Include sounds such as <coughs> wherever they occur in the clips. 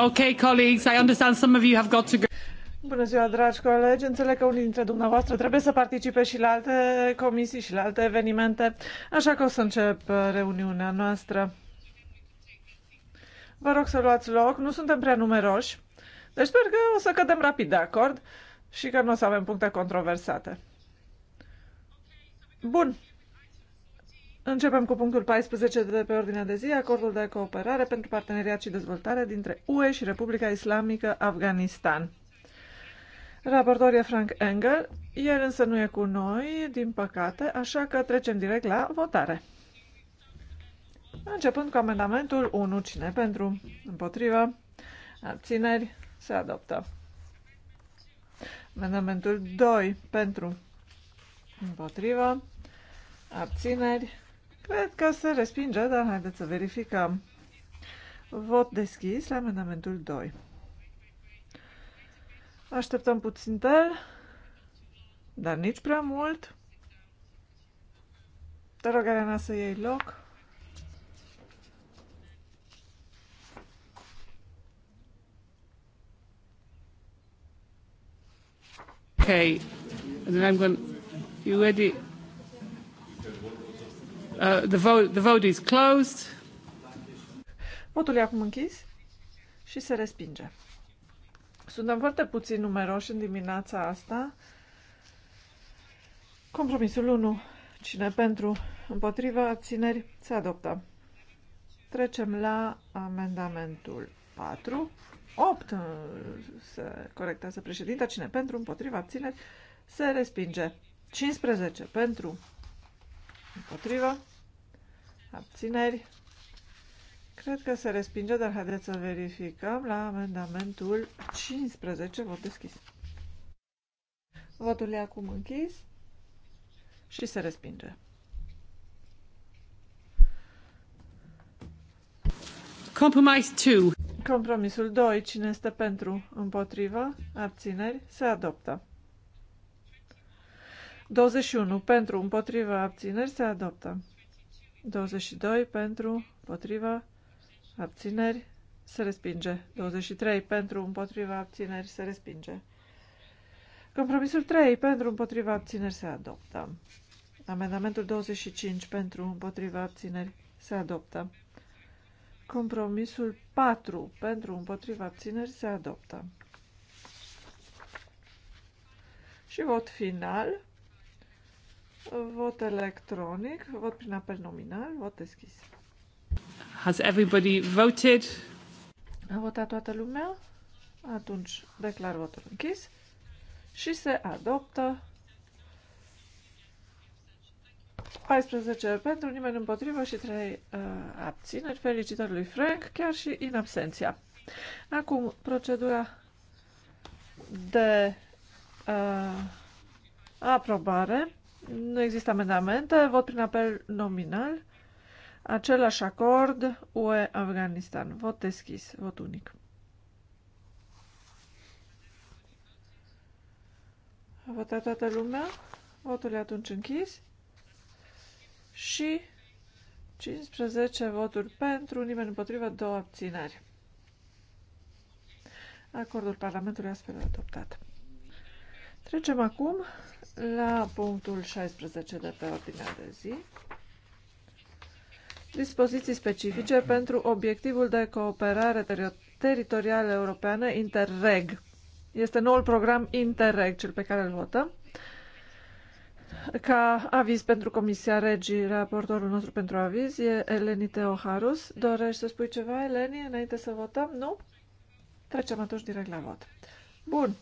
Okay, colleagues, I understand some of you have got to go. Bună ziua, dragi colegi! Înțeleg că unii dintre dumneavoastră trebuie să participe și la alte comisii și la alte evenimente, așa că o să încep uh, reuniunea noastră. Vă rog să luați loc, nu suntem prea numeroși, deci sper că o să cădem rapid de acord și că nu o să avem puncte controversate. Bun, Începem cu punctul 14 de pe ordinea de zi, acordul de cooperare pentru parteneriat și dezvoltare dintre UE și Republica Islamică Afganistan. Raportor e Frank Engel, el însă nu e cu noi, din păcate, așa că trecem direct la votare. Începând cu amendamentul 1, cine pentru, împotrivă, abțineri, se adoptă. Amendamentul 2, pentru, împotrivă, abțineri, Cred că se respinge, dar haideți să verificăm. Vot deschis la amendamentul 2. Așteptăm puțin tel, dar nici prea mult. Te rog, Elena, să iei loc. Okay, and then I'm going. You ready? Uh, the, vote, the vote is closed. Votul e acum închis și se respinge. Suntem foarte puțin numeroși în dimineața asta. Compromisul 1. Cine pentru? Împotriva abțineri se adoptă. Trecem la amendamentul 4. 8 uh, se corectează președinta. Cine pentru? Împotriva abțineri se respinge. 15 pentru Împotrivă. Abțineri. Cred că se respinge, dar haideți să verificăm la amendamentul 15. Vot deschis. Votul e acum închis și se respinge. Compromise 2. Compromisul 2. Cine este pentru? Împotrivă? Abțineri? Se adoptă. 21 pentru, împotriva, abțineri se adoptă. 22 pentru, împotriva, abțineri se respinge. 23 pentru, împotriva, abțineri se respinge. Compromisul 3 pentru, împotriva, abțineri se adoptă. Amendamentul 25 pentru, împotriva, abțineri se adoptă. Compromisul 4 pentru, împotriva, abțineri se adoptă. Și vot final. Vot electronic, vot prin apel nominal, vot deschis. Has everybody voted? A votat toată lumea? Atunci declar votul închis și se adoptă 14 pentru, nimeni împotrivă și 3 uh, abțineri. Felicitări lui Frank, chiar și în absenția. Acum, procedura de uh, aprobare. Nu există amendamente. Vot prin apel nominal. Același acord UE-Afganistan. Vot deschis. Vot unic. A votat toată lumea. Votul e atunci închis. Și 15 voturi pentru, nimeni împotrivă, două abțineri. Acordul Parlamentului astfel adoptat. Trecem acum la punctul 16 de pe ordinea de zi. Dispoziții specifice pentru obiectivul de cooperare ter teritorială europeană Interreg. Este noul program Interreg, cel pe care îl votăm. Ca aviz pentru Comisia Regii, raportorul nostru pentru aviz e Eleni Teoharus. Dorești să spui ceva, Eleni, înainte să votăm? Nu? Trecem atunci direct la vot. Bun.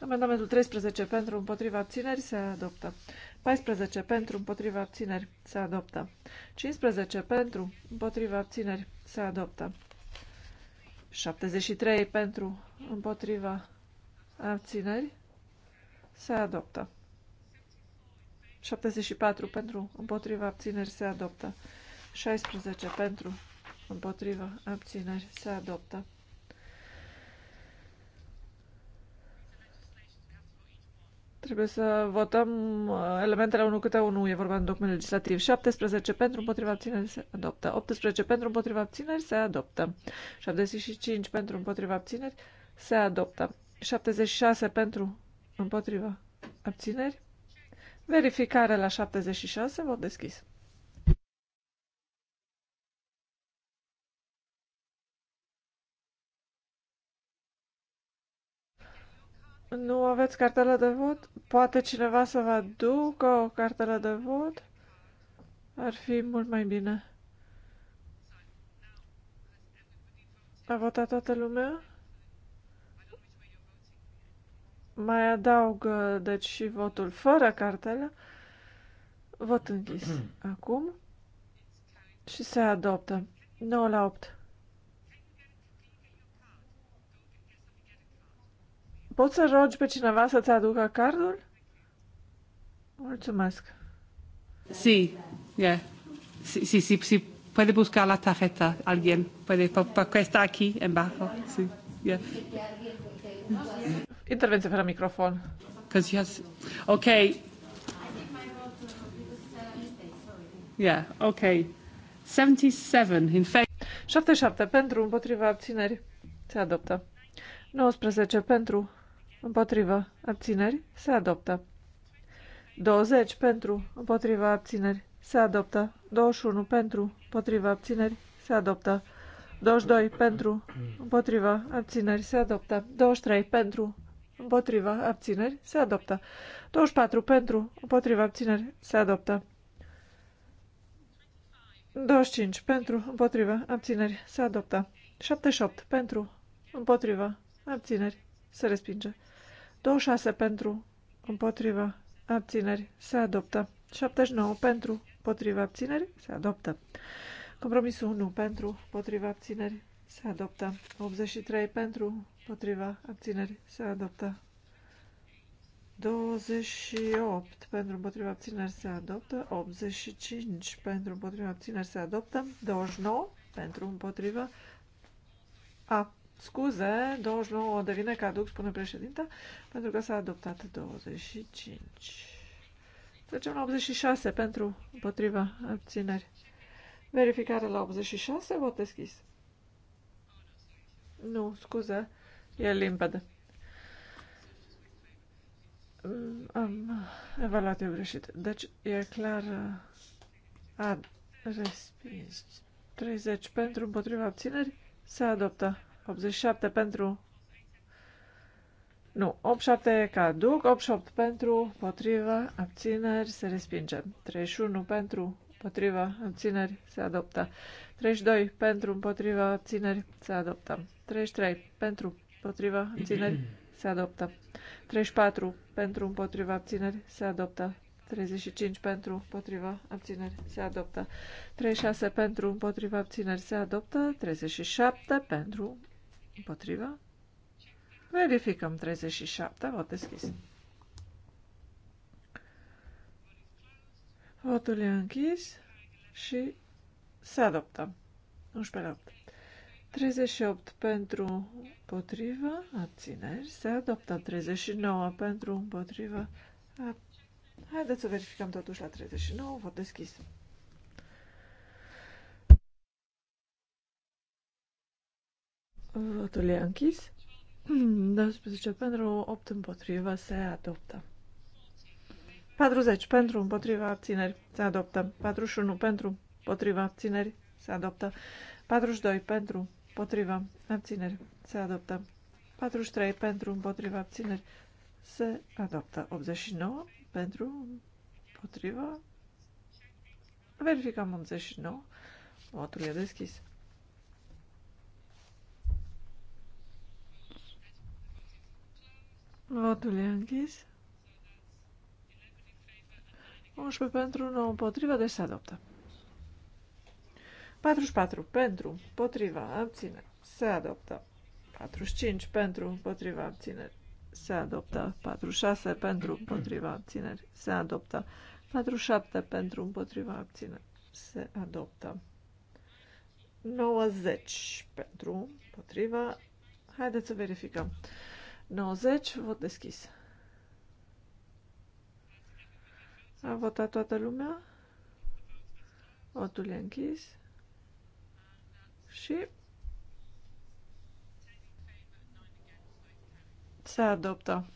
Amendamentul 13 pentru împotriva abțineri se adoptă. 14 pentru împotriva abțineri se adoptă. 15 pentru împotriva abțineri se adoptă. 73 pentru împotriva abțineri se adoptă. 74 pentru împotriva abțineri se adoptă. 16 pentru împotriva abțineri se adoptă. Trebuie să votăm uh, elementele 1 câte 1. E vorba în document legislativ. 17 pentru împotriva abțineri se adoptă. 18 pentru împotriva abțineri se adoptă. 75 pentru împotriva abțineri se adoptă. 76 pentru împotriva abțineri. Verificare la 76. Vot deschis. Nu aveți cartela de vot? Poate cineva să vă aducă o cartelă de vot? Ar fi mult mai bine. A votat toată lumea? Mai adaug, deci, și votul fără cartelă. Vot închis. <clears throat> Acum. Și se adoptă. 9 la 8. Poți să rogi pe cineva să-ți aducă cardul? Mulțumesc. Si, yeah. Si, si, si, sí. Puede buscar la tarjeta alguien. Puede, porque está aquí, en bajo. Si, yeah. Intervenție fără microfon. Because has... Ok. Yeah, ok. 77 in 77 pentru, împotriva abțineri. Se adoptă. 19 pentru, Împotrivă. Abțineri. Se adoptă. 20 pentru. Împotrivă. Abțineri. Se adoptă. 21 pentru. Împotrivă. Abțineri. Se adoptă. 22 pentru. Împotrivă. Abțineri. Se adoptă. 23 pentru. Împotrivă. Abțineri. Se adoptă. 24 pentru. Împotrivă. Abțineri. Se adoptă. 25 pentru. Împotrivă. Abțineri. Se adoptă. 78 pentru. Împotrivă. Abțineri. Se respinge. 26 pentru, împotriva, abțineri, se adoptă. 79 pentru, împotriva, abțineri, se adoptă. Compromisul 1 pentru, împotriva, abțineri, se adoptă. 83 pentru, împotriva, abțineri, se adoptă. 28 pentru împotriva abțineri se adoptă, 85 pentru împotriva abțineri se adoptă, 29 pentru împotriva a, Scuze, 29 devine caduc, spune președinta, pentru că s-a adoptat 25. Trecem la 86 pentru împotriva abțineri. Verificare la 86, vot deschis. Nu, scuze, e limpede. Mm, am evaluat eu greșit. Deci e clar a respins. 30 pentru împotriva abțineri se adoptă. 87 pentru... Nu, 87 caduc, 88 pentru, potrivă, abțineri, se respinge. 31 pentru, potrivă, abțineri, se adoptă. 32 pentru, potrivă abțineri, se adoptă. 33 pentru, potrivă abțineri, se adoptă. 34 pentru, potrivă abțineri, se adoptă. 35 pentru, potrivă abțineri, se adoptă. 36 pentru, potrivă abțineri, se adoptă. 37 pentru, Împotrivă. Verificăm 37. Vot deschis. Votul e închis și se adoptă. 11 la 8. 38 pentru împotrivă, abțineri, se adoptă 39 pentru împotrivă. Haideți să verificăm totuși la 39, vot deschis. Votul e închis. 12 <clears throat> pentru, 8 împotriva se adoptă. 40 pentru, împotriva abțineri, se adoptă. 41 pentru, împotriva abțineri, se adoptă. 42 pentru, împotriva abțineri, se adoptă. 43 pentru, împotriva abțineri, se adoptă. 89 pentru, împotriva. Verificăm 89. Votul e deschis. Votul e închis. 11 pentru, 9 împotriva, deci se adoptă. 44 pentru, împotriva, abține, se adoptă. 45 pentru, împotriva, abține, se adoptă. 46 pentru, împotriva, abține, se adoptă. 47 pentru, împotriva, abține, se adoptă. 90 pentru, împotriva, haideți să verificăm. 90, vot deschis. A votat toată lumea. Votul e închis. Și se adoptă.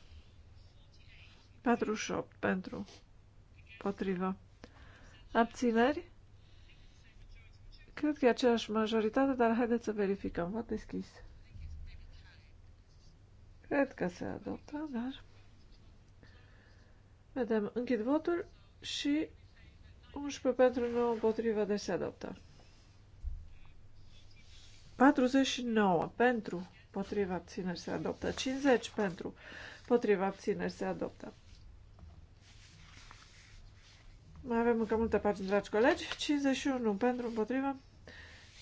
48 pentru. Potrivă. Abțineri? Cred că e aceeași majoritate, dar haideți să verificăm. Vot deschis. Cred că se adoptă, dar... Vedem, închid votul și 11 pentru 9 împotriva, deci se adoptă. 49 pentru, potriva abțineri se adoptă. 50 pentru, potriva abțineri se adoptă. Mai avem încă multe pagini, dragi colegi. 51 pentru, împotriva,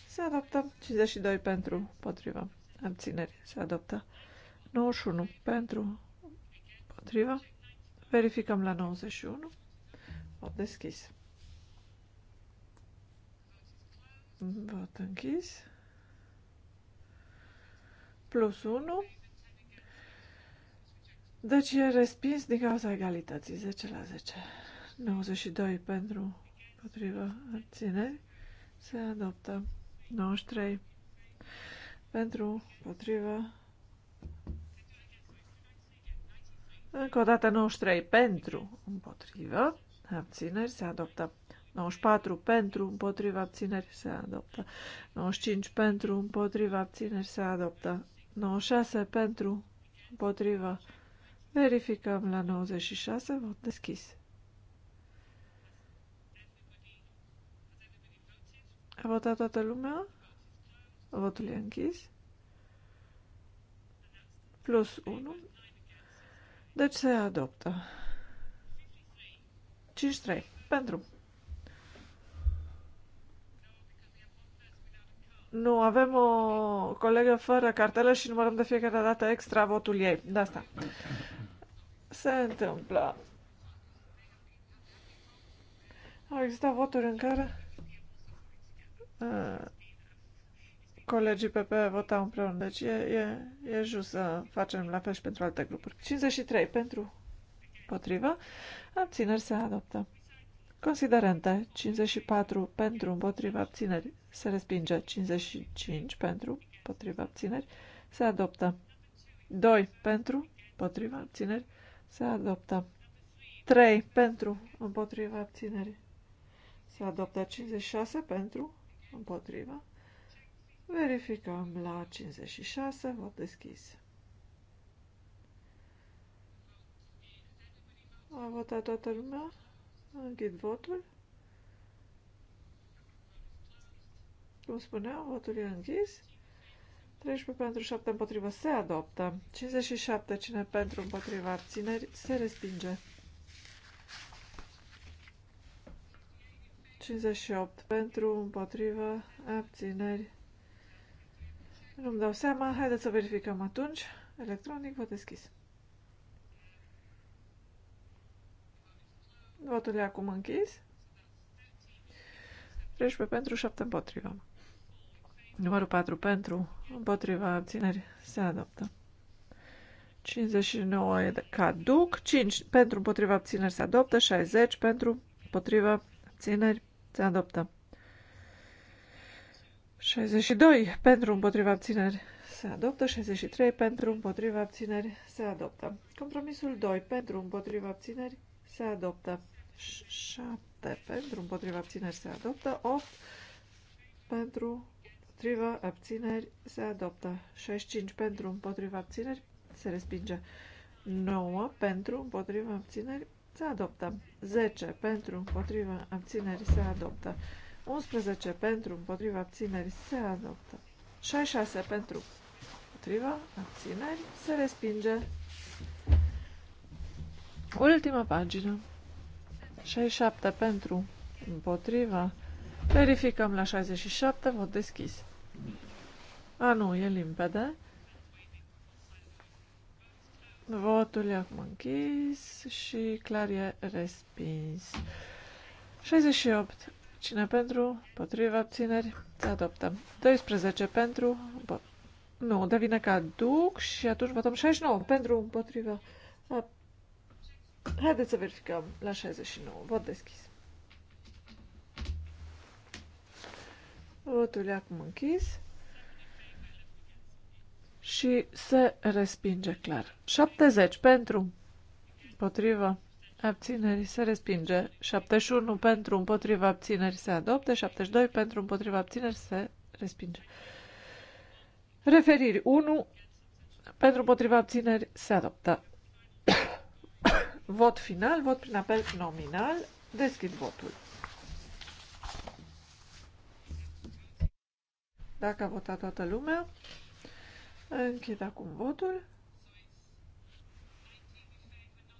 se adoptă. 52 pentru, potriva abțineri se adoptă. 91 pentru, potriva. Verificăm la 91. Vot deschis. Vot închis. Plus 1. Deci e respins din cauza egalității. 10 la 10. 92 pentru potrivă abțineri. Se adoptă. 93 pentru potrivă Încă o dată 93 pentru, împotrivă, abțineri, se adoptă. 94 pentru, împotrivă, abțineri, se adoptă. 95 pentru, împotrivă, abțineri, se adoptă. 96 pentru, împotrivă. Verificăm la 96, vot deschis. A votat toată lumea? Votul e închis. Plus 1. Deci se adoptă. 53. Pentru. Nu, avem o colegă fără cartelă și numărăm de fiecare dată extra votul ei. De asta. Se întâmplă. Au existat voturi în care... Uh, colegii PP votau împreună, deci e, e, e just să facem la fel și pentru alte grupuri. 53 pentru, potrivă, abțineri se adoptă. Considerente, 54 pentru, împotriva abțineri, se respinge, 55 pentru, împotriva abțineri, se adoptă. 2 pentru, împotriva abțineri, se adoptă. 3 pentru, împotriva abțineri, se adoptă. 56 pentru, împotriva Verificăm la 56, vot deschis. A votat toată lumea? Închid votul. Cum spuneam, votul e închis. 13 pentru 7 împotriva se adoptă. 57 cine pentru împotriva abțineri se respinge. 58 pentru împotriva abțineri nu-mi dau seama. Haideți să verificăm atunci. Electronic, vot deschis. Votul e acum închis. 13 pentru, 7 împotriva. Numărul 4 pentru, împotriva abțineri, se adoptă. 59 e de caduc, 5 pentru, împotriva abțineri, se adoptă, 60 pentru, împotriva abțineri, se adoptă. 62 pentru împotriva abțineri se adoptă, 63 pentru împotriva abțineri se adoptă. Compromisul 2 pentru împotriva abțineri se adoptă, 7 pentru împotriva abțineri se adoptă, 8 pentru împotriva abțineri se adoptă, 65 pentru împotriva abțineri se respinge, 9 pentru împotriva abțineri se adoptă, 10 pentru împotriva abțineri se adoptă. 11 pentru, împotriva abțineri se adoptă. 66 pentru, împotriva abțineri se respinge. Ultima pagină. 67 pentru, împotriva. Verificăm la 67, vot deschis. A, nu, e limpede. Votul e acum închis și clar e respins. 68 Cine pentru? Potriva abțineri? Se adoptă. 12 pentru? Bo nu, devine caduc și atunci votăm 69 pentru împotriva. Haideți să verificăm la 69. Vot deschis. Votul e acum închis. Și se respinge clar. 70 pentru. Împotriva. Abțineri se respinge. 71 pentru împotriva abțineri se adoptă. 72 pentru împotriva abțineri se respinge. Referiri 1 pentru împotriva abțineri se adoptă. vot final, vot prin apel nominal. Deschid votul. Dacă a votat toată lumea, închid acum votul.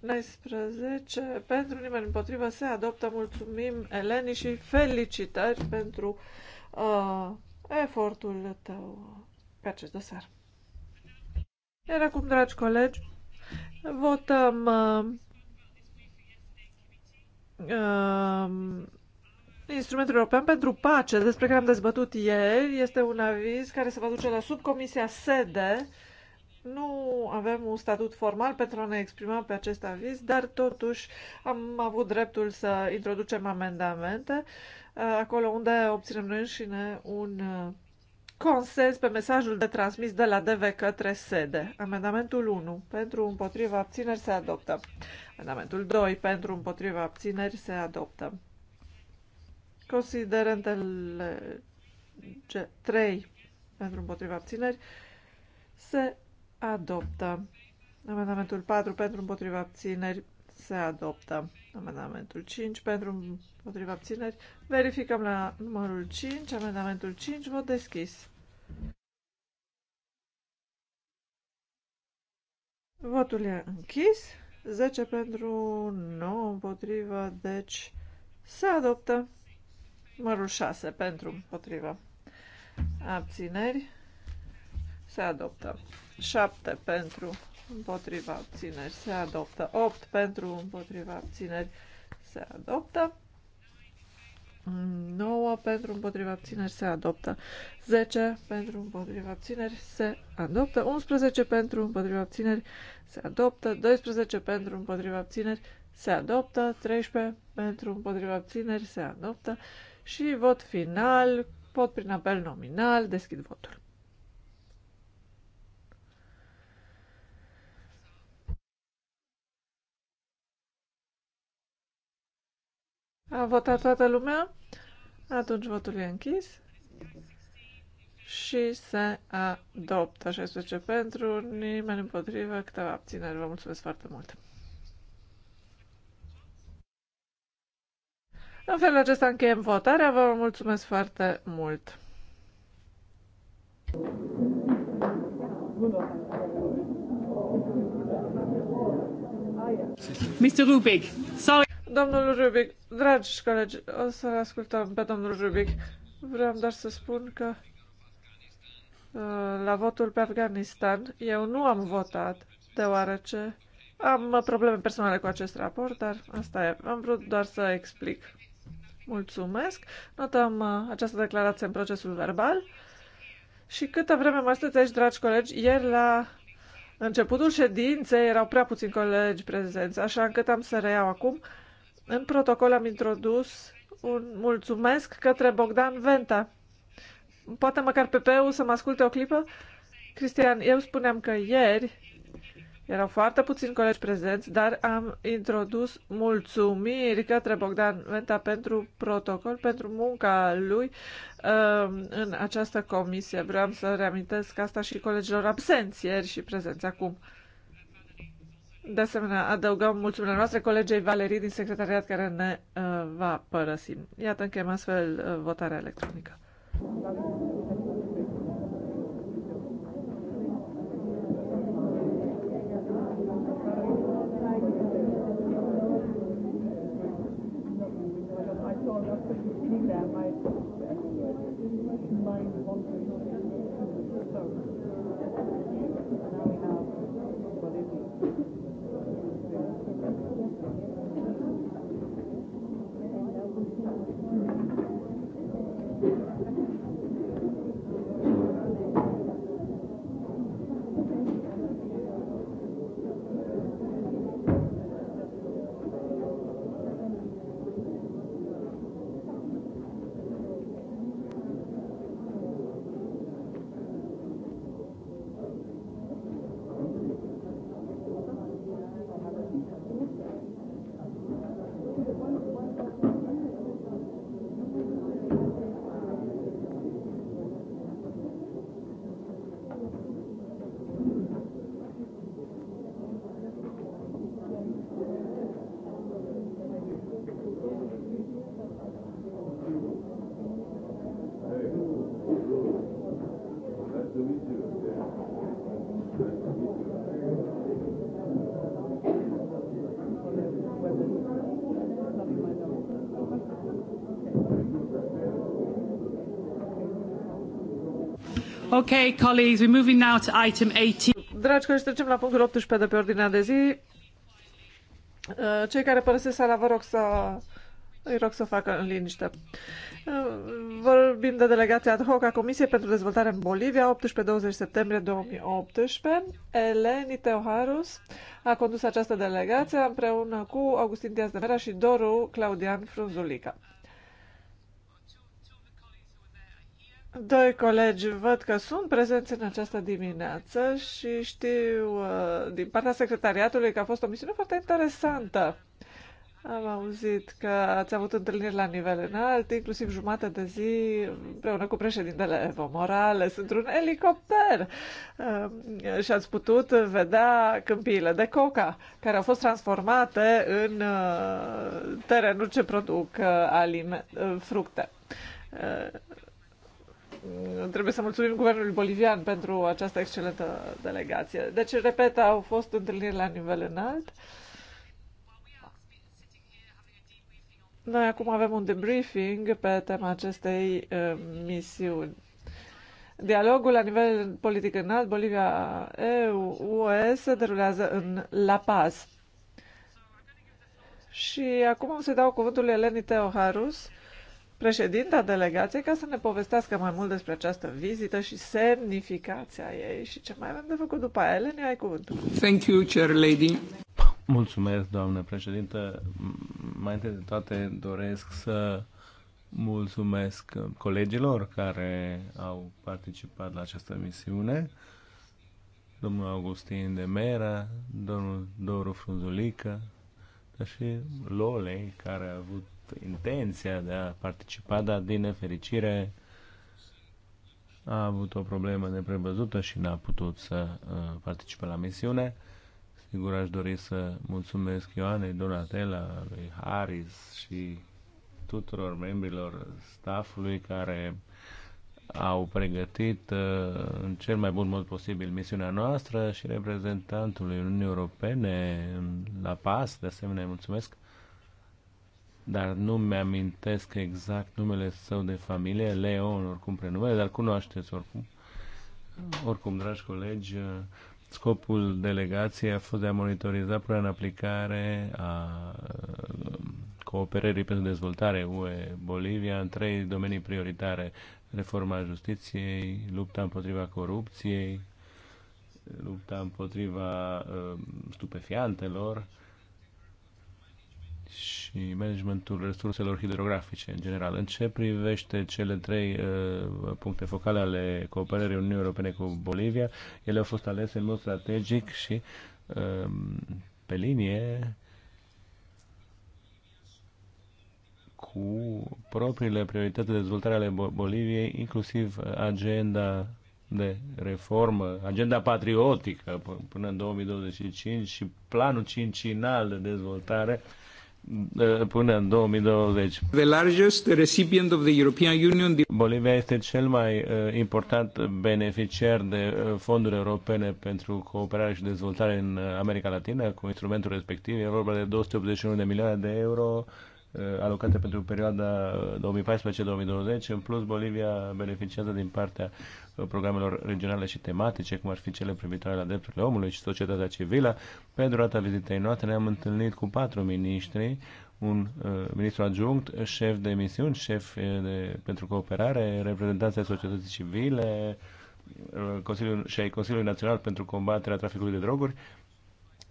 19 pentru nimeni împotrivă se adoptă. Mulțumim, Eleni, și felicitări pentru uh, efortul tău pe acest dosar. Iar acum, dragi colegi, votăm uh, uh, Instrumentul European pentru Pace, despre care am dezbătut ieri, este un aviz care se va duce la subcomisia SEDE nu avem un statut formal pentru a ne exprima pe acest aviz, dar totuși am avut dreptul să introducem amendamente uh, acolo unde obținem noi înșine un uh, consens pe mesajul de transmis de la DV către sede. Amendamentul 1. Pentru împotriva abțineri se adoptă. Amendamentul 2. Pentru împotriva abțineri se adoptă. Considerentele 3. Pentru împotriva abțineri se adoptă. Amendamentul 4 pentru împotriva abțineri se adoptă. Amendamentul 5 pentru împotriva abțineri. Verificăm la numărul 5. Amendamentul 5, vot deschis. Votul e închis. 10 pentru 9 împotriva, deci se adoptă. Numărul 6 pentru împotriva abțineri se adoptă. 7 pentru împotriva abțineri se adoptă. 8 pentru împotriva abțineri se adoptă. 9 pentru împotriva abțineri se adoptă. 10 pentru împotriva abțineri se adoptă. 11 pentru împotriva abțineri se adoptă. 12 pentru împotriva abțineri se adoptă. 13 pentru împotriva abțineri se adoptă. Și vot final, pot prin apel nominal, deschid votul. A votat toată lumea? Atunci votul e închis și se adoptă 16 pentru, nimeni împotrivă, câteva abțineri. Vă mulțumesc foarte mult! În felul acesta încheiem votarea. Vă mulțumesc foarte mult! Mr. Rubik, sorry. Domnul Rubic, dragi colegi, o să ascultăm pe domnul Rubic. Vreau doar să spun că uh, la votul pe Afganistan eu nu am votat, deoarece am probleme personale cu acest raport, dar asta e. Am vrut doar să explic. Mulțumesc. Notăm uh, această declarație în procesul verbal. Și câtă vreme mai sunteți aici, dragi colegi, ieri la începutul ședinței erau prea puțini colegi prezenți, așa încât am să reiau acum în protocol am introdus un mulțumesc către Bogdan Venta. Poate măcar PP-ul să mă asculte o clipă? Cristian, eu spuneam că ieri erau foarte puțini colegi prezenți, dar am introdus mulțumiri către Bogdan Venta pentru protocol, pentru munca lui um, în această comisie. Vreau să reamintesc asta și colegilor absenți ieri și prezenți acum de asemenea, adăugăm mulțumirea noastră colegei Valerii din secretariat care ne uh, va părăsi. Iată, încheiem astfel uh, votarea electronică. Thank you. Ok, colleagues, we're moving now to item 18. Dragi colegi, trecem la punctul 18 de pe ordinea de zi. Uh, cei care părăsesc sala, vă rog să îi rog să o facă în liniște. Uh, vorbim de delegația ad hoc a Comisiei pentru Dezvoltare în Bolivia, 18-20 septembrie 2018. Eleni Teoharus a condus această delegație împreună cu Augustin Diaz de Mera și Doru Claudian Frunzulica. Doi colegi văd că sunt prezenți în această dimineață și știu uh, din partea secretariatului că a fost o misiune foarte interesantă. Am auzit că ați avut întâlniri la nivel înalt, inclusiv jumate de zi, împreună cu președintele Evo Morales, într-un elicopter. Uh, și ați putut vedea câmpiile de coca, care au fost transformate în uh, terenuri ce produc alime, fructe Eh, trebuie să mulțumim guvernului bolivian pentru această excelentă delegație. Deci, repet, au fost întâlniri la nivel înalt. Noi acum avem un debriefing pe tema acestei uh, misiuni. Dialogul la nivel politic înalt Bolivia-UE eu se derulează în La Paz. Și acum o să dau cuvântul Eleni Teoharus, președinta delegației ca să ne povestească mai mult despre această vizită și semnificația ei și ce mai avem de făcut după aia. Eleni, ai cuvântul. Thank you, chair lady. Mulțumesc, doamnă președintă. Mai întâi de toate doresc să mulțumesc colegilor care au participat la această misiune. Domnul Augustin de Mera, domnul Doru Frunzulică, dar și Lolei, care a avut intenția de a participa, dar din nefericire a avut o problemă neprevăzută și n-a putut să uh, participe la misiune. Sigur, aș dori să mulțumesc Ioanei, Donatella, lui Harris și tuturor membrilor staffului care au pregătit uh, în cel mai bun mod posibil misiunea noastră și reprezentantului Uniunii Europene la PAS, de asemenea mulțumesc dar nu mi-amintesc exact numele său de familie, Leon, oricum prenumele, dar cunoașteți oricum. Oricum, dragi colegi, scopul delegației a fost de a monitoriza până în aplicare a uh, cooperării pentru dezvoltare UE Bolivia în trei domenii prioritare, reforma justiției, lupta împotriva corupției, lupta împotriva uh, stupefiantelor și managementul resurselor hidrografice în general. În ce privește cele trei uh, puncte focale ale cooperării Uniunii Europene cu Bolivia, ele au fost alese în mod strategic și uh, pe linie cu propriile priorități de dezvoltare ale Boliviei, inclusiv agenda de reformă, agenda patriotică până în 2025 și planul cincinal de dezvoltare uh, până în 2020. The largest recipient of the European Union. Bolivia este cel mai uh, important beneficiar de uh, fonduri europene pentru cooperare și dezvoltare în uh, America Latină cu instrumentul respectiv. E vorba de 281 de milioane de euro Uh, alocate pentru perioada 2014-2020. Uh, În plus, Bolivia beneficiază din partea uh, programelor regionale și tematice, cum ar fi cele privitoare la drepturile omului și societatea civilă. Pe durata vizitei noastre ne-am întâlnit cu patru miniștri, un uh, ministru adjunct, șef de misiuni, șef de, pentru cooperare, reprezentanții societății civile, Consiliul, și consiliul Național pentru combaterea traficului de droguri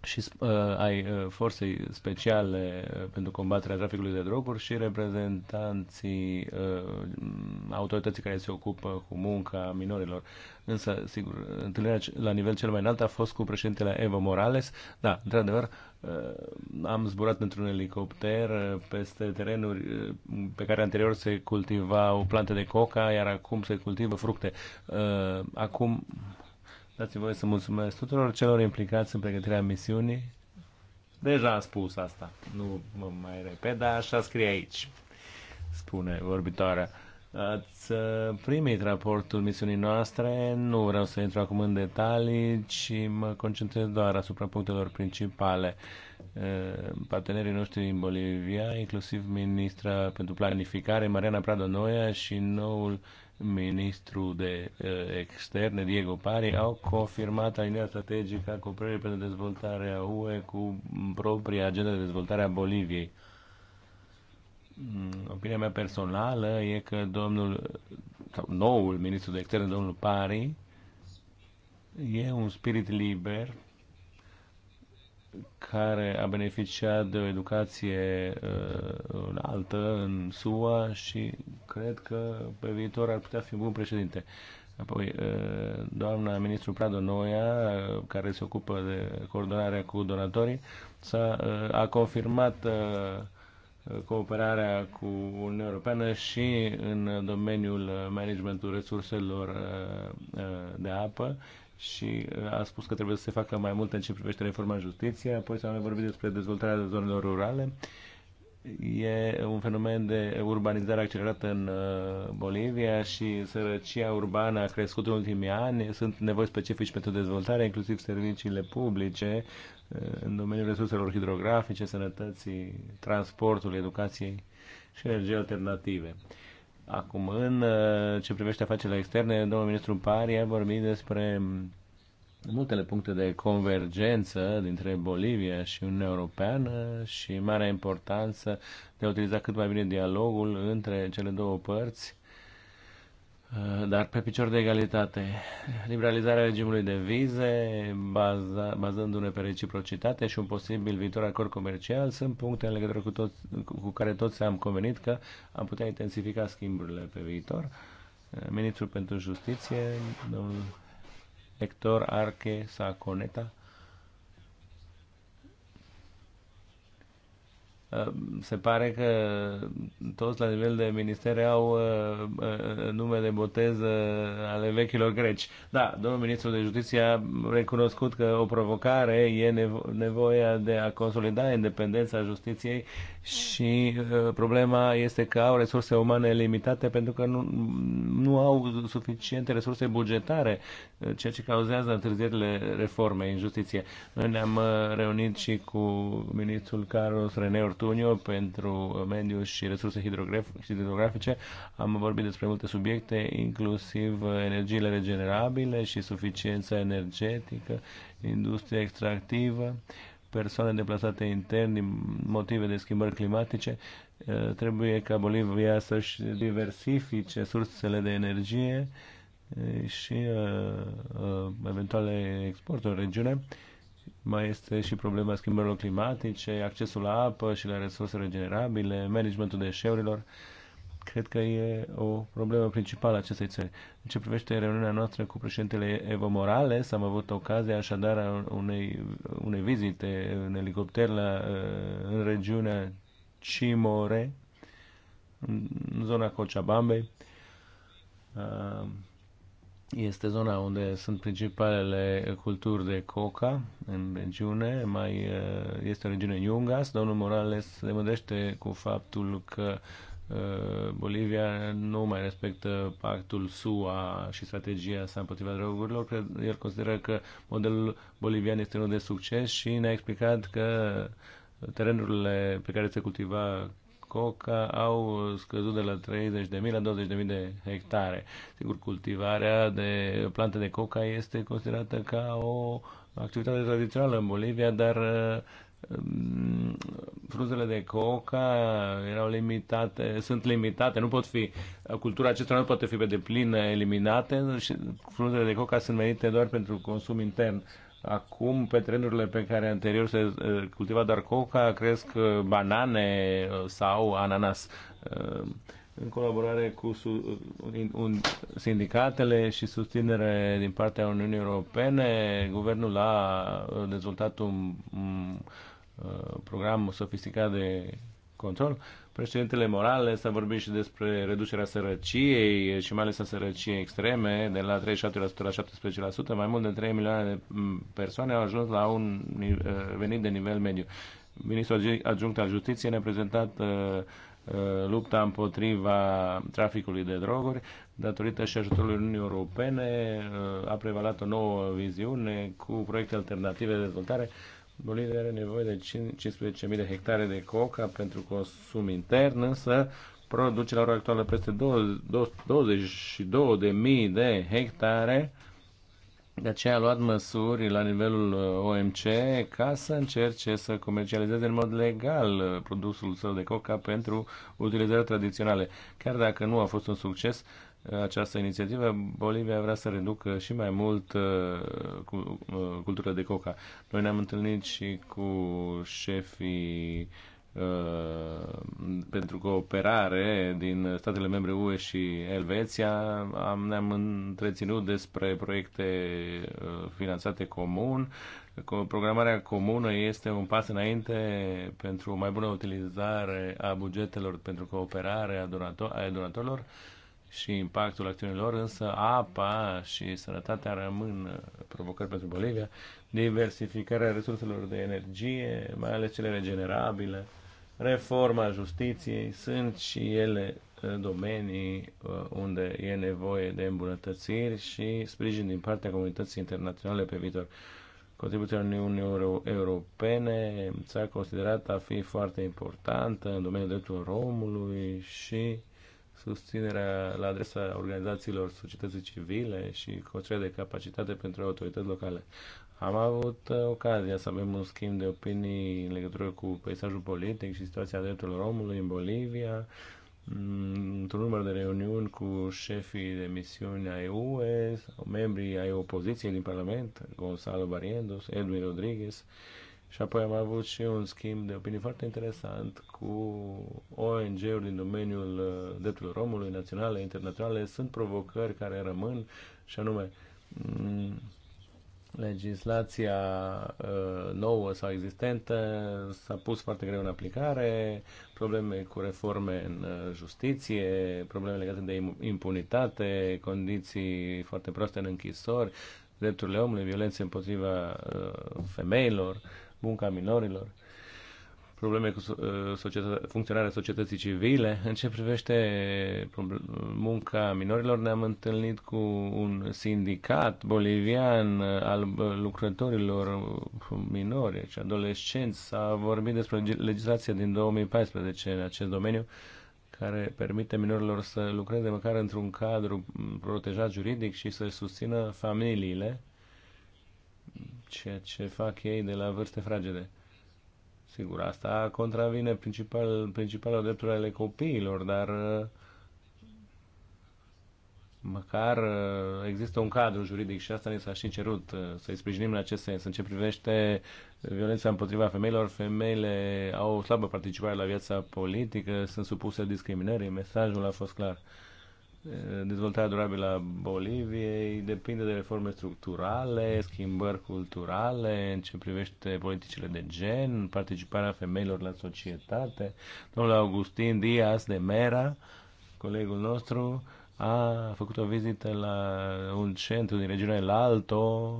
și uh, ai uh, forței speciale uh, pentru combaterea traficului de droguri și reprezentanții uh, autorității care se ocupă cu munca minorilor. Însă, sigur, întâlnirea la nivel cel mai înalt a fost cu președintele Evo Morales. Da, într-adevăr, uh, am zburat într-un elicopter uh, peste terenuri uh, pe care anterior se cultivau plante de coca, iar acum se cultivă fructe. Uh, acum Dați-mi voie să mulțumesc tuturor celor implicați în pregătirea misiunii. Deja am spus asta, nu mă mai repet, dar așa scrie aici, spune vorbitoarea. Ați uh, primit raportul misiunii noastre, nu vreau să intru acum în detalii, ci mă concentrez doar asupra punctelor principale. Uh, partenerii noștri din Bolivia, inclusiv ministra pentru planificare, Mariana Prado Noia și noul ministru de uh, externe, Diego Pari, au confirmat alinia strategică a cooperării pentru dezvoltarea UE cu propria agenda de dezvoltare a Boliviei. Mm, opinia mea personală e că domnul, sau noul ministru de externe, domnul Pari, e un spirit liber care a beneficiat de o educație uh, altă în SUA și cred că pe viitor ar putea fi un bun președinte. Apoi, uh, doamna ministru Prado Noia, uh, care se ocupă de coordonarea cu donatorii, s-a, uh, a confirmat uh, cooperarea cu Uniunea Europeană și în domeniul uh, managementul resurselor uh, uh, de apă și uh, a spus că trebuie să se facă mai mult în ce privește reforma în justiție, apoi s-a mai vorbit despre dezvoltarea zonelor rurale. E un fenomen de urbanizare accelerată în uh, Bolivia și sărăcia urbană a crescut în ultimii ani. Sunt nevoi specifici pentru dezvoltare, inclusiv serviciile publice uh, în domeniul resurselor hidrografice, sănătății, transportului, educației și energiei alternative. Acum, în uh, ce privește afacerile externe, domnul ministru Pari a vorbit despre multele puncte de convergență dintre Bolivia și Uniunea Europeană și marea importanță de a utiliza cât mai bine dialogul între cele două părți Uh, dar pe picior de egalitate. Liberalizarea regimului de vize, baza, bazându-ne pe reciprocitate și un posibil viitor acord comercial, sunt puncte în legătură cu, toți, cu care toți am convenit că am putea intensifica schimburile pe viitor. Uh, ministrul pentru Justiție, domnul Hector Arche Saconeta, Ehm, se pare că toți la nivel de ministere au ehm, ehm, nume de botez ale vechilor greci. Da, domnul ministru de justiție a recunoscut că o provocare e nevo- nevoia de a consolida independența justiției și problema este că au resurse umane limitate pentru că nu, nu au suficiente resurse bugetare, ceea ce cauzează întârzierile reformei în justiție. Noi ne-am reunit și cu ministrul Carlos René Fortunio pentru mediu și resurse hidrografice. Am vorbit despre multe subiecte, inclusiv energiile regenerabile și suficiența energetică, industria extractivă, persoane deplasate intern din motive de schimbări climatice. Eh, trebuie ca Bolivia să-și diversifice sursele de energie eh, și uh, uh, eventuale exporturi în regiune mai este și problema schimbărilor climatice, accesul la apă și la resurse regenerabile, managementul deșeurilor. Cred că e o problemă principală a acestei țări. În ce privește reuniunea noastră cu președintele Evo Morales, am avut ocazia așadar a unei, unei vizite în elicopter la, uh, în regiunea Cimore, în zona Cochabambei. Uh, este zona unde sunt principalele culturi de coca în regiune, mai eh, este o regiune Yungas. Domnul Morales se mândrește cu faptul că eh, Bolivia nu mai respectă pactul SUA și strategia sa împotriva drogurilor. El consideră că modelul bolivian este unul de succes și ne-a explicat că eh, terenurile pe care se cultiva coca au scăzut de la 30.000 la 20.000 de hectare. Sigur, cultivarea de plante de coca este considerată ca o activitate tradițională în Bolivia, dar mm, frunzele de coca erau limitate, sunt limitate, nu pot fi, cultura acestora nu poate fi pe deplin eliminate și frunzele de coca sunt venite doar pentru consum intern. Acum, pe terenurile pe care anterior se eh, cultiva doar coca, cresc eh, banane eh, sau ananas. În colaborare cu sindicatele și susținere din partea Uniunii Europene, guvernul a dezvoltat un program sofisticat de control Președintele Morales a vorbit și despre reducerea sărăciei și mai ales a sărăciei extreme de la 37% la 17%. Mai mult de 3 milioane de mm, persoane au ajuns la un eh, venit de nivel mediu. Ministrul adjunct al justiției ne-a prezentat eh, eh, lupta împotriva traficului de droguri. Datorită și ajutorului Uniunii Europene a prevalat o nouă viziune cu proiecte alternative de dezvoltare Bolivia are nevoie de 15.000 de hectare de coca pentru consum intern, însă produce la ora actuală peste 22.000 de hectare. De aceea a luat măsuri la nivelul uh, OMC ca să încerce să comercializeze în mod legal uh, produsul său de coca pentru utilizări tradiționale. Chiar dacă nu a fost un succes, această inițiativă, Bolivia vrea să reducă și mai mult uh, cu, uh, cultura de coca. Noi ne-am întâlnit și cu șefii uh, pentru cooperare din statele membre UE și Elveția. Am, ne-am întreținut despre proiecte finanțate comun. Programarea comună este un pas înainte pentru o mai bună utilizare a bugetelor pentru cooperare a, donator- a donatorilor și impactul acțiunilor, însă apa și sănătatea rămân provocări pentru Bolivia, diversificarea resurselor de energie, mai ales cele regenerabile, reforma justiției, sunt și ele uh, domenii uh, unde e nevoie de îmbunătățiri și sprijin din partea comunității internaționale pe viitor. Contribuția Uniunii Euro Europene s-a considerat a fi foarte importantă în domeniul drepturilor omului și susținerea la adresa organizațiilor societății civile și construirea de capacitate pentru autorități locale. Am avut ocazia să avem un schimb de opinii în legătură cu peisajul politic și situația drepturilor omului în Bolivia, mm, într-un număr de reuniuni cu șefii de misiuni ai UE, membrii ai opoziției din Parlament, Gonzalo Bariendos, Edwin Rodriguez, și apoi am avut și un schimb de opinii foarte interesant cu ONG-uri din domeniul uh, drepturilor omului, naționale, internaționale. Sunt provocări care rămân, și anume mm, legislația uh, nouă sau existentă s-a pus foarte greu în aplicare, probleme cu reforme în uh, justiție, probleme legate de impunitate, condiții foarte proaste în închisori, drepturile omului, violențe împotriva femeilor, munca minorilor, probleme cu ă, societate, funcționarea societății civile. În ce privește eh, munca minorilor, ne-am întâlnit cu un sindicat bolivian eh, al eh, lucrătorilor minori, și deci adolescenți. S-a vorbit despre legislația din 2014 în acest domeniu care permite minorilor să lucreze măcar într-un cadru protejat juridic și să susțină familiile ceea ce fac ei de la vârste fragede. Sigur, asta contravine principal, principalul drepturi ale copiilor, dar uh, măcar uh, există un cadru juridic și asta ne s-a și cerut uh, să-i sprijinim în acest sens. În ce privește violența împotriva femeilor, femeile au o slabă participare la viața politică, sunt supuse discriminării, mesajul a fost clar dezvoltarea durabilă a Boliviei depinde de reforme structurale, schimbări culturale în ce privește politicile de gen, participarea femeilor la societate. Domnul Augustin Diaz de Mera, colegul nostru, a făcut o vizită la un centru din regiunea El Alto,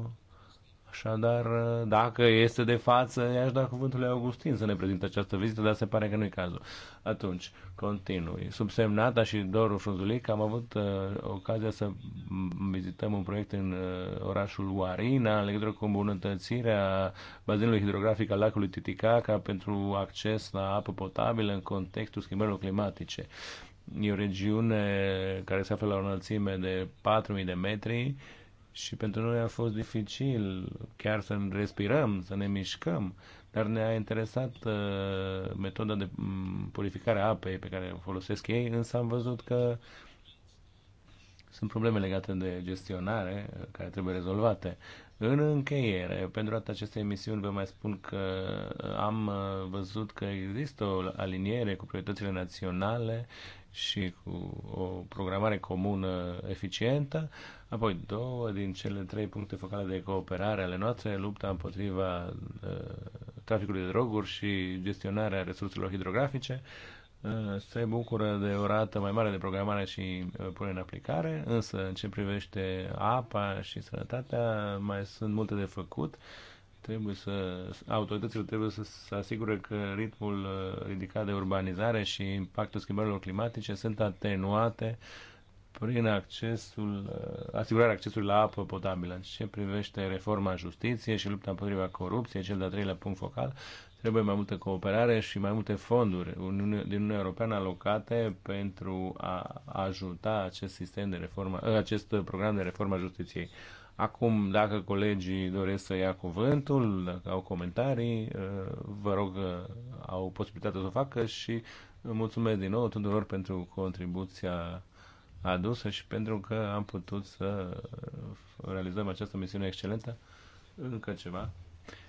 Așadar, dacă este de față, i-aș da cuvântul lui Augustin să ne prezinte această vizită, dar se pare că nu e cazul. Atunci, continui. Subsemnata și Doru Frunzulic am avut uh, ocazia să vizităm un proiect în uh, orașul Oarina în legătură cu îmbunătățirea bazinului hidrografic al lacului Titicaca pentru acces la apă potabilă în contextul schimbărilor climatice. E o regiune care se află la o înălțime de 4.000 de metri, uh, și pentru noi a fost dificil chiar să respirăm, să ne mișcăm, dar ne-a interesat uh, metoda de mm, purificare a apei pe care o folosesc ei, însă am văzut că sunt probleme legate de gestionare uh, care trebuie rezolvate. În încheiere, pentru toate aceste emisiuni vă mai spun că uh, am uh, văzut că există o aliniere cu prioritățile naționale și cu o programare comună eficientă. Apoi, două din cele trei puncte focale de cooperare ale noastre, lupta împotriva uh, traficului de droguri și gestionarea resurselor hidrografice, uh, se bucură de o rată mai mare de programare și uh, pune în aplicare, însă în ce privește apa și sănătatea mai sunt multe de făcut. Uh, trebuie să, autoritățile trebuie să se asigure că ritmul uh, ridicat de urbanizare și impactul schimbărilor climatice sunt atenuate prin accesul, uh, asigurarea accesului la apă potabilă. În ce privește reforma justiției și lupta împotriva corupției, cel de-al treilea punct focal, trebuie mai multă cooperare și mai multe fonduri din Uniunea Europeană alocate pentru a ajuta acest sistem de reformă, uh, acest program de reformă a justiției. Acum, dacă colegii doresc să ia cuvântul, dacă au comentarii, uh, vă rog, uh, au posibilitatea să o facă și mulțumesc din nou tuturor pentru contribuția adusă și pentru că am putut să realizăm această misiune excelentă. Încă ceva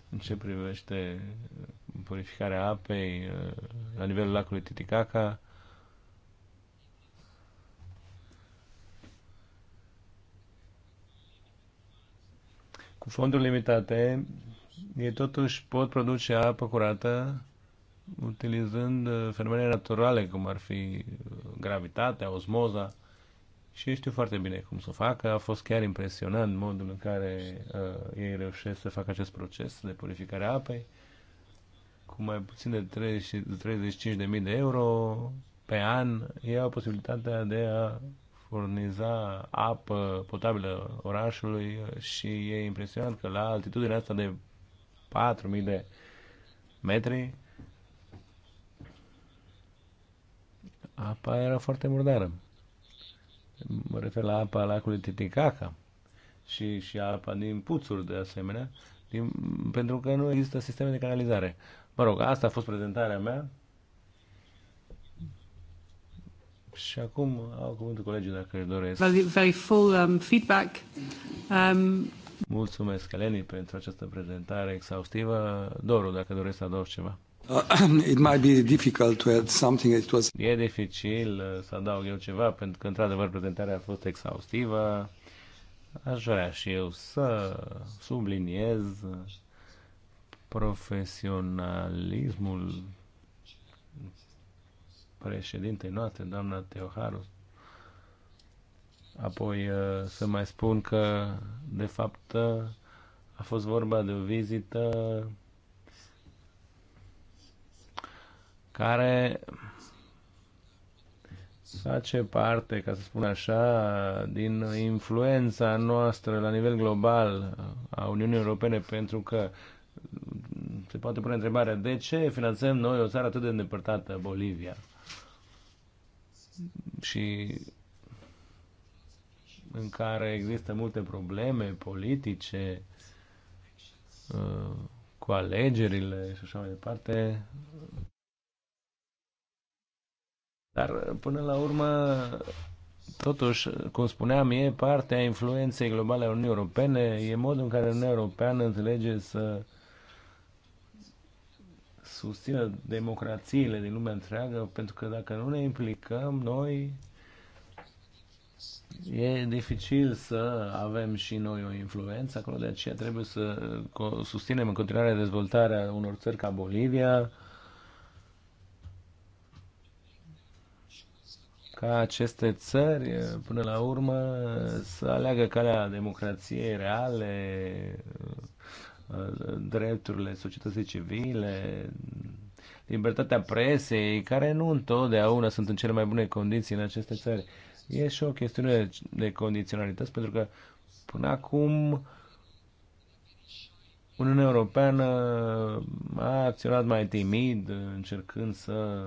în ce privește purificarea apei uh, la nivelul lacului Titicaca Cu fonduri limitate, ei totuși pot produce apă curată utilizând uh, fenomene naturale, cum ar fi uh, gravitatea, osmoza. Și știu foarte bine cum să o facă. A fost chiar impresionant modul în care uh, ei reușesc să facă acest proces de purificare a apei cu mai puțin de 30, 35.000 de euro pe an, ei au posibilitatea de a furniza apă potabilă orașului și e impresionant că la altitudinea asta de 4.000 de metri apa era foarte murdară. Mă refer la apa lacului Titicaca și, și apa din puțuri de asemenea, din, pentru că nu există sisteme de canalizare. Mă rog, asta a fost prezentarea mea. Și acum au cuvântul colegii dacă își doresc. Very, very full um, feedback. Um... Mulțumesc, Eleni, pentru această prezentare exhaustivă. Doru, dacă doresc să adaugi ceva. Uh, <clears throat> it might be difficult to add something It was... E dificil uh, să adaug eu ceva, pentru că, într-adevăr, prezentarea a fost exhaustivă. Aș vrea și eu să subliniez profesionalismul președintei noastre, doamna Teoharu. Apoi uh, să mai spun că, de fapt, uh, a fost vorba de o vizită care face parte, ca să spun așa, din influența noastră la nivel global a Uniunii Europene, pentru că se poate pune întrebarea de ce finanțăm noi o țară atât de îndepărtată, Bolivia? și în care există multe probleme politice uh, cu alegerile și așa mai departe. Dar uh, până la urmă, totuși, cum spuneam, e partea influenței globale a Uniunii Europene, e modul în care Uniunea Europeană înțelege să uh, susțină democrațiile din lumea întreagă, pentru că dacă nu ne implicăm noi, e dificil să avem și noi o influență acolo, de aceea trebuie să susținem în continuare dezvoltarea unor țări ca Bolivia, ca aceste țări, până la urmă, să aleagă calea democrației reale, drepturile societății civile, libertatea presei, care nu întotdeauna sunt în cele mai bune condiții în aceste țări. E și o chestiune de condiționalități, pentru că până acum Uniunea Europeană a acționat mai timid, încercând să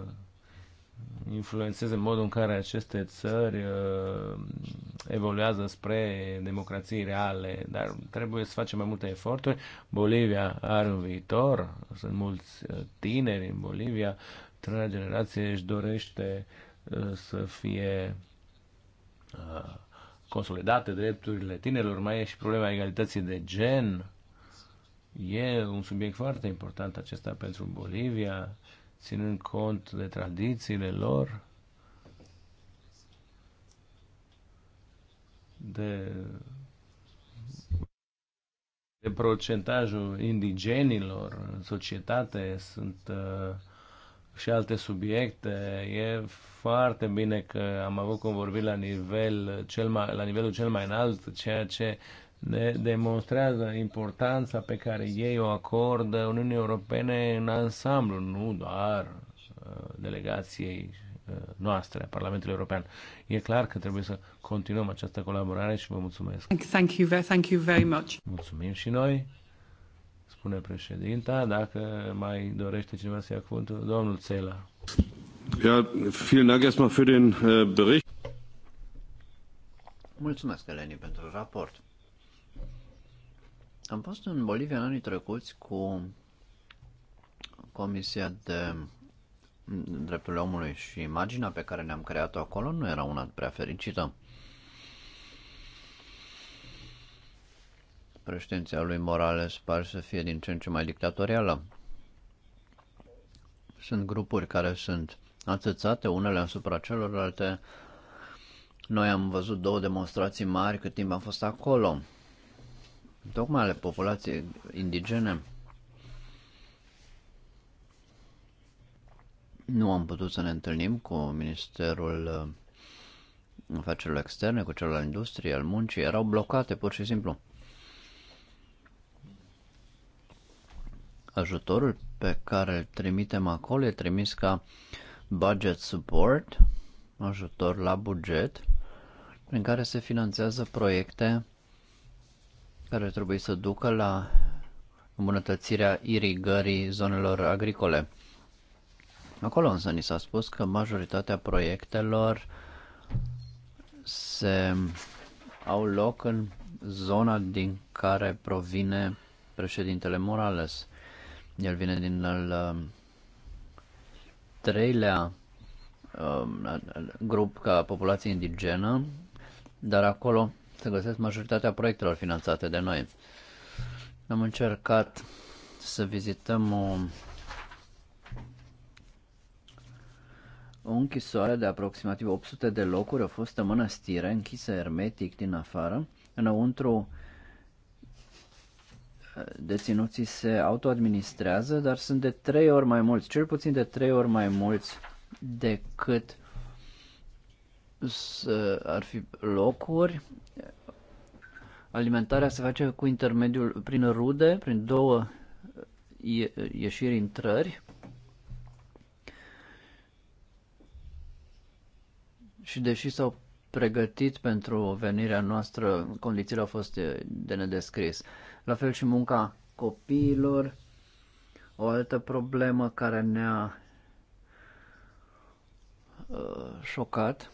influențeze modul în care aceste țări uh, evoluează spre democrații reale, dar trebuie să facem mai multe eforturi. Bolivia are un viitor, sunt mulți uh, tineri în Bolivia, tânăra generație își dorește uh, să fie consolidate drepturile tinerilor, mai e și problema egalității de gen. E un subiect foarte important acesta pentru Bolivia ținând cont de tradițiile lor, de, de procentajul indigenilor în societate, sunt uh, și alte subiecte. E foarte bine că am avut convorbiri la, nivel cel mai, la nivelul cel mai înalt, ceea ce de, demonstrează importanța pe care ei o acordă Uniunii Europene în ansamblu, nu doar uh, delegației uh, noastre Parlamentul Parlamentului European. E clar că trebuie să continuăm această colaborare și vă mulțumesc. Thank you, thank you very much. Mulțumim și noi, spune președinta. Dacă mai dorește cineva să ia cuvântul, domnul Țela. Ja, vielen Dank erstmal für den äh, Bericht. Mulțumesc, Eleni, pentru raport. Am fost în Bolivia în anii trecuți cu Comisia de Drepturile Omului și imaginea pe care ne-am creat-o acolo nu era una prea fericită. Președinția lui Morales pare să fie din ce în ce mai dictatorială. Sunt grupuri care sunt atâțate unele asupra celorlalte. Noi am văzut două demonstrații mari cât timp am fost acolo tocmai ale populației indigene. Nu am putut să ne întâlnim cu Ministerul uh, Afacerilor Externe, cu cel al industriei, al muncii, erau blocate pur și simplu. Ajutorul pe care îl trimitem acolo e trimis ca budget support, ajutor la buget, prin care se finanțează proiecte care trebuie să ducă la îmbunătățirea irigării zonelor agricole. Acolo însă ni s-a spus că majoritatea proiectelor se au loc în zona din care provine președintele Morales. El vine din al um, treilea um, grup ca populație indigenă, dar acolo se găsesc majoritatea proiectelor finanțate de noi. Am încercat să vizităm o, o închisoare de aproximativ 800 de locuri, o fostă mănăstire închisă hermetic din afară. Înăuntru deținuții se autoadministrează, dar sunt de trei ori mai mulți, cel puțin de trei ori mai mulți decât ar fi locuri. Alimentarea se face cu intermediul prin rude, prin două ieșiri intrări. Și deși s-au pregătit pentru venirea noastră, condițiile au fost de nedescris. La fel și munca copiilor, o altă problemă care ne-a uh, șocat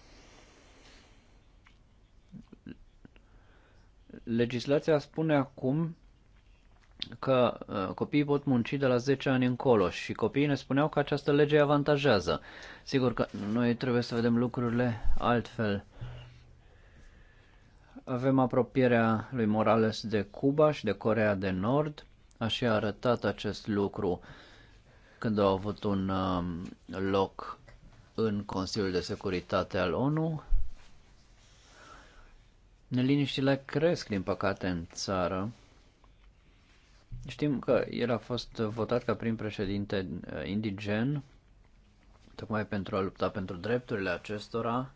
Legislația spune acum că uh, copiii pot munci de la 10 ani încolo și copiii ne spuneau că această lege îi avantajează. Sigur că noi trebuie să vedem lucrurile altfel. Avem apropierea lui Morales de Cuba și de Corea de Nord. A și arătat acest lucru când au avut un um, loc în Consiliul de Securitate al ONU. Neliniștile cresc, din păcate, în țară. Știm că el a fost votat ca prim-președinte eh, indigen, tocmai pentru a lupta pentru drepturile acestora,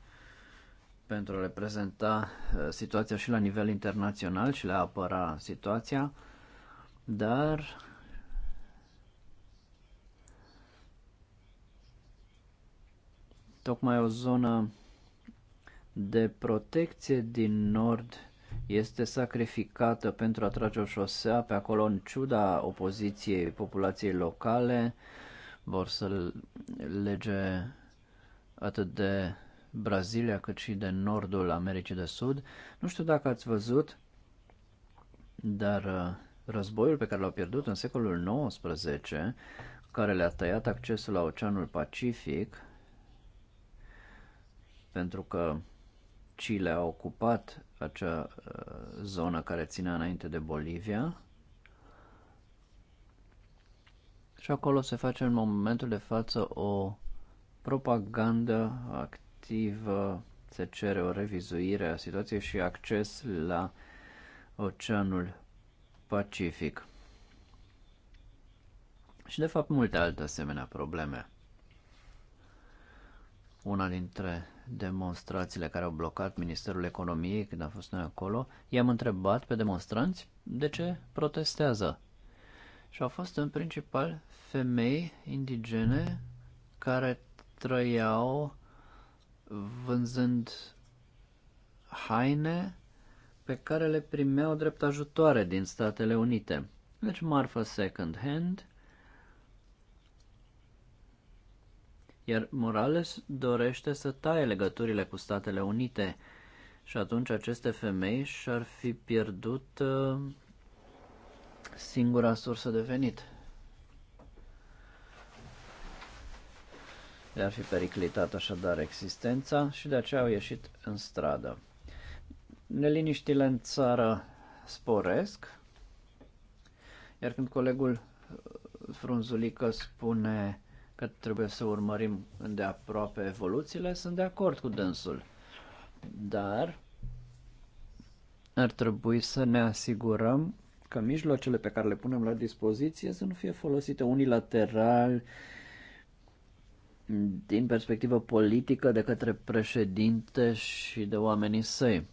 pentru a reprezenta eh, situația și la nivel internațional și le-a apăra situația, dar tocmai o zonă de protecție din nord este sacrificată pentru a trage o șosea pe acolo în ciuda opoziției populației locale. Vor să lege atât de Brazilia cât și de nordul Americii de Sud. Nu știu dacă ați văzut, dar uh, războiul pe care l-au pierdut în secolul XIX, care le-a tăiat accesul la Oceanul Pacific, pentru că Chile a ocupat acea uh, zonă care ținea înainte de Bolivia și acolo se face în momentul de față o propagandă activă, se cere o revizuire a situației și acces la Oceanul Pacific. Și de fapt multe alte asemenea probleme una dintre demonstrațiile care au blocat Ministerul Economiei când a fost noi acolo, i-am întrebat pe demonstranți de ce protestează. Și au fost în principal femei indigene care trăiau vânzând haine pe care le primeau drept ajutoare din Statele Unite. Deci marfă second hand Iar Morales dorește să taie legăturile cu Statele Unite și atunci aceste femei și-ar fi pierdut uh, singura sursă de venit. Le-ar fi periclitat așadar existența și de aceea au ieșit în stradă. Neliniștile în țară sporesc, iar când colegul uh, Frunzulică spune că trebuie să urmărim îndeaproape evoluțiile, sunt de acord cu dânsul. Dar ar trebui să ne asigurăm că mijloacele pe care le punem la dispoziție să nu fie folosite unilateral din perspectivă politică de către președinte și de oamenii săi.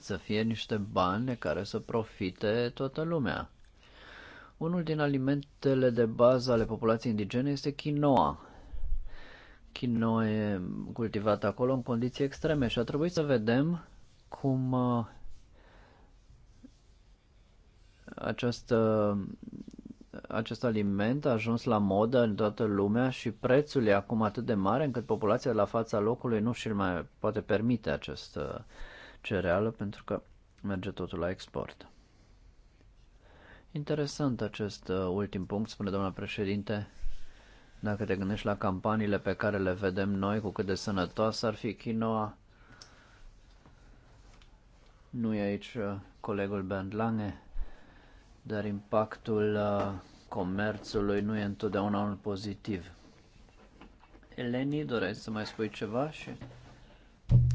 Să fie niște bani care să profite toată lumea. Unul din alimentele de bază ale populației indigene este quinoa. Quinoa e cultivată acolo în condiții extreme și a trebuit să vedem cum uh, această, acest aliment a ajuns la modă în toată lumea și prețul e acum atât de mare încât populația la fața locului nu și-l mai poate permite acest cereală pentru că merge totul la export. Interesant acest uh, ultim punct, spune doamna președinte. Dacă te gândești la campaniile pe care le vedem noi, cu cât de sănătoasă ar fi chinoa, nu e aici uh, colegul Bernd Lange, dar impactul uh, comerțului nu e întotdeauna unul pozitiv. Eleni, doresc să mai spui ceva și...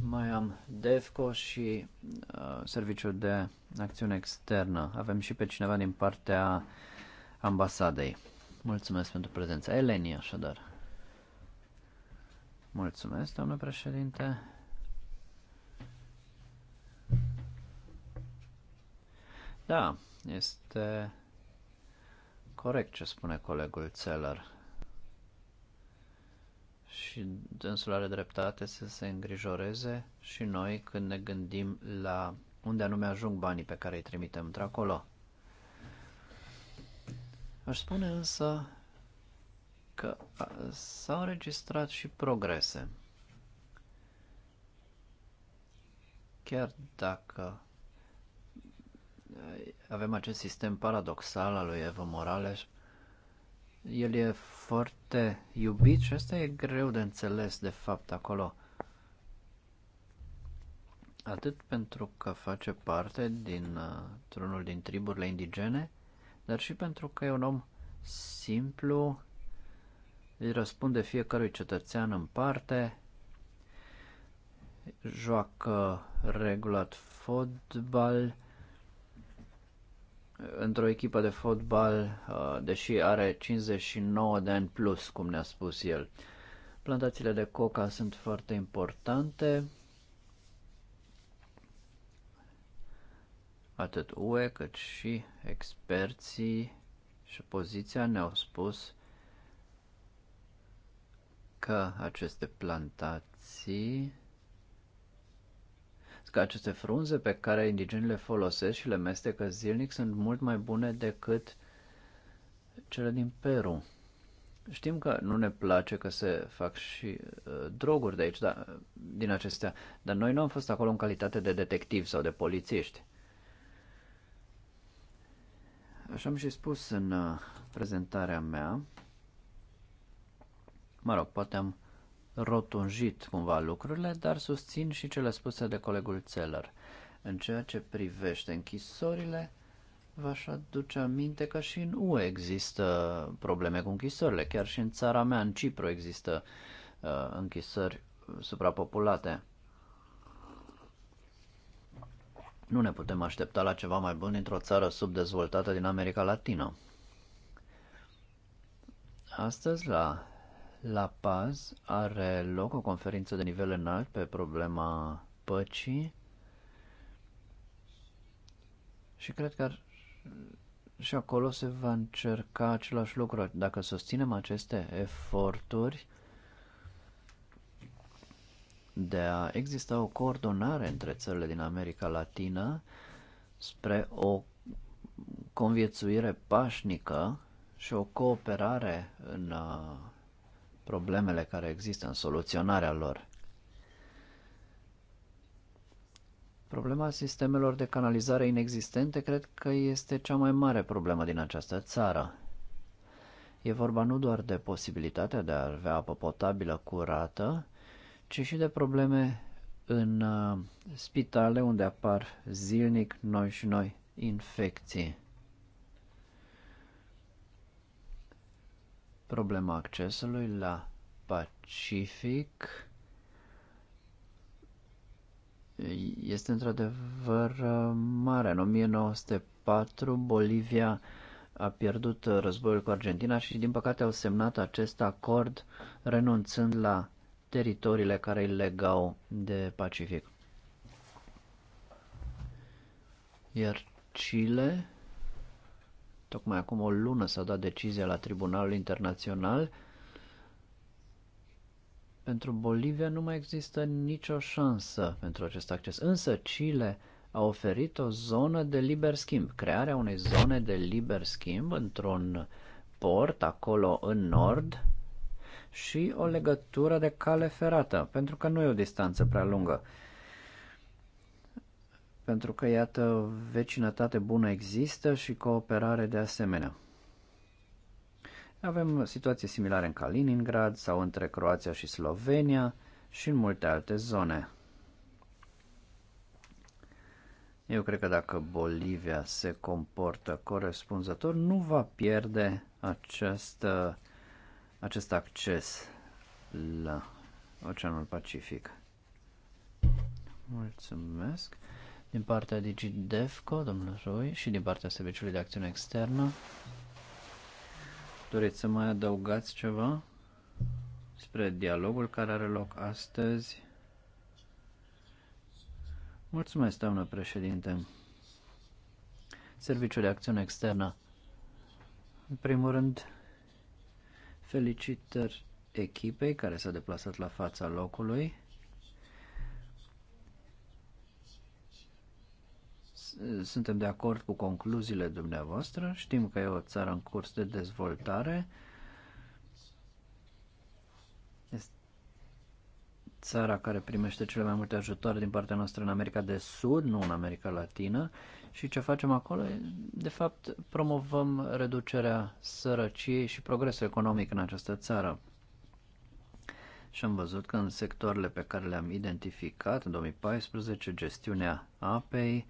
Mai am DEFCO și uh, Serviciul de Acțiune Externă. Avem și pe cineva din partea ambasadei. Mulțumesc pentru prezența. Eleni, așadar. Mulțumesc, domnule președinte. Da, este corect ce spune colegul Țeller și dânsul are dreptate să se îngrijoreze și noi când ne gândim la unde anume ajung banii pe care îi trimitem într-acolo. Aș spune însă că s-au înregistrat și progrese. Chiar dacă avem acest sistem paradoxal al lui Evo Morales el e foarte iubit și asta e greu de înțeles de fapt acolo. Atât pentru că face parte din uh, trunul din triburile indigene, dar și pentru că e un om simplu, îi răspunde fiecărui cetățean în parte, joacă regulat fotbal, într-o echipă de fotbal, uh, deși are 59 de ani plus, cum ne-a spus el. Plantațiile de coca sunt foarte importante. Atât UE cât și experții și poziția ne-au spus că aceste plantații că aceste frunze pe care indigenii le folosesc și le mestecă zilnic sunt mult mai bune decât cele din Peru. Știm că nu ne place că se fac și uh, droguri de aici, dar, din acestea, dar noi nu am fost acolo în calitate de detectiv sau de polițiști. Așa am și spus în uh, prezentarea mea. Mă rog, poate am rotunjit cumva lucrurile, dar susțin și cele spuse de colegul Zeller. În ceea ce privește închisorile, v-aș aduce aminte că și în UE există probleme cu închisorile. Chiar și în țara mea, în Cipru, există uh, închisori suprapopulate. Nu ne putem aștepta la ceva mai bun dintr-o țară subdezvoltată din America Latină. Astăzi, la la Paz are loc o conferință de nivel înalt pe problema păcii și cred că ar, și acolo se va încerca același lucru. Dacă susținem aceste eforturi de a exista o coordonare între țările din America Latină spre o conviețuire pașnică și o cooperare în uh, problemele care există, în soluționarea lor. Problema sistemelor de canalizare inexistente cred că este cea mai mare problemă din această țară. E vorba nu doar de posibilitatea de a avea apă potabilă curată, ci și de probleme în uh, spitale unde apar zilnic noi și noi infecții. problema accesului la Pacific este într-adevăr uh, mare. În 1904 Bolivia a pierdut uh, războiul cu Argentina și din păcate au semnat acest acord renunțând la teritoriile care îi legau de Pacific. Iar Chile Tocmai acum o lună s-a dat decizia la Tribunalul Internațional. Pentru Bolivia nu mai există nicio șansă pentru acest acces. Însă Chile a oferit o zonă de liber schimb, crearea unei zone de liber schimb într-un port acolo în nord și o legătură de cale ferată, pentru că nu e o distanță prea lungă pentru că, iată, vecinătate bună există și cooperare de asemenea. Avem situații similare în Kaliningrad sau între Croația și Slovenia și în multe alte zone. Eu cred că dacă Bolivia se comportă corespunzător, nu va pierde acest, acest acces la Oceanul Pacific. Mulțumesc din partea DigiDevco, domnul Roy, și din partea Serviciului de Acțiune Externă. Doriți să mai adăugați ceva spre dialogul care are loc astăzi? Mulțumesc, doamnă președinte. Serviciul de Acțiune Externă. În primul rând, felicitări echipei care s-a deplasat la fața locului suntem de acord cu concluziile dumneavoastră, știm că e o țară în curs de dezvoltare, țara care primește cele mai multe ajutoare din partea noastră în America de Sud, nu în America Latină, și ce facem acolo, de fapt, promovăm reducerea sărăciei și progresul economic în această țară. Și am văzut că în sectoarele pe care le-am identificat, în 2014, gestiunea apei,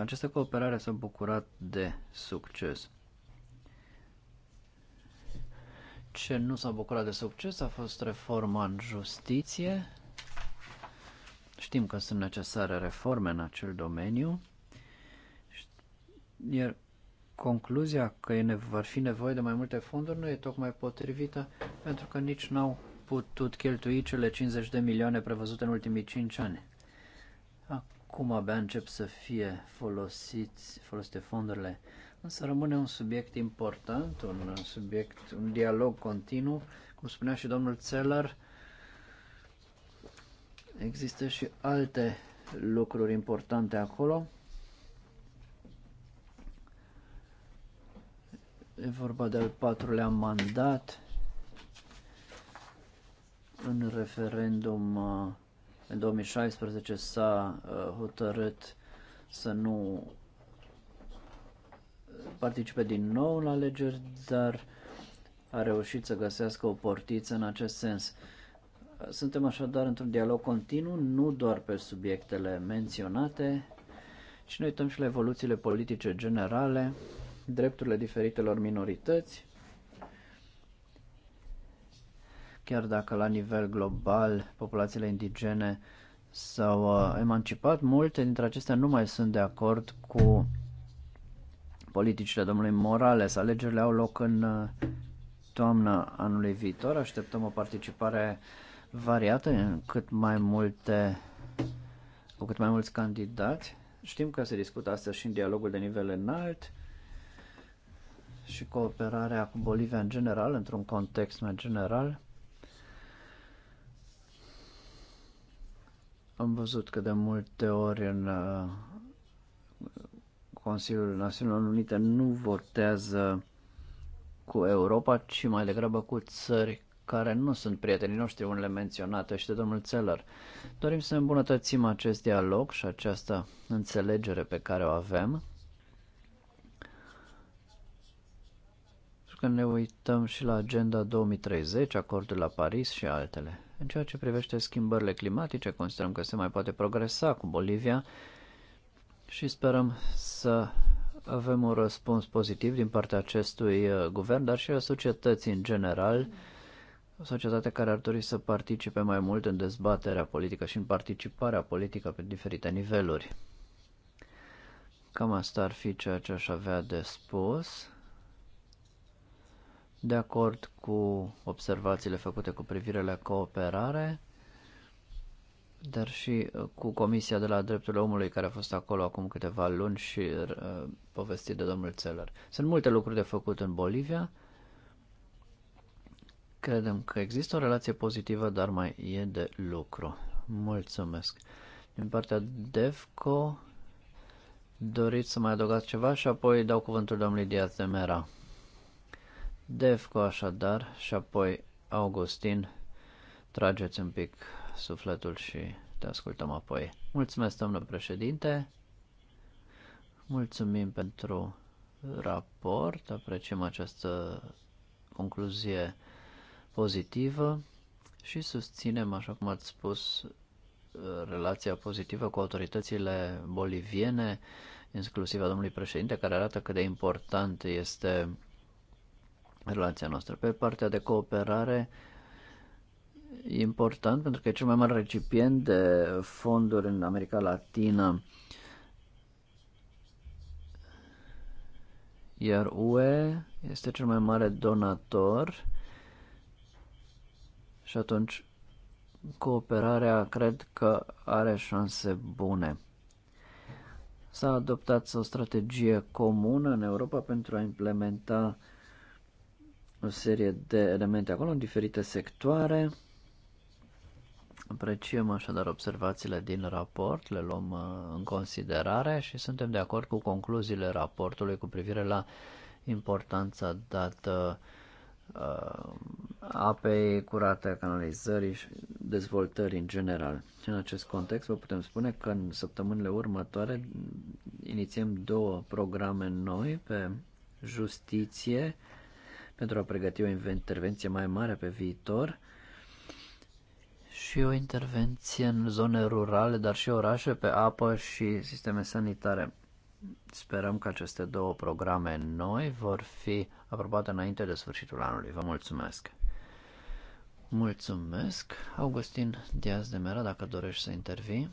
această cooperare s-a bucurat de succes. Ce nu s-a bucurat de succes a fost reforma în justiție. Știm că sunt necesare reforme în acel domeniu, iar concluzia că e vor fi nevoie de mai multe fonduri nu e tocmai potrivită, pentru că nici n-au putut cheltui cele 50 de milioane prevăzute în ultimii 5 ani acum abia încep să fie folosiți, folosite fondurile, însă rămâne un subiect important, un subiect, un dialog continuu, cum spunea și domnul Țelăr, există și alte lucruri importante acolo. E vorba de al patrulea mandat în referendum uh, în 2016 s-a uh, hotărât să nu participe din nou la alegeri, dar a reușit să găsească o portiță în acest sens. Suntem așadar într-un dialog continuu, nu doar pe subiectele menționate, ci ne uităm și la evoluțiile politice generale, drepturile diferitelor minorități chiar dacă la nivel global populațiile indigene s-au uh, emancipat, multe dintre acestea nu mai sunt de acord cu politicile domnului Morales. Alegerile au loc în uh, toamna anului viitor. Așteptăm o participare variată în cât mai multe cu cât mai mulți candidați. Știm că se discută astăzi și în dialogul de nivel înalt și cooperarea cu Bolivia în general, într-un context mai general. Am văzut că de multe ori în uh, Consiliul Națiunilor Unite nu votează cu Europa, ci mai degrabă cu țări care nu sunt prietenii noștri, unele menționate și de domnul Țelăr. Dorim să îmbunătățim acest dialog și această înțelegere pe care o avem. Când ne uităm și la Agenda 2030, acordul la Paris și altele. În ceea ce privește schimbările climatice, considerăm că se mai poate progresa cu Bolivia și sperăm să avem un răspuns pozitiv din partea acestui uh, guvern, dar și a societății în general, o societate care ar dori să participe mai mult în dezbaterea politică și în participarea politică pe diferite niveluri. Cam asta ar fi ceea ce aș avea de spus de acord cu observațiile făcute cu privire la cooperare, dar și uh, cu Comisia de la Drepturile Omului care a fost acolo acum câteva luni și uh, povestit de domnul Țeller. Sunt multe lucruri de făcut în Bolivia. Credem că există o relație pozitivă, dar mai e de lucru. Mulțumesc. Din partea DEVCO, doriți să mai adăugați ceva și apoi dau cuvântul domnului Diaz de Mera. Defco așadar și apoi Augustin. Trageți un pic sufletul și te ascultăm apoi. Mulțumesc, domnul președinte. Mulțumim pentru raport. Apreciem această concluzie pozitivă și susținem, așa cum ați spus, relația pozitivă cu autoritățile boliviene, inclusiv a domnului președinte, care arată cât de important este relația noastră. Pe partea de cooperare, e important pentru că e cel mai mare recipient de fonduri în America Latină. Iar UE este cel mai mare donator și atunci cooperarea cred că are șanse bune. S-a adoptat o strategie comună în Europa pentru a implementa uh, o serie de elemente acolo în diferite sectoare. Apreciem așadar observațiile din raport, le luăm uh, în considerare și suntem de acord cu concluziile raportului cu privire la importanța dată uh, apei curate, canalizării și dezvoltării în general. Și în acest context vă putem spune că în săptămânile următoare inițiem două programe noi pe justiție pentru a pregăti o intervenție mai mare pe viitor și o intervenție în zone rurale, dar și orașe, pe apă și sisteme sanitare. Sperăm că aceste două programe noi vor fi aprobate înainte de sfârșitul anului. Vă mulțumesc! Mulțumesc! Augustin Diaz de Mera, dacă dorești să intervii.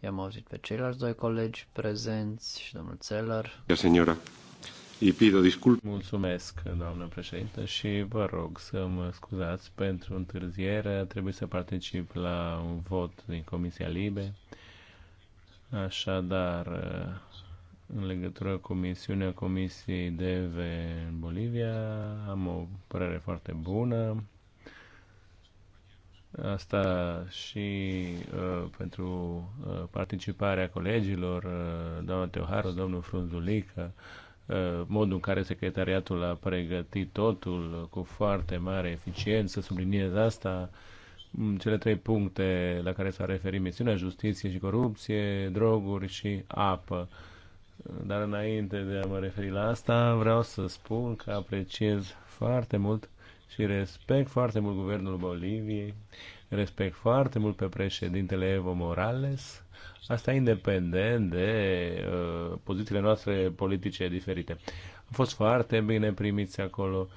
I-am auzit pe ceilalți doi colegi prezenți și domnul Țelăr. Eu, seniora. Îi pido disculpe. Mulțumesc, doamnă președinte. și vă rog să mă scuzați pentru întârziere. Trebuie să particip la un vot din Comisia Libe. Așadar, în legătură cu misiunea Comisiei DV în Bolivia, am o părere foarte bună. Asta și uh, pentru uh, participarea colegilor, uh, doamna Teoharu, domnul Frunzulică, uh, modul în care secretariatul a pregătit totul cu foarte mare eficiență, subliniez asta, cele trei puncte la care s-a referit misiunea, justiție și corupție, droguri și apă. Dar înainte de a mă referi la asta, vreau să spun că apreciez foarte mult și respect foarte mult guvernul Boliviei respect foarte mult pe președintele Evo Morales, asta independent de uh, pozițiile noastre politice diferite. Am fost foarte bine primiți acolo,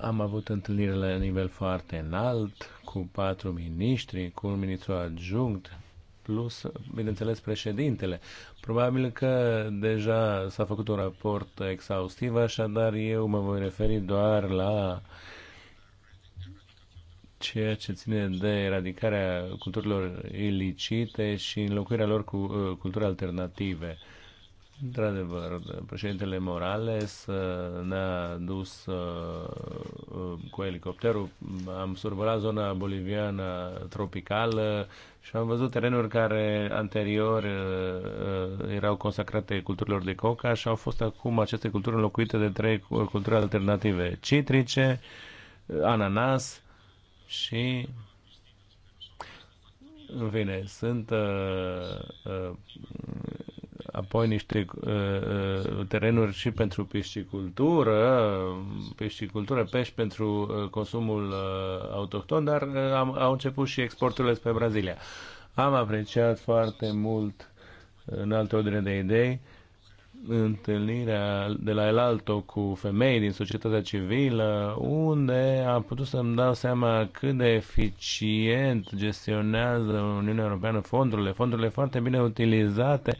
am avut întâlnire la nivel foarte înalt, cu patru miniștri, cu un ministru adjunct, plus, bineînțeles, președintele. Probabil că deja s-a făcut un raport exhaustiv, așadar eu mă voi referi doar la uh, ceea ce ține de eradicarea culturilor ilicite și înlocuirea lor cu uh, culturi alternative. Într-adevăr, președintele Morales uh, ne-a dus uh, uh, cu elicopterul, am survolat zona boliviană tropicală și am văzut terenuri care anterior erau consacrate culturilor de coca și au fost acum aceste culturi înlocuite de trei culturi alternative, citrice, ananas și în fine, sunt uh, uh, apoi niște uh, uh terenuri și pentru piscicultură, piscicultură, pești pentru uh, consumul uh, autohton, dar uh, am, au început și exporturile spre Brazilia. Am apreciat foarte mult uh, în altă ordine de idei uh, întâlnirea de la El Alto cu femei din societatea civilă, unde am putut să-mi dau seama cât de eficient gestionează Uniunea Europeană fondurile, fondurile foarte bine utilizate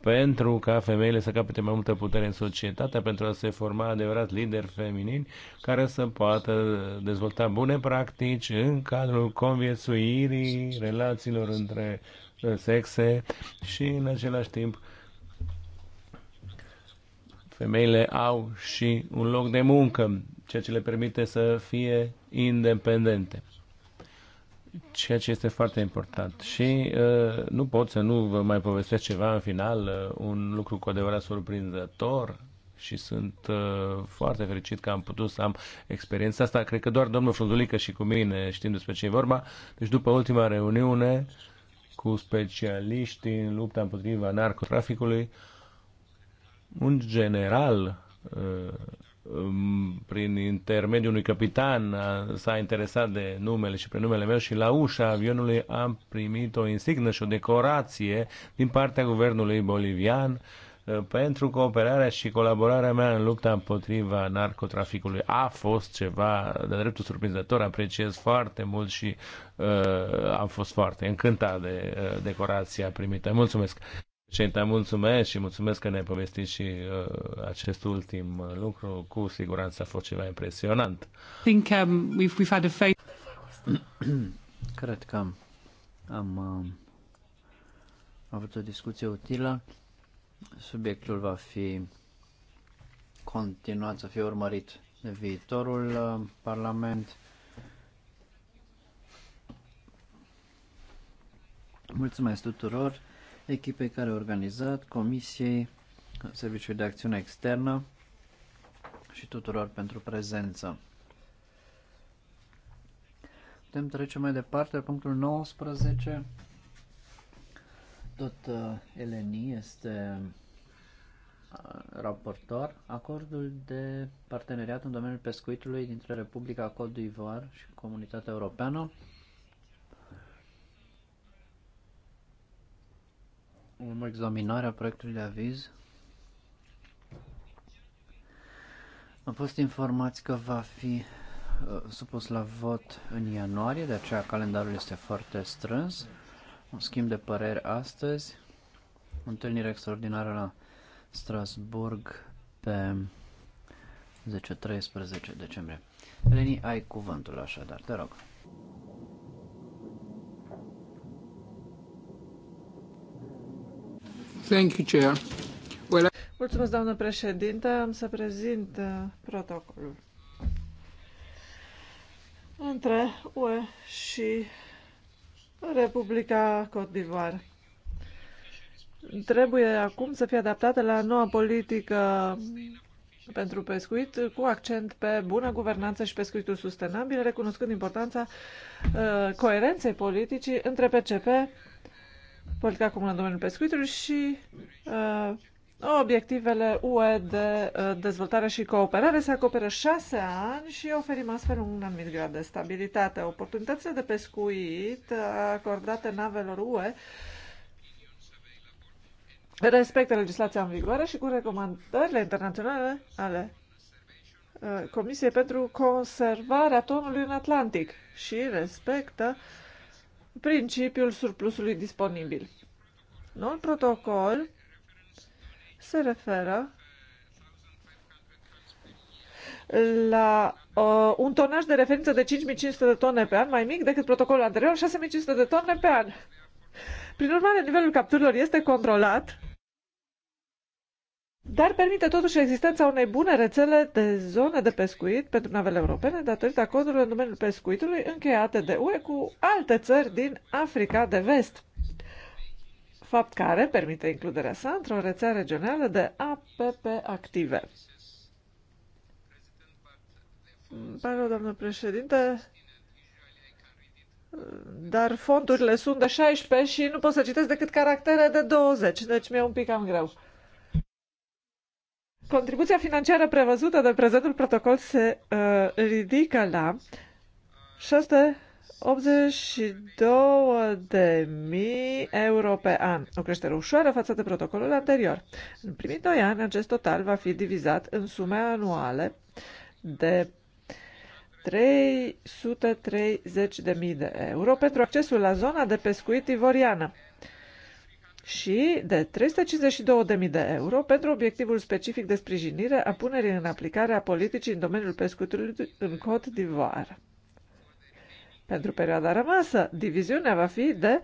pentru ca femeile să capete mai multă putere în societate, pentru a se forma adevărat lideri feminini care să poată dezvolta bune practici în cadrul conviețuirii relațiilor între sexe și în același timp femeile au și un loc de muncă, ceea ce le permite să fie independente. Ceea ce este foarte important. Și uh, nu pot să nu vă mai povestesc ceva în final, uh, un lucru cu adevărat surprinzător și sunt uh, foarte fericit că am putut să am experiența asta. Cred că doar domnul Frunzulică și cu mine știm despre ce e vorba. Deci după ultima reuniune cu specialiști în lupta împotriva narcotraficului, uh, un general uh, um, prin intermediul unui capitan uh, s-a interesat de numele și prenumele meu și la ușa avionului am primit o insignă și o decorație din partea guvernului bolivian uh, pentru cooperarea și colaborarea mea în lupta împotriva narcotraficului. A fost ceva de dreptul surprinzător, apreciez foarte mult și uh, am fost foarte încântat de uh, decorația primită. Mulțumesc! Președinte, mulțumesc și mulțumesc că ne-ai povestit și uh, acest ultim uh, lucru. Cu siguranță a fost ceva impresionant. Think, um, we've, we've had a faith... <coughs> Cred că am, am uh, avut o discuție utilă. Subiectul va fi continuat să fie urmărit de viitorul uh, Parlament. Mulțumesc tuturor! echipei care a organizat, Comisiei, Serviciului de Acțiune Externă și tuturor pentru prezență. Putem trece mai departe, punctul 19. Tot uh, Eleni este uh, raportor, acordul de parteneriat în domeniul pescuitului dintre Republica Côte d'Ivoire și Comunitatea Europeană. urmă examinarea proiectului de aviz, am fost informați că va fi uh, supus la vot în ianuarie, de aceea calendarul este foarte strâns. Un schimb de păreri astăzi, întâlnire extraordinară la Strasburg pe 10-13 decembrie. Eleni, ai cuvântul așadar, te rog. Thank you, Chair. Well, Mulțumesc, doamnă președinte. Am să prezint uh, protocolul între UE și Republica Cote d'Ivoire. Trebuie acum să fie adaptată la noua politică pentru pescuit, cu accent pe bună guvernanță și pescuitul sustenabil, recunoscând importanța uh, coerenței politicii între PCP politica comună în domeniul pescuitului și uh, obiectivele UE de uh, dezvoltare și cooperare se acoperă șase ani și oferim astfel un anumit grad de stabilitate. Oportunitățile de pescuit uh, acordate navelor UE respectă legislația în vigoare și cu recomandările internaționale ale uh, Comisiei pentru conservarea tonului în Atlantic și respectă uh, principiul surplusului disponibil. Noul protocol se referă la uh, un tonaj de referință de 5500 de tone pe an, mai mic decât protocolul anterior, 6500 de tone pe an. Prin urmare, nivelul capturilor este controlat dar permite totuși existența unei bune rețele de zone de pescuit pentru navele europene datorită acordurilor în domeniul pescuitului încheiate de UE cu alte țări din Africa de Vest, fapt care permite includerea sa într-o rețea regională de APP active. Pare doamnă președinte, dar fondurile sunt de 16 și nu pot să citesc decât caractere de 20, deci mi-e un pic cam greu. Contribuția financiară prevăzută de prezentul protocol se uh, ridică la 682 de mii euro pe an, o creștere ușoară față de protocolul anterior. În primii doi ani, acest total va fi divizat în sume anuale de 330.000 de euro pentru accesul la zona de pescuit ivoriană, și de 352.000 de euro pentru obiectivul specific de sprijinire a punerii în aplicare a politicii în domeniul pescuitului în Côte d'Ivoire. Pentru perioada rămasă, diviziunea va fi de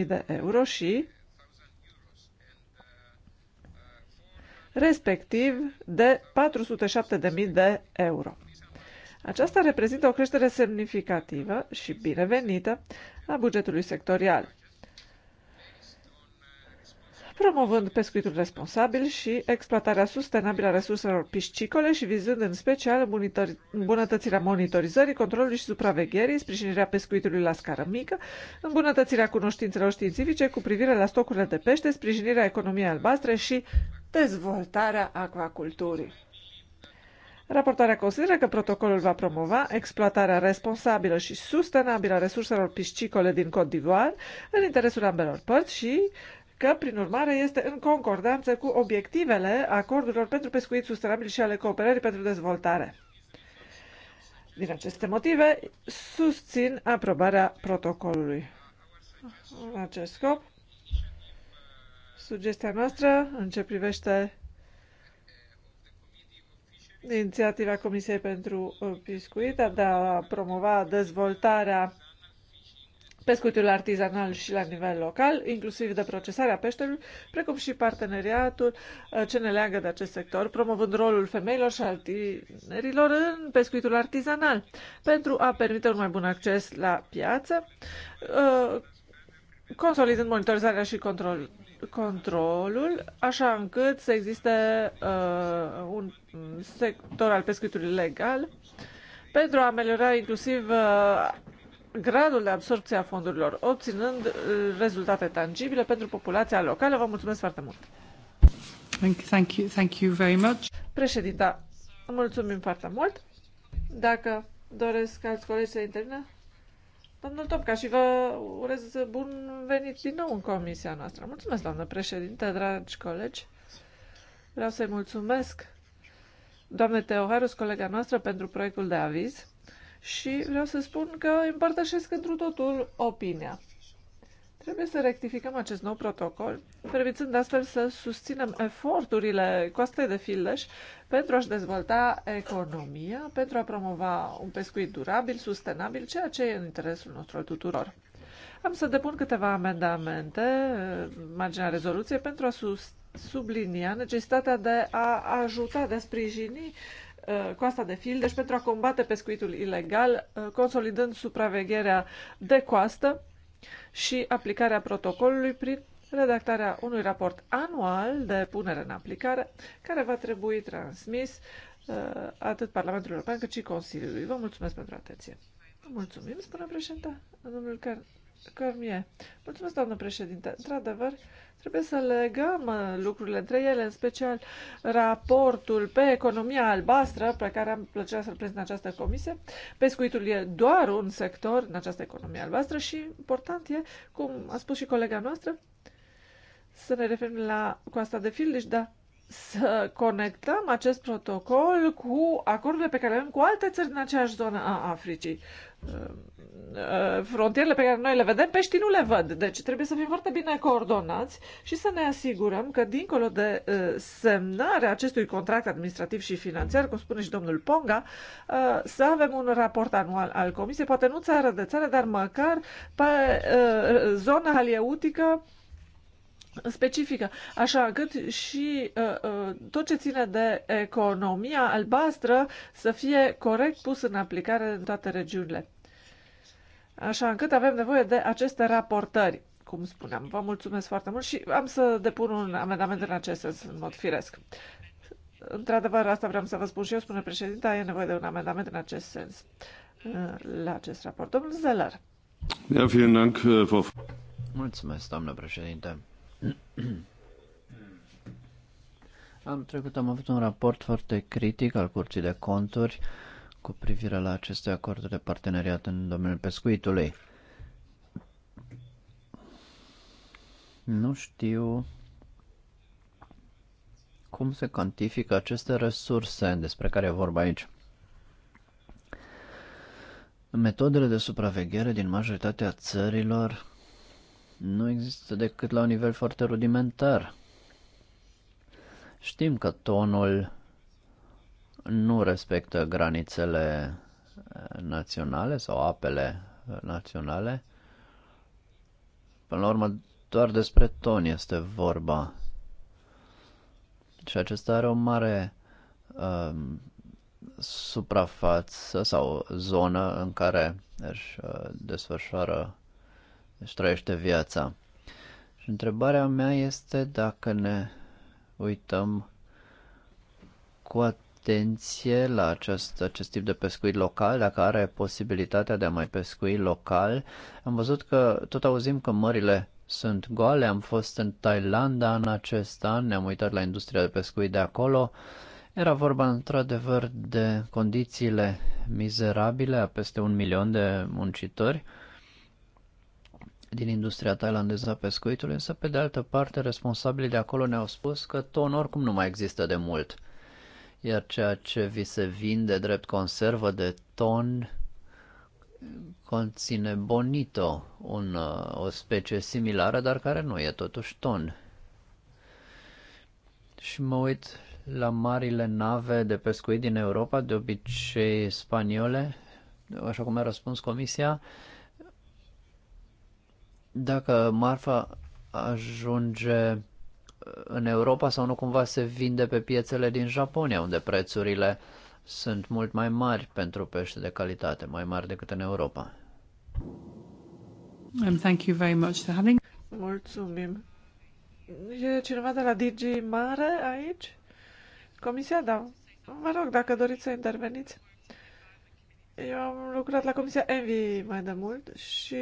275.000 de euro și respectiv de 407.000 de euro. Aceasta reprezintă o creștere semnificativă și binevenită a bugetului sectorial promovând pescuitul responsabil și exploatarea sustenabilă a resurselor piscicole și vizând în special îmbunătățirea monitorizării, controlului și supravegherii, sprijinirea pescuitului la scară mică, îmbunătățirea cunoștințelor științifice cu privire la stocurile de pește, sprijinirea economiei albastre și dezvoltarea acvaculturii. Raportarea consideră că protocolul va promova exploatarea responsabilă și sustenabilă a resurselor piscicole din Côte d'Ivoire în interesul ambelor părți și că, prin urmare, este în concordanță cu obiectivele acordurilor pentru pescuit sustenabil și ale cooperării pentru dezvoltare. Din aceste motive, susțin aprobarea protocolului. În acest scop, sugestia noastră în ce privește inițiativa Comisiei pentru uh, Piscuit de a promova dezvoltarea pescuitul artizanal și la nivel local, inclusiv de procesarea peștelui, precum și parteneriatul uh, ce ne leagă de acest sector, promovând rolul femeilor și al tinerilor în pescuitul artizanal, pentru a permite un mai bun acces la piață, uh, consolidând monitorizarea și controlul controlul, așa încât să existe uh, un sector al pescuitului legal pentru a ameliora inclusiv uh, gradul de absorpție a fondurilor, obținând uh, rezultate tangibile pentru populația locală. Vă mulțumesc foarte mult! Thank you, thank you very much. Președinta, mulțumim foarte mult. Dacă doresc alți colegi să intervină, domnul Topca, și vă urez bun venit din nou în comisia noastră. Mulțumesc, doamnă președinte, dragi colegi. Vreau să-i mulțumesc doamne Teoharus, colega noastră, pentru proiectul de aviz și vreau să spun că împărtășesc întru totul opinia. Trebuie să rectificăm acest nou protocol, permițând astfel să susținem eforturile coastei de fileș pentru a-și dezvolta economia, pentru a promova un pescuit durabil, sustenabil, ceea ce e în interesul nostru al tuturor. Am să depun câteva amendamente, marginea rezoluției, pentru a susține sublinia necesitatea de a ajuta, de a sprijini Uh, coasta de fil, deci pentru a combate pescuitul ilegal, uh, consolidând supravegherea de coastă și aplicarea protocolului prin redactarea unui raport anual de punere în aplicare, care va trebui transmis uh, atât Parlamentului European cât și Consiliului. Vă mulțumesc pentru atenție. Mulțumim, spune președinte, domnul care. Cormie. Mulțumesc, doamnă președinte. Într-adevăr, trebuie să legăm uh, lucrurile între ele, în special raportul pe economia albastră, pe care am plăcea să-l prezint în această comisie. Pescuitul e doar un sector în această economie albastră și important e, cum a spus și colega noastră, să ne referim la coasta de Fildiș, da, să conectăm acest protocol cu acordurile pe care le avem cu alte țări din aceeași zonă a Africii. Uh, Uh, frontierele pe care noi le vedem, peștii nu le văd. Deci trebuie să fim foarte bine coordonați și să ne asigurăm că, dincolo de uh, semnarea acestui contract administrativ și financiar, cum spune și domnul Ponga, uh, să avem un raport anual al Comisiei, poate nu țară de țară, dar măcar pe zona halieutică specifică, așa încât și uh, tot ce ține de economia albastră să fie corect pus în aplicare în toate regiunile așa încât avem nevoie de aceste raportări, cum spuneam. Vă mulțumesc foarte mult și am să depun un amendament în acest sens, în mod firesc. Într-adevăr, asta vreau să vă spun și eu, spune președinta, e nevoie de un amendament în acest sens uh, la acest raport. Domnul Zeller. Ja, Dank, uh, Mulțumesc, doamnă președinte. Am trecut am avut un raport foarte critic al Curții de Conturi cu privire la aceste acorduri de parteneriat în domeniul pescuitului. Nu știu cum se cantifică aceste resurse despre care e vorba aici. Metodele de supraveghere din majoritatea țărilor nu există decât la un nivel foarte rudimentar. Știm că tonul nu respectă granițele eh, naționale sau apele eh, naționale. Până la urmă, doar despre ton este vorba. Și acesta are o mare uh, suprafață sau zonă în care își uh, desfășoară, își trăiește viața. Și întrebarea mea este dacă ne uităm cu atât atenție la acest, acest tip de pescuit local, dacă are posibilitatea de a mai pescui local. Am văzut că tot auzim că mările sunt goale, am fost în Thailanda în acest an, ne-am uitat la industria de pescuit de acolo. Era vorba într-adevăr de condițiile mizerabile a peste un milion de muncitori din industria thailandeză a pescuitului, însă pe de altă parte responsabilii de acolo ne-au spus că ton oricum nu mai există de mult iar ceea ce vi se vinde drept conservă de ton conține bonito, un, o specie similară, dar care nu e totuși ton. Și mă uit la marile nave de pescuit din Europa, de obicei spaniole, așa cum a răspuns comisia, dacă marfa ajunge în Europa sau nu cumva se vinde pe piețele din Japonia, unde prețurile sunt mult mai mari pentru pește de calitate, mai mari decât în Europa. And thank you very much for having... Mulțumim. E cineva de la DG Mare aici? Comisia, da. Vă mă rog, dacă doriți să interveniți. Eu am lucrat la Comisia Envi mai de mult și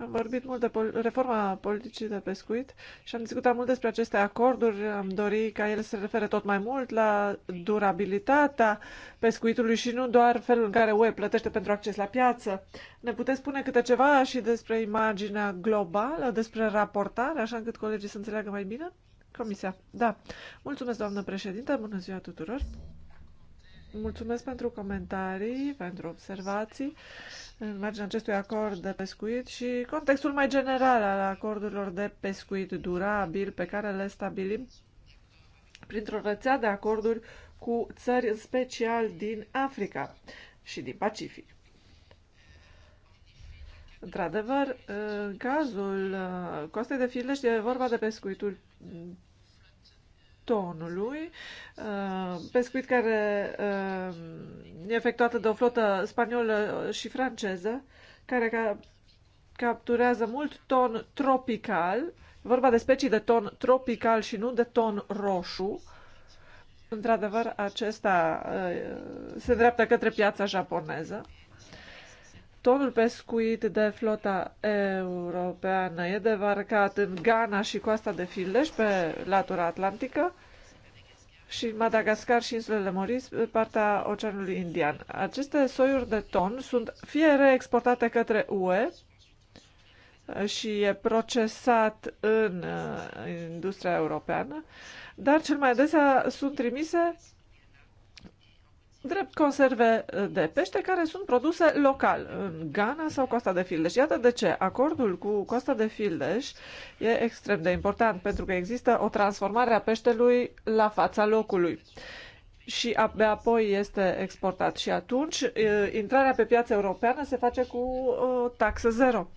am vorbit mult de pol- reforma politicii de pescuit și am discutat mult despre aceste acorduri. Am dorit ca ele să se refere tot mai mult la durabilitatea pescuitului și nu doar felul în care UE plătește pentru acces la piață. Ne puteți spune câte ceva și despre imaginea globală, despre raportare, așa încât colegii să înțeleagă mai bine? Comisia. Da. Mulțumesc, doamnă președinte. Bună ziua tuturor. Mulțumesc pentru comentarii, pentru observații în marginea acestui acord de pescuit și contextul mai general al acordurilor de pescuit durabil pe care le stabilim printr-o rețea de acorduri cu țări în special din Africa și din Pacific. Într-adevăr, în cazul uh, costei de Fildeș e vorba de pescuituri tonului, uh, pescuit care uh, e efectuată de o flotă spaniolă și franceză, care capturează mult ton tropical, vorba de specii de ton tropical și nu de ton roșu. Într-adevăr, acesta uh, se dreaptă către piața japoneză. Tonul pescuit de flota europeană e devarcat în Ghana și coasta de Fildeș pe latura atlantică și Madagascar și insulele Moris, partea Oceanului Indian. Aceste soiuri de ton sunt fie reexportate către UE și e procesat în uh, industria europeană, dar cel mai adesea sunt trimise drept conserve eh, de pește care sunt produse local, în Ghana sau Costa de Fildeș. Iată de ce acordul cu Costa de Fildeș e extrem de important, pentru că există o transformare a peștelui la fața locului și abia apoi este exportat. Și atunci eh, intrarea pe piața europeană se face cu eh, taxă zero.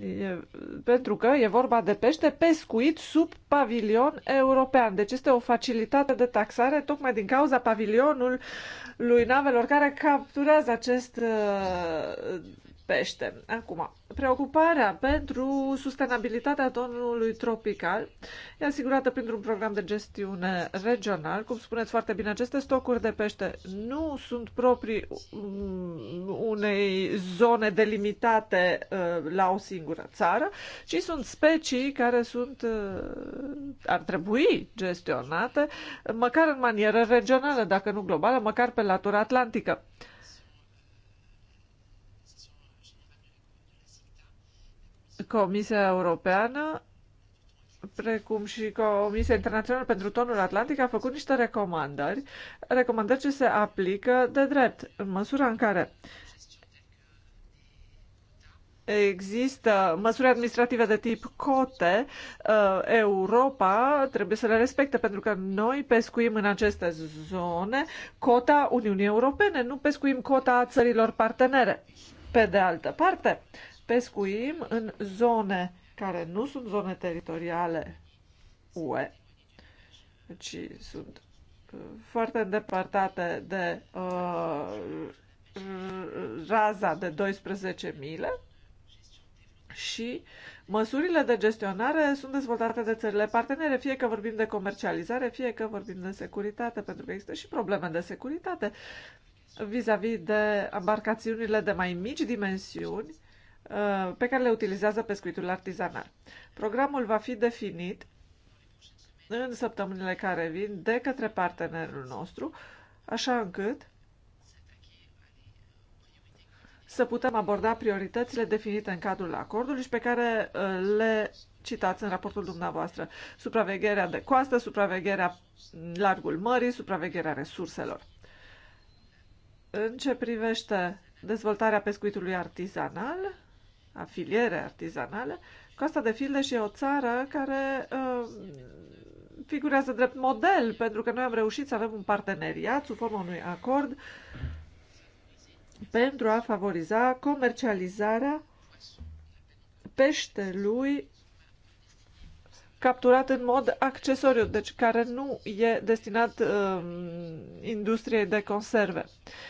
E, pentru că e vorba de pește pescuit sub pavilion european. Deci este o facilitate de taxare tocmai din cauza pavilionului navelor care capturează acest uh, pește. Acum, preocuparea pentru sustenabilitatea tonului tropical e asigurată printr-un program de gestiune regional. Cum spuneți foarte bine, aceste stocuri de pește nu sunt proprii mm, unei zone delimitate uh, la o singură țară, ci sunt specii care sunt uh, ar trebui gestionate, măcar în manieră regională, dacă nu globală, măcar pe latura atlantică. Comisia Europeană, precum și Comisia Internațională pentru Tonul Atlantic, a făcut niște recomandări, recomandări ce se aplică de drept, în măsura în care există măsuri administrative de tip cote, uh, Europa trebuie să le respecte, pentru că noi pescuim în aceste zone cota Uniunii Europene, nu pescuim cota țărilor partenere. Pe de altă parte, pescuim în zone care nu sunt zone teritoriale UE, ci sunt uh, foarte îndepărtate de uh, raza de 12 mile și măsurile de gestionare sunt dezvoltate de țările partenere, fie că vorbim de comercializare, fie că vorbim de securitate, pentru că există și probleme de securitate vis-a-vis -vis de embarcațiunile de mai mici dimensiuni Uh, pe care le utilizează pescuitul artizanal. Programul va fi definit în săptămânile care vin de către partenerul nostru, așa încât să putem aborda prioritățile definite în cadrul acordului și pe care uh, le citați în raportul dumneavoastră. Supravegherea de coastă, supravegherea largul mării, supravegherea resurselor. În ce privește dezvoltarea pescuitului artizanal, afiliere artizanale. Costa de și e o țară care uh, figurează drept model, pentru că noi am reușit să avem un parteneriat sub formă unui acord pentru a favoriza comercializarea peștelui capturat în mod accesoriu, deci care nu e destinat uh, industriei de conserve. Uh,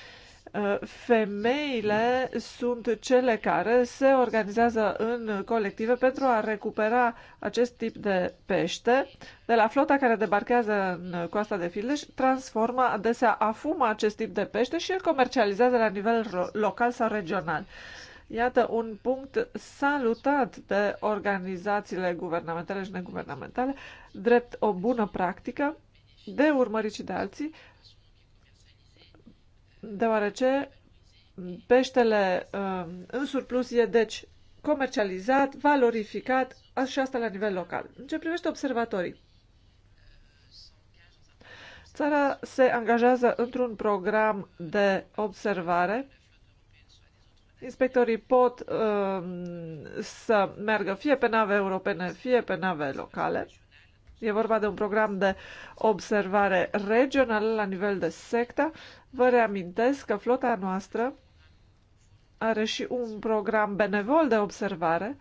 Uh, femeile sunt cele care se organizează în colective pentru a recupera acest tip de pește de la flota care debarchează în coasta de Fildeș, transformă adesea afumă acest tip de pește și îl comercializează la nivel local sau regional. Iată un punct salutat de organizațiile guvernamentale și neguvernamentale, drept o bună practică de urmărit și de alții, deoarece peștele um, în surplus e deci comercializat, valorificat și asta la nivel local. În ce privește observatorii, țara se angajează într-un program de observare. Inspectorii pot uh, să meargă fie pe nave europene, fie pe nave locale. E vorba de un program de observare regională la nivel de secta, Vă reamintesc că flota noastră are și un program benevol de observare,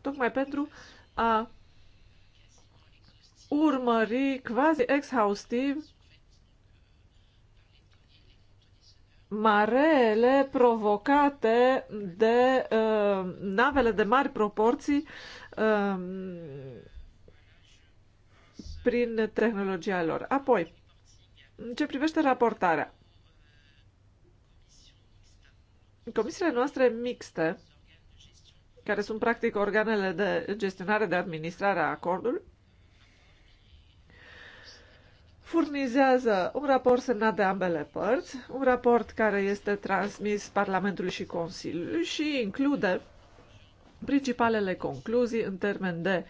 tocmai pentru a urmări quasi exhaustiv mareele provocate de uh, navele de mari proporții uh, prin tehnologia lor. Apoi, în ce privește raportarea, comisiile noastre mixte, care sunt practic organele de gestionare de administrare a acordului, furnizează un raport semnat de ambele părți, un raport care este transmis Parlamentului și Consiliului și include principalele concluzii în termen de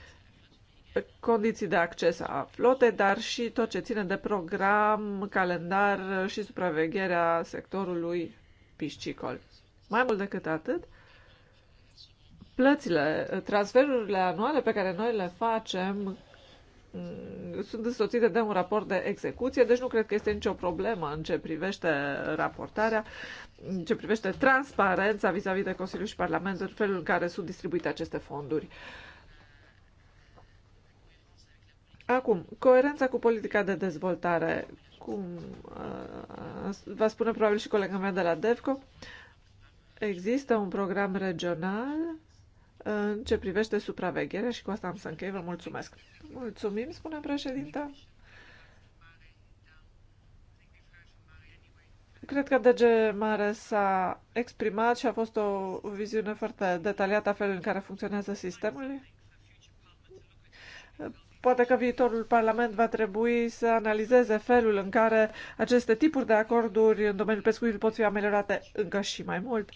condiții de acces a flote, dar și tot ce ține de program, calendar și supravegherea sectorului piscicol. Mai mult decât atât, plățile, transferurile anuale pe care noi le facem mm, sunt însoțite de un raport de execuție, deci nu cred că este nicio problemă în ce privește raportarea, în ce privește transparența vis-a-vis -vis de Consiliu și Parlament, în felul în care sunt distribuite aceste fonduri. Uh, Acum, coerența cu politica de dezvoltare, cum uh, va spune probabil și colega mea de la DEVCO, există un program regional uh, în ce privește supravegherea și cu asta am să închei. Vă mulțumesc. Mulțumim, spune președinta. Cred că DG Mare s-a exprimat și a fost o viziune foarte detaliată a felului în care funcționează sistemul. Poate că viitorul Parlament va trebui să analizeze felul în care aceste tipuri de acorduri în domeniul pescuitului pot fi ameliorate încă și mai mult.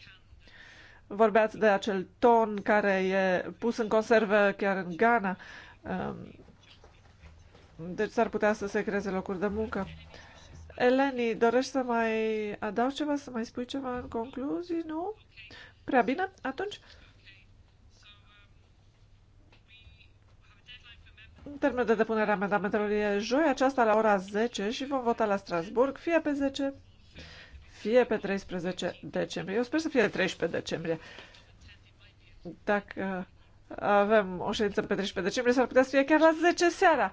Vorbeați de acel ton care e pus în conservă chiar în Ghana. Um, deci s-ar putea să se creeze locuri de muncă. Eleni, dorești să mai adaug ceva, să mai spui ceva în concluzii, nu? Prea bine? Atunci Termenul de depunere a amendamentelor e joi, aceasta la ora 10 și vom vota la Strasburg, fie pe 10, fie pe 13 decembrie. Eu sper să fie 13 decembrie. Dacă avem o ședință pe 13 decembrie, s-ar putea să fie chiar la 10 seara.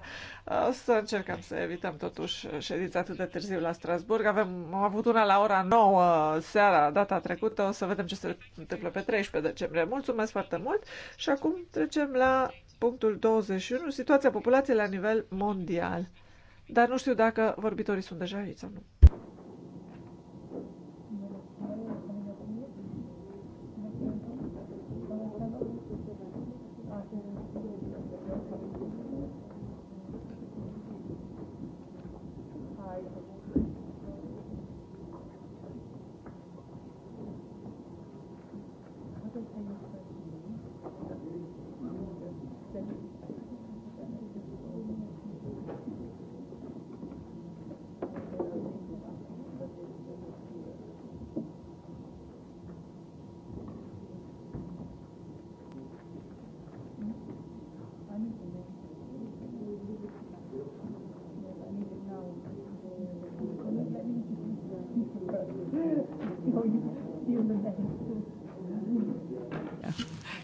O să încercăm să evităm totuși ședința atât de târziu la Strasburg. Avem, am avut una la ora 9 seara data trecută, o să vedem ce se întâmplă pe 13 decembrie. Mulțumesc foarte mult și acum trecem la punctul 21, situația populației la nivel mondial. Dar nu știu dacă vorbitorii sunt deja aici sau nu.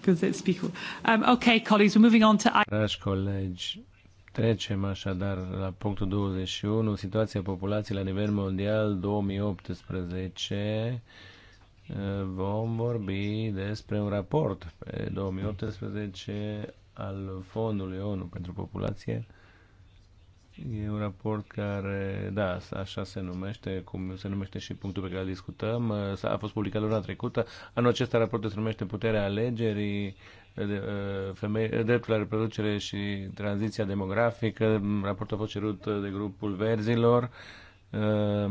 Because it's people. Um, okay, colleagues, we're moving on to... Dragi colegi, Trecem așadar la punctul 21, situația populației la nivel mondial 2018. Vom vorbi despre un raport pe 2018 al Fondului ONU pentru Populație E un raport care, da, așa se numește, cum se numește și punctul pe care îl discutăm. A fost publicat luna trecută. Anul acesta raportul se numește Puterea alegerii, uh, femei, uh, dreptul la reproducere și tranziția demografică. Raportul a fost cerut de grupul verzilor. Uh,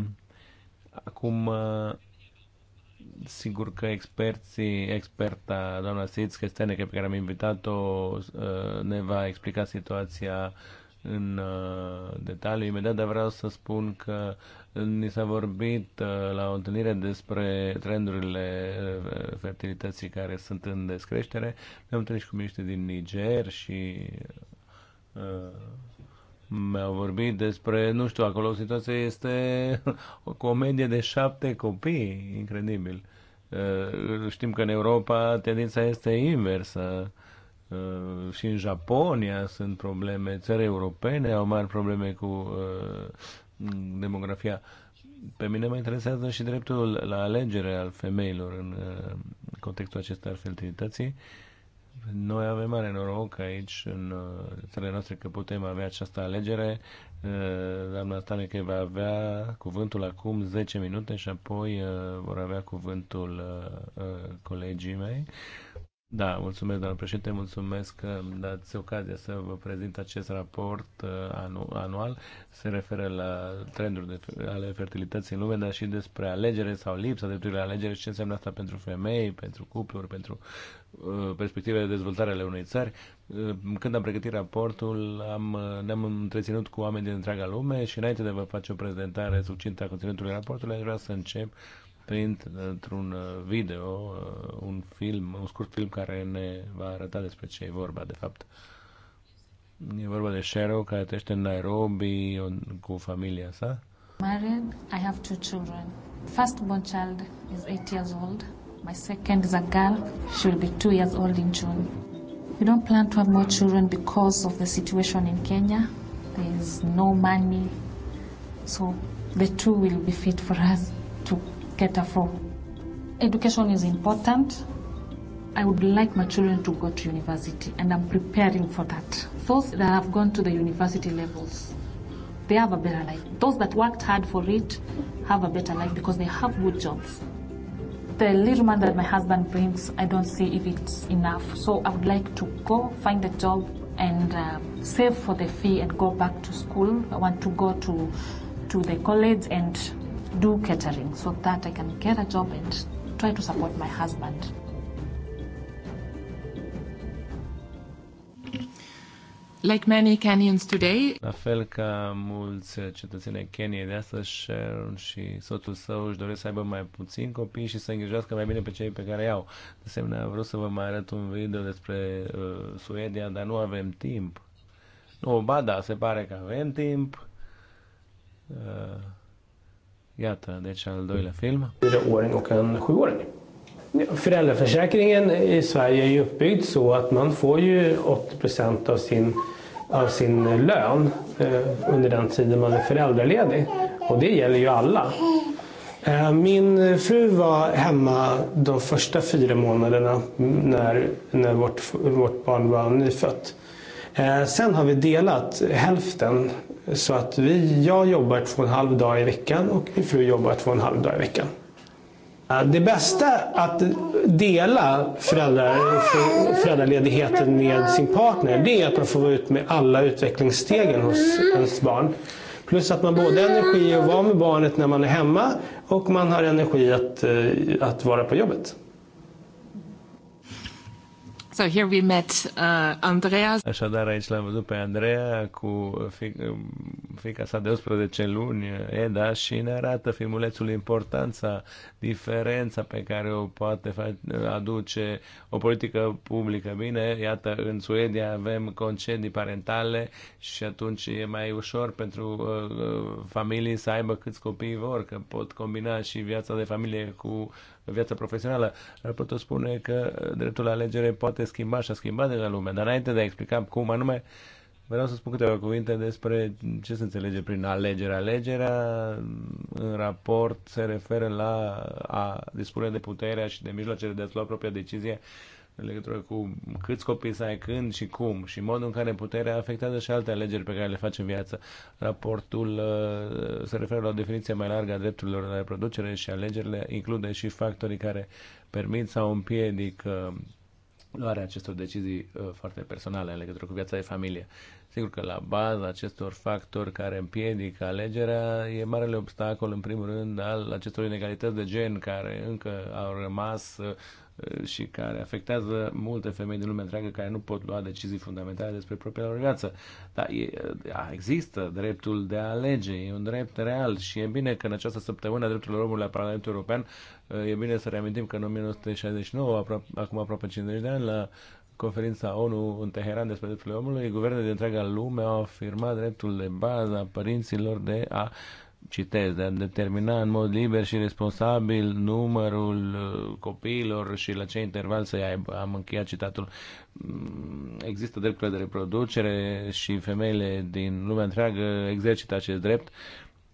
acum, sigur că experții, experta doamna Sitz, Chestene, pe care am invitat-o, ne va explica situația în uh, detaliu imediat, dar vreau să spun că uh, ni s-a vorbit uh, la o întâlnire despre trendurile fertilității care sunt în descreștere. Ne-am întâlnit și cu miște din Niger și mi-au vorbit despre, nu știu, acolo situația este <laughs> o comedie de șapte copii, incredibil. Știm că în Europa tendința este inversă. Uh, și în Japonia sunt probleme, țări europene au mari probleme cu uh, demografia. Pe mine mă interesează și dreptul la alegere al femeilor în uh, contextul acesta al fertilității. Noi avem mare noroc aici în țările noastre că putem avea această alegere. Doamna Staneche va avea cuvântul acum 10 minute și apoi vor avea cuvântul colegii mei. Da, mulțumesc, doamnă președinte, mulțumesc că dați ocazia să vă prezint acest raport uh, anu- anual. Se referă la trenduri de, ale fertilității în lume, dar și despre alegere sau lipsa de la alegere și ce înseamnă asta pentru femei, pentru cupluri, pentru uh, perspectivele de dezvoltare ale unei țări. Uh, când am pregătit raportul, am, uh, ne-am întreținut cu oameni din întreaga lume și înainte de a vă face o prezentare succintă a conținutului raportului, aș vrea să încep uh, într un uh, video, uh, un film, un scurt film care ne va arăta despre ce e vorba, de fapt. E vorba de Cheryl care trăiește în Nairobi cu familia sa. Married, I have two children. First born child is eight years old. My second is a girl. She will be two years old in June. We don't plan to have more children because of the situation in Kenya. There is no money, so the two will be fit for us cater for. Education is important. I would like my children to go to university, and I'm preparing for that. Those that have gone to the university levels, they have a better life. Those that worked hard for it have a better life because they have good jobs. The little money that my husband brings, I don't see if it's enough. So I would like to go find a job and uh, save for the fee and go back to school. I want to go to to the college and do catering so that I can get a job and try to support my husband. Like many Kenyans today, la fel ca mulți cetățeni Keniei de astăzi, Sharon și soțul său își doresc să aibă mai puțin copii și să îngrijească mai bine pe cei pe care i-au. De asemenea, vreau să vă mai arăt un video despre uh, Suedia, dar nu avem timp. Nu, ba da, se pare că avem timp. Uh, Iată, deci al doilea film. 4-åring och 7-åring. Föräldraförsäkringen i Sverige är ju uppbyggd så att man får ju 80 av sin, av sin lön eh, under den tiden man är föräldraledig. Och det gäller ju alla. Eh, min fru var hemma de första fyra månaderna när, när vårt, vårt barn var nyfött. Eh, sen har vi delat hälften så att vi, jag jobbar två och en halv dag i veckan och min fru jobbar två och en halv dag i veckan. Eh, det bästa att dela föräldrar, föräldraledigheten med sin partner det är att man får vara ut med alla utvecklingsstegen hos ens barn. Plus att man både har energi att vara med barnet när man är hemma och man har energi att, eh, att vara på jobbet. So here we met uh, Andreas. Așadar, aici l-am văzut pe Andreea cu fi- fica sa de 11 luni, Eda, și ne arată filmulețul importanța, diferența pe care o poate aduce o politică publică. Bine, iată, în Suedia avem concedii parentale și atunci e mai ușor pentru uh, uh familii să aibă câți copii vor, că pot combina și viața de familie cu viața profesională. Raportul spune că dreptul la alegere poate schimba și a schimbat deja lumea, dar înainte de a explica cum anume, vreau să spun câteva cuvinte despre ce se înțelege prin alegere. Alegerea în raport se referă la a dispune de puterea și de mijloacele de a lua propria decizie în legătură cu câți copii să ai, când și cum și modul în care puterea afectează și alte alegeri pe care le faci în viață. Raportul uh, se referă la o definiție mai largă a drepturilor la reproducere și alegerile include și factorii care permit sau împiedic uh, luarea acestor decizii uh, foarte personale în legătură cu viața de familie. Sigur că la baza acestor factori care împiedică alegerea e marele obstacol, în primul rând, al acestor inegalități de gen care încă au rămas Uh, și care afectează multe femei din lumea întreagă care nu pot lua decizii fundamentale despre propria lor viață. Dar e, uh, există dreptul de a alege, e un drept real și e bine că în această săptămână a drepturilor omului la Parlamentul European uh, e bine să reamintim că în 1969, aproape, acum aproape 50 de ani, la conferința ONU în Teheran despre drepturile omului, guvernele de întreaga lume au afirmat dreptul de bază a părinților de a uh, citez, de a determina în mod liber și responsabil numărul uh, copiilor și la ce interval să aibă. Am încheiat citatul. Mm, există dreptul de reproducere și femeile din lumea întreagă exercită acest drept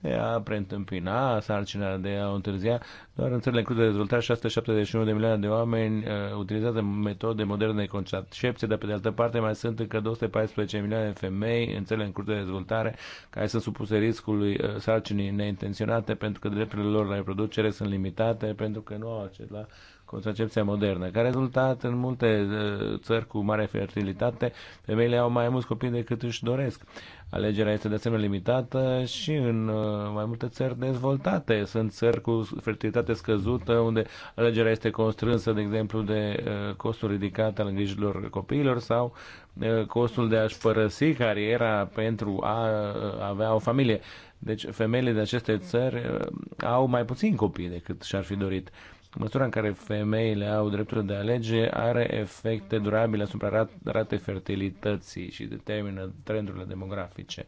de a preîntâmpina sarcina, de a o întârzia. Doar în țările în curs de dezvoltare, 671 de milioane de oameni uh, utilizează metode moderne de contracepție, dar pe de altă parte mai sunt încă 214 milioane de femei în țările în curs de dezvoltare care sunt supuse riscului uh, sarcinii neintenționate pentru că drepturile lor la reproducere sunt limitate, pentru că nu au acces la contracepția modernă. Ca rezultat, în multe uh, țări cu mare fertilitate, femeile au mai mulți copii decât își doresc. Alegerea este de asemenea limitată și în uh, mai multe țări dezvoltate. Sunt țări cu fertilitate scăzută, unde alegerea este constrânsă, de exemplu, de uh, costul ridicat al îngrijilor copiilor sau uh, costul de a-și părăsi cariera pentru a avea o familie. Deci femeile de aceste țări au mai puțin copii decât și-ar fi dorit măsura în care femeile au dreptul de alege are efecte durabile asupra ratei fertilității și determină trendurile demografice.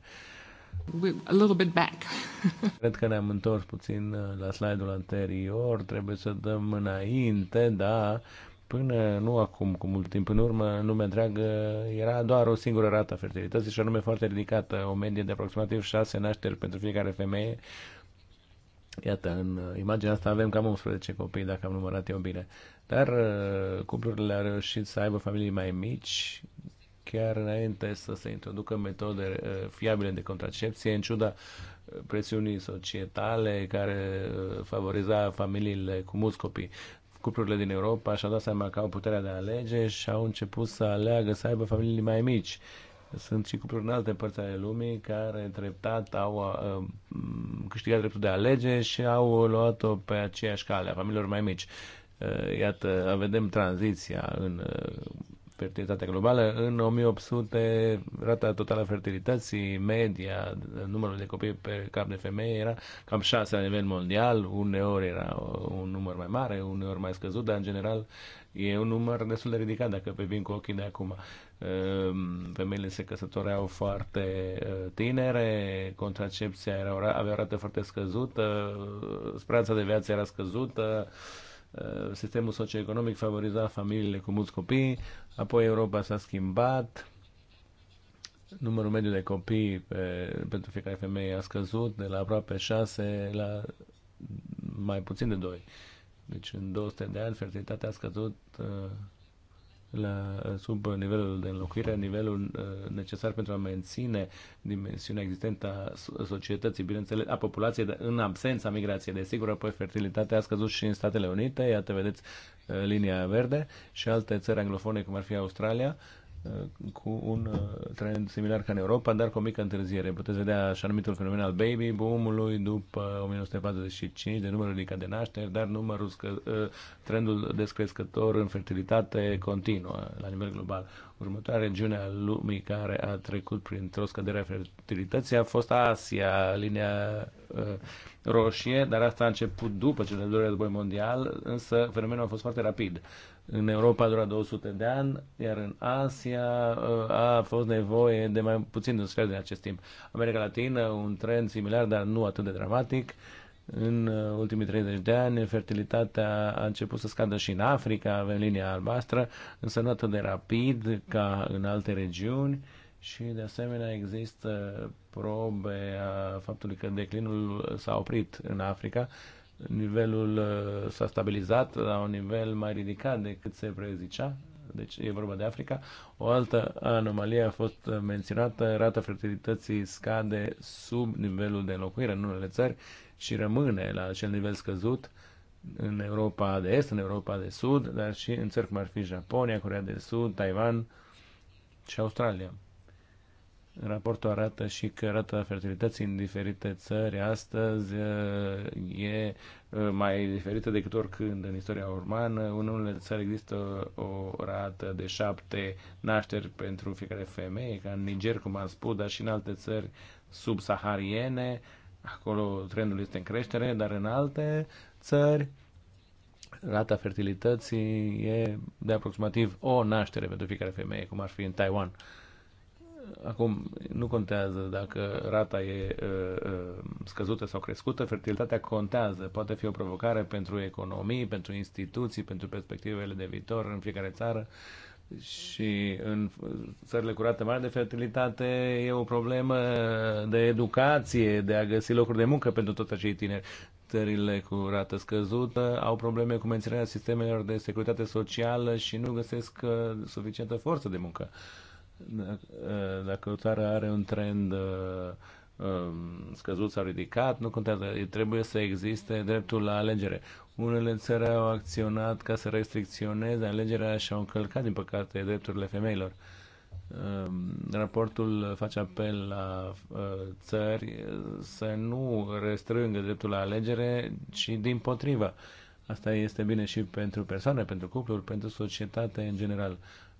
A little bit back. <laughs> Cred că ne-am întors puțin uh, la slide-ul anterior, trebuie să dăm înainte, da, până nu acum, cu mult timp în urmă, în lumea întreagă era doar o singură rată a fertilității și anume foarte ridicată, o medie de aproximativ 6 nașteri pentru fiecare femeie Iată, în uh, imaginea asta avem cam 11 copii, dacă am numărat eu bine. Dar uh, cuplurile au reușit să aibă familii mai mici, chiar înainte să se introducă metode uh, fiabile de contracepție, în ciuda presiunii societale care favoriza familiile cu mulți copii. Cuplurile din Europa și-au dat seama că au puterea de a alege și au început să aleagă să aibă familii mai mici sunt și cupluri în alte părți ale lumii care treptat au uh, um, câștigat dreptul de a alege și au luat-o pe aceeași cale, a familiilor mai mici. Uh, iată, vedem tranziția în uh, fertilitatea globală. În 1800, rata totală a fertilității, media, numărul de copii pe cap de femeie era cam 6 la nivel mondial, uneori era un număr mai mare, uneori mai scăzut, dar în general e un număr destul de ridicat dacă pe vin cu ochii de acum. Ehm, femeile se căsătoreau foarte tinere, contracepția era, avea o rată foarte scăzută, speranța de viață era scăzută, sistemul socioeconomic favoriza familiile cu mulți copii, apoi Europa s-a schimbat, numărul mediu de copii pe, pentru fiecare femeie a scăzut de la aproape 6 la mai puțin de 2. Deci în 200 de ani fertilitatea a scăzut uh, la, sub nivelul de înlocuire, nivelul uh, necesar pentru a menține dimensiunea existentă a societății, bineînțeles, a populației, dar în absența migrației. Desigur, apoi fertilitatea a scăzut și în Statele Unite, iată, vedeți uh, linia verde, și alte țări anglofone, cum ar fi Australia, Uh, cu un uh, trend similar ca în Europa, dar cu o mică întârziere. Puteți vedea așa numitul fenomen al baby boom-ului după 1945 de numărul ridicat de nașteri, dar numărul scă, uh, trendul descrescător în fertilitate continuă la nivel global. Următoarea regiune a lumii care a trecut printr-o scădere a fertilității a fost Asia, linia roșie, dar asta a început după cel de-al doilea război mondial, însă fenomenul a fost foarte rapid în Europa a durat 200 de ani, iar în Asia uh, a fost nevoie de mai puțin de un sfert de acest timp. America Latină, un trend similar, dar nu atât de dramatic. În uh, ultimii 30 de ani, fertilitatea a început să scadă și în Africa, avem linia albastră, însă nu atât de rapid ca în alte regiuni și de asemenea există probe a faptului că declinul s-a oprit în Africa nivelul uh, s-a stabilizat la un nivel mai ridicat decât se prezicea, deci e vorba de Africa. O altă anomalie a fost menționată, rata fertilității scade sub nivelul de locuire în unele țări și rămâne la acel nivel scăzut în Europa de Est, în Europa de Sud, dar și în țări cum ar fi Japonia, Corea de Sud, Taiwan și Australia. Raportul arată și că rata fertilității în diferite țări astăzi uh, e uh, mai diferită decât oricând în istoria urmană. În unele țări există o rată de șapte nașteri pentru fiecare femeie, ca în Niger, cum am spus, dar și în alte țări subsahariene. Acolo trendul este în creștere, dar în alte țări rata fertilității e de aproximativ o naștere pentru fiecare femeie, cum ar fi în Taiwan. Uh, Acum, nu contează dacă rata e scăzută sau crescută, fertilitatea contează. Poate fi o provocare pentru economii, pentru instituții, pentru perspectivele de viitor în fiecare țară și în țările curate mari de fertilitate e o problemă de educație, de a găsi locuri de muncă pentru toți acei tineri. Țările cu rată scăzută au probleme cu menținerea sistemelor de securitate socială și nu găsesc uh, suficientă forță de muncă. Uh, dacă o țară are un trend uh, um, scăzut sau ridicat, nu contează, trebuie să existe dreptul la alegere. Unele țări au acționat ca să restricționeze alegerea și au încălcat, din păcate, drepturile femeilor. Um, raportul face apel la uh, țări să nu restrângă dreptul la alegere, ci din potriva. Asta este bine și pentru persoane, pentru cupluri, pentru societate în general.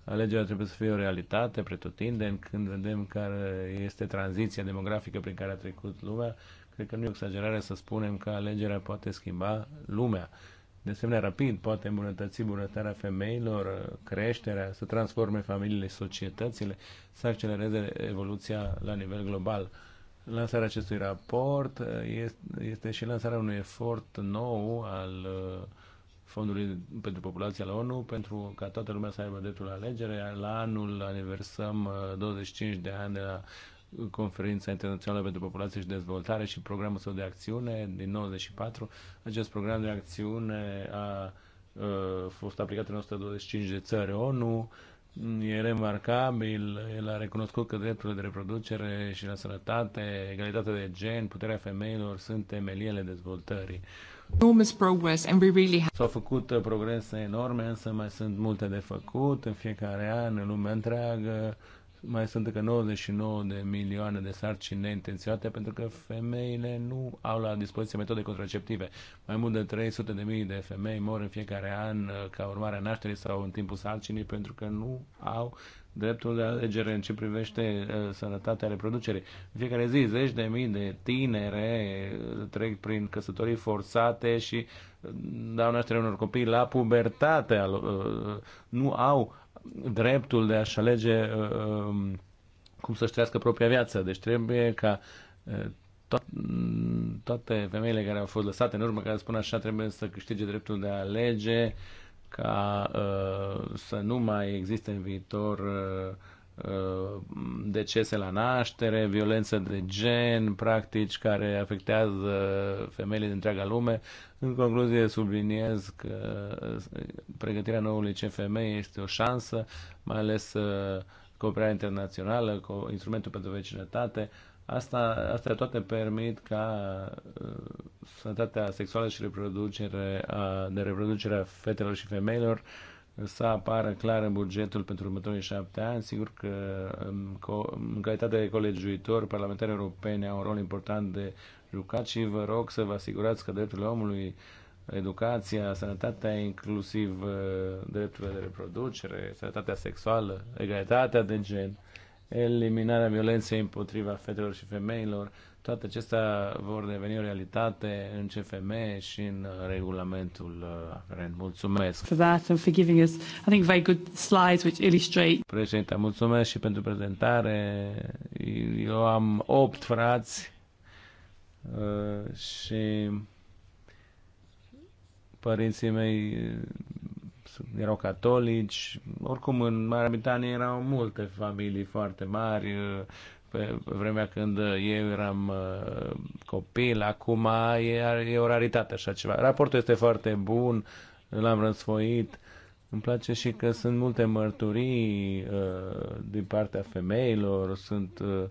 Alegerea trebuie să fie o realitate pretutindeni când vedem care este tranziția demografică prin care a trecut lumea. Cred că nu e o exagerare să spunem că alegerea poate schimba lumea. De asemenea, rapid poate îmbunătăți bunătarea femeilor, creșterea, să transforme familiile, societățile, să accelereze evoluția la nivel global. Lansarea acestui raport este, și lansarea unui efort nou al uh, Fondului pentru Populația la ONU pentru ca toată lumea să aibă dreptul la alegere. La anul aniversăm 25 uh, de ani de la Conferința Internațională pentru Populație și Dezvoltare și programul său de acțiune din 94. Acest program de acțiune a, a uh, fost aplicat în 125 de țări ONU. E remarcabil, el a recunoscut că drepturile de reproducere și la sănătate, egalitatea de gen, puterea femeilor sunt temeliele dezvoltării. S-au făcut uh, progrese enorme, însă mai sunt multe de făcut în fiecare an, în lumea întreagă. Mai sunt încă 99 de milioane de sarcini neintenționate pentru că femeile nu au la dispoziție metode contraceptive. Mai mult de 300 de mii de femei mor în fiecare an uh, ca urmare a nașterii sau în timpul sarcinii pentru că nu au dreptul de alegere în ce privește uh, sănătatea reproducerii. În fiecare zi, zeci de mii de tinere uh, trec prin căsătorii forțate și uh, dau naștere unor copii la pubertate. Nu au dreptul de a-și alege um, cum să-și trăiască propria viață. Deci trebuie ca mm, toate femeile care au fost lăsate în urmă, care spun așa, trebuie să câștige dreptul de a alege ca uh, să nu mai existe în viitor uh, uh, decese la naștere, violență de gen, practici care afectează femeile din întreaga lume. În concluzie, subliniez că pregătirea noului CFM este o șansă, mai ales cooperarea internațională, cu instrumentul pentru vecinătate, Asta, astea toate permit ca uh, sănătatea sexuală și reproducere a, uh, de reproducere a fetelor și femeilor uh, să apară clar în bugetul pentru următorii șapte ani. Sigur că în, um, co- în calitate de colegiuitor, parlamentarii europene au un rol important de jucat și vă rog să vă asigurați că drepturile omului, educația, sănătatea, inclusiv uh, drepturile de reproducere, sănătatea sexuală, egalitatea de gen, eliminarea violenței împotriva fetelor și femeilor, toate acestea vor deveni o realitate în CFM și în uh, regulamentul uh, aferent. Mulțumesc! For that and for giving us, I think, very good slides which illustrate. Președinte, mulțumesc și pentru prezentare. Eu am opt frați uh, și părinții mei erau catolici, oricum în Marea Britanie erau multe familii foarte mari, uh, pe vremea când eu eram uh, copil, acum e, e o raritate așa ceva. Raportul este foarte bun, l-am răsfoit, îmi place și că sunt multe mărturii uh, din partea femeilor, sunt uh,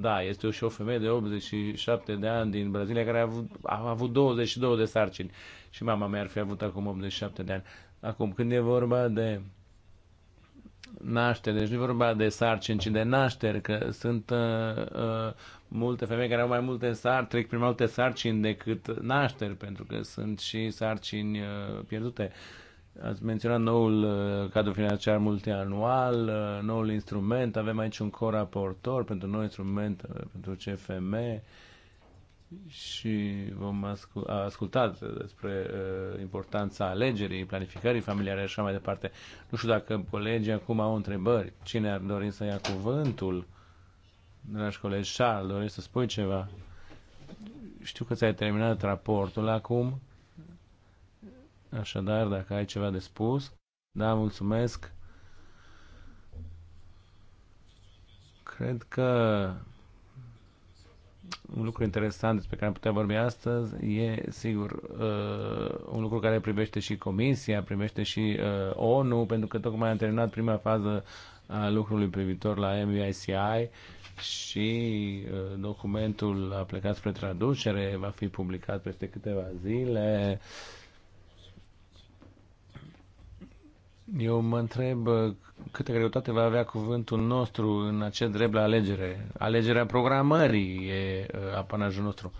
da, este și o femeie de 87 de ani din Brazilia care a avut, a avut 22 de sarcini și mama mea ar fi avut acum 87 de ani. Acum, când e vorba de naștere, deci nu e vorba de sarcini, ci de nașteri, că sunt uh, uh, multe femei care au mai multe sarcini, trec prin multe sarcini decât nașteri, pentru că sunt și sarcini uh, pierdute. Uh, Ați menționat noul uh, cadru financiar multianual, uh, noul instrument, avem aici un coraportor pentru noi instrument, uh, pentru CFM și vom asculta despre uh, importanța alegerii, planificării familiare și așa mai departe. Nu știu dacă colegii acum au întrebări. Cine ar dori să ia cuvântul? Dragi colegi, Charles, dorești să spui ceva? Știu că ți-ai terminat raportul acum Așadar, dacă ai ceva de spus, da, mulțumesc. Cred că un lucru interesant despre care am putea vorbi astăzi e, sigur, uh, un lucru care privește și Comisia, privește și uh, ONU, pentru că tocmai am terminat prima fază a lucrului privitor la MVICI și uh, documentul a plecat spre traducere, va fi publicat peste câteva zile. Eu mă întreb uh, câtă greutate va avea cuvântul nostru în acest drept la alegere. Alegerea programării e uh, apanajul nostru.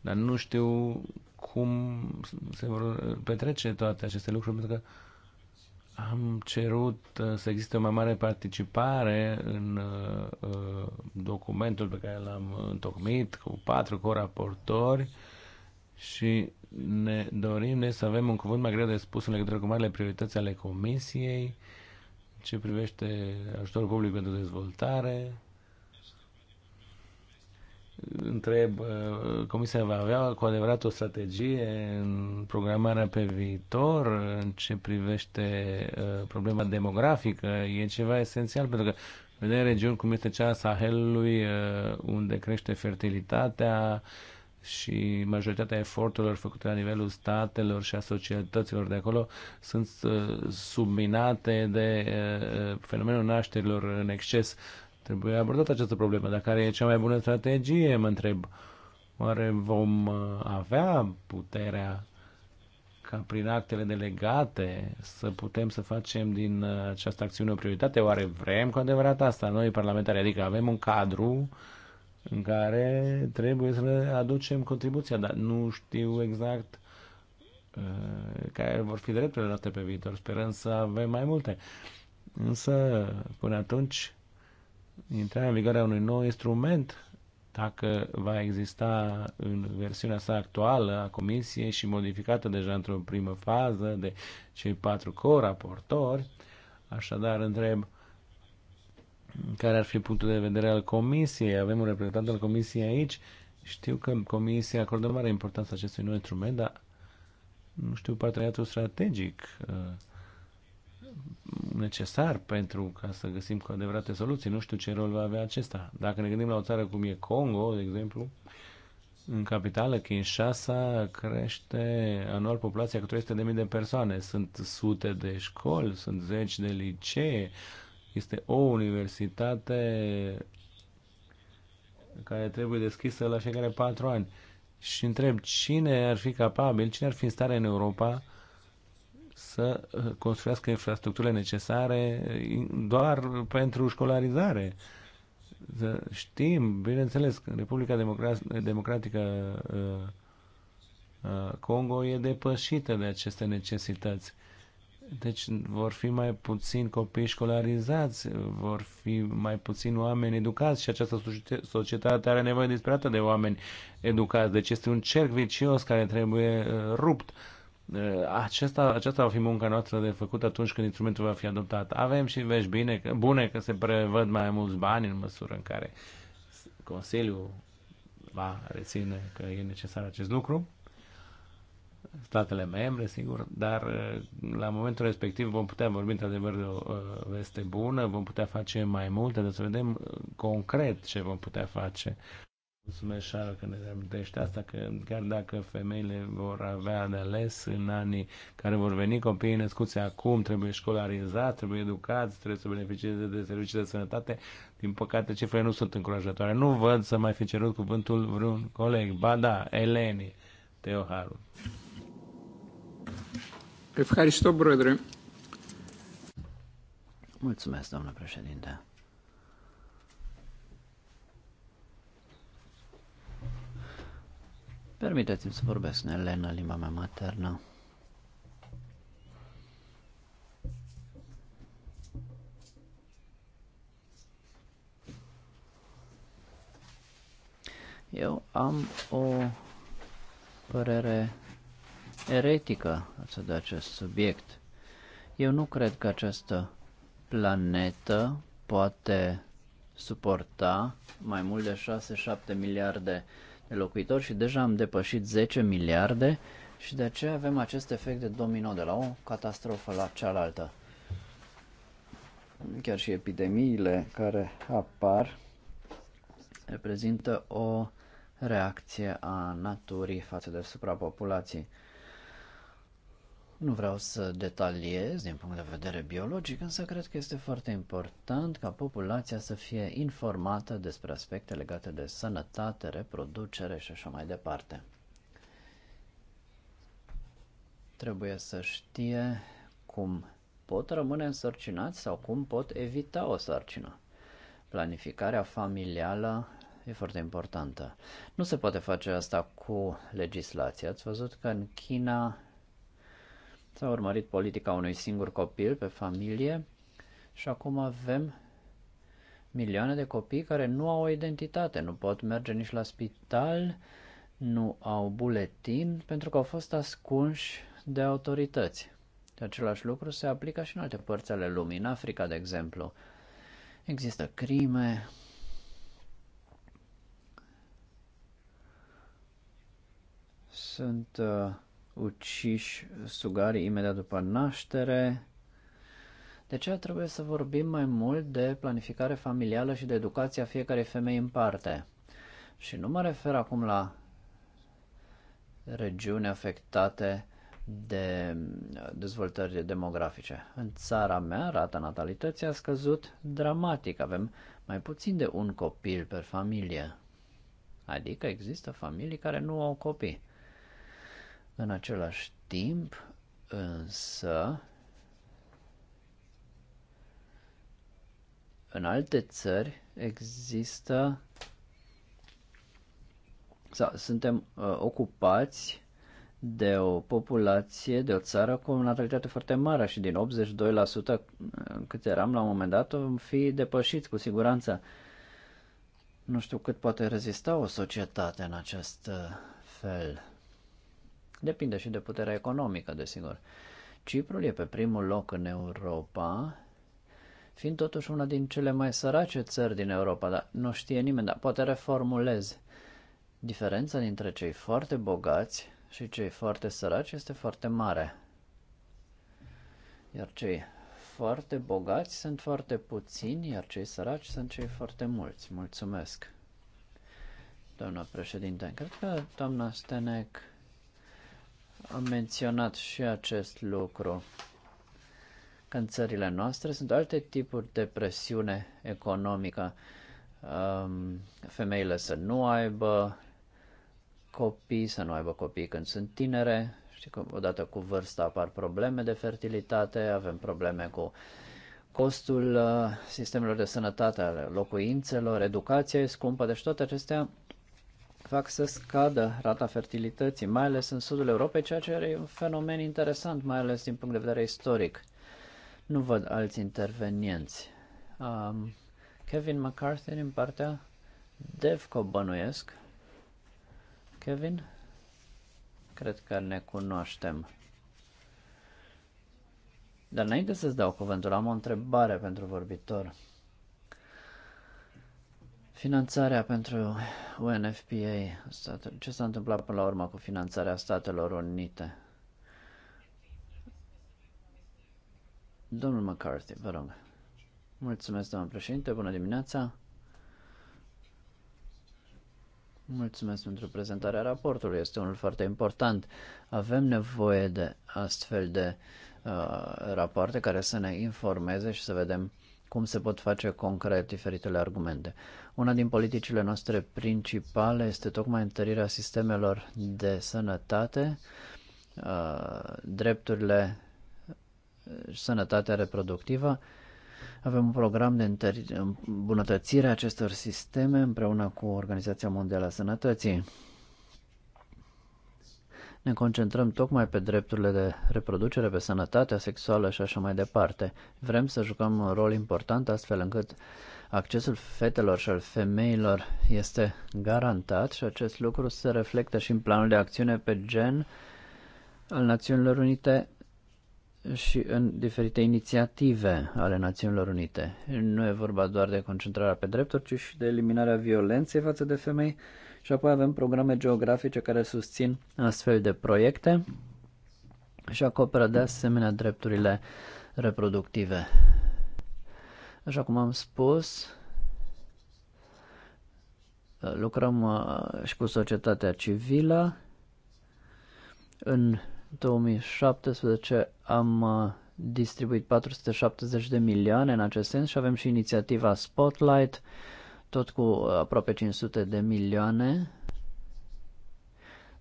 Dar nu știu cum se vor uh, petrece toate aceste lucruri, pentru că am cerut să existe o mai mare participare în documentul pe care l-am întocmit cu patru coraportori și ne dorim ne să avem un cuvânt mai greu de spus în legătură cu marile priorități ale Comisiei, ce privește ajutorul public pentru dezvoltare. Întreb, uh, Comisia va avea cu adevărat o strategie în programarea pe viitor în ce privește uh, problema demografică? E ceva esențial pentru că vedem regiuni cum este cea a Sahelului, uh, unde crește fertilitatea, și majoritatea eforturilor făcute la nivelul statelor și a societăților de acolo sunt uh, subminate de uh, fenomenul nașterilor în exces. Trebuie abordată această problemă. Dar care e cea mai bună strategie, mă întreb. Oare vom uh, avea puterea ca prin actele delegate să putem să facem din această acțiune o prioritate? Oare vrem cu adevărat asta noi, parlamentari? Adică avem un cadru uh, în care trebuie să aducem contribuția, dar nu știu exact uh, care vor fi drepturile noastre pe viitor. Sperăm să avem mai multe. Însă, până atunci, intrarea în vigoare a unui nou instrument, dacă va exista în versiunea sa actuală a Comisiei și modificată deja într-o primă fază de cei patru co-raportori, așadar întreb, care ar fi punctul de vedere al Comisiei. Avem un reprezentant al Comisiei aici. Știu că Comisia acordă mare importanță acestui nou instrument, dar nu știu, parteneriatul strategic uh, necesar pentru ca să găsim cu adevărate soluții. Nu știu ce rol va avea acesta. Dacă ne gândim la o țară cum e Congo, de exemplu, în capitală, Kinshasa, crește anual populația cu 300.000 de persoane. Sunt sute de școli, sunt zeci de licee, este o universitate care trebuie deschisă la fiecare patru ani. Și întreb cine ar fi capabil, cine ar fi în stare în Europa să uh, construiască infrastructurile necesare doar pentru școlarizare. Știm, bineînțeles, că Republica Democra- Democratică uh, uh, Congo e depășită de aceste necesități. Deci vor fi mai puțin copii școlarizați, vor fi mai puțin oameni educați și această societate are nevoie disperată de oameni educați. Deci este un cerc vicios care trebuie uh, rupt. Uh, aceasta, aceasta va fi munca noastră de făcut atunci când instrumentul va fi adoptat. Avem și vești bine, bune că se prevăd mai mulți bani în măsură în care Consiliul va reține că e necesar acest lucru statele membre, sigur, dar uh, la momentul respectiv vom putea vorbi într-adevăr de o uh, veste bună, vom putea face mai multe, dar să vedem uh, concret ce vom putea face. Mulțumesc, Charles, că ne reamintești asta, că chiar dacă femeile vor avea de ales în anii care vor veni, copiii născuți acum trebuie școlarizați, trebuie educați, trebuie să beneficieze de servicii de sănătate. Din păcate, cifrele nu sunt încurajatoare. Nu văd să mai fi cerut cuvântul vreun coleg. Ba da, Eleni Teoharu. Ευχαριστώ, Πρόεδρε. Mulțumesc, domnule președinte. Permiteți-mi să vorbesc în elena, limba mea maternă. Eu am o părere eretică față de acest subiect. Eu nu cred că această planetă poate suporta mai mult de 6-7 miliarde de locuitori și deja am depășit 10 miliarde și de aceea avem acest efect de domino de la o catastrofă la cealaltă. Chiar și epidemiile care apar reprezintă o reacție a naturii față de suprapopulații. Nu vreau să detaliez din punct de vedere biologic, însă cred că este foarte important ca populația să fie informată despre aspecte legate de sănătate, reproducere și așa mai departe. Trebuie să știe cum pot rămâne însărcinați sau cum pot evita o sarcină. Planificarea familială e foarte importantă. Nu se poate face asta cu legislația. Ați văzut că în China S-a urmărit politica unui singur copil pe familie și acum avem milioane de copii care nu au o identitate, nu pot merge nici la spital, nu au buletin pentru că au fost ascunși de autorități. Același lucru se aplică și în alte părți ale lumii, în Africa, de exemplu. Există crime. Sunt uh, uciși sugarii imediat după naștere. De aceea trebuie să vorbim mai mult de planificare familială și de educația fiecarei femei în parte. Și nu mă refer acum la regiuni afectate de dezvoltări demografice. În țara mea, rata natalității a scăzut dramatic. Avem mai puțin de un copil per familie. Adică există familii care nu au copii. În același timp, însă, în alte țări există sau suntem uh, ocupați de o populație, de o țară cu o natalitate foarte mare și din 82% uh, cât eram la un moment dat, vom fi depășiți cu siguranță. Nu știu cât poate rezista o societate în acest uh, fel. Depinde și de puterea economică, desigur. Ciprul e pe primul loc în Europa, fiind totuși una din cele mai sărace țări din Europa, dar nu știe nimeni, dar poate reformulez. Diferența dintre cei foarte bogați și cei foarte săraci este foarte mare. Iar cei foarte bogați sunt foarte puțini, iar cei săraci sunt cei foarte mulți. Mulțumesc, doamna președinte. Cred că doamna Stenec am menționat și acest lucru. Că în țările noastre sunt alte tipuri de presiune economică. Um, femeile să nu aibă copii, să nu aibă copii când sunt tinere. Știi că odată cu vârsta apar probleme de fertilitate, avem probleme cu costul uh, sistemelor de sănătate, ale locuințelor, educația e scumpă, deci toate acestea fac să scadă rata fertilității, mai ales în sudul Europei, ceea ce e un fenomen interesant, mai ales din punct de vedere istoric. Nu văd alți intervenienți. Um, Kevin McCarthy din partea Devco bănuiesc. Kevin? Cred că ne cunoaștem. Dar înainte să-ți dau cuvântul, am o întrebare pentru vorbitor. Finanțarea pentru UNFPA, ce s-a întâmplat până la urmă cu finanțarea Statelor Unite? Domnul McCarthy, vă rog. Mulțumesc, domnul președinte, bună dimineața. Mulțumesc pentru prezentarea raportului, este unul foarte important. Avem nevoie de astfel de uh, rapoarte care să ne informeze și să vedem uh, cum se pot face concret diferitele argumente. Una din politicile noastre principale este tocmai întărirea sistemelor de sănătate, uh, drepturile și uh, sănătatea reproductivă. Avem un program de întări, îmbunătățire a acestor sisteme împreună cu Organizația Mondială a Sănătății ne concentrăm tocmai pe drepturile de reproducere, pe sănătatea sexuală și așa mai departe. Vrem să jucăm un rol important astfel încât accesul fetelor și al femeilor este garantat și acest lucru se reflectă și în planul de acțiune pe gen al Națiunilor Unite și în diferite inițiative ale Națiunilor Unite. Nu e vorba doar de concentrarea pe drepturi, ci și de eliminarea violenței față de femei și apoi avem programe geografice care susțin astfel de proiecte și acoperă de asemenea drepturile reproductive. Așa cum am spus, lucrăm uh, și cu societatea civilă. În 2017 am uh, distribuit 470 de milioane în acest sens și avem și inițiativa Spotlight, tot cu aproape 500 de milioane.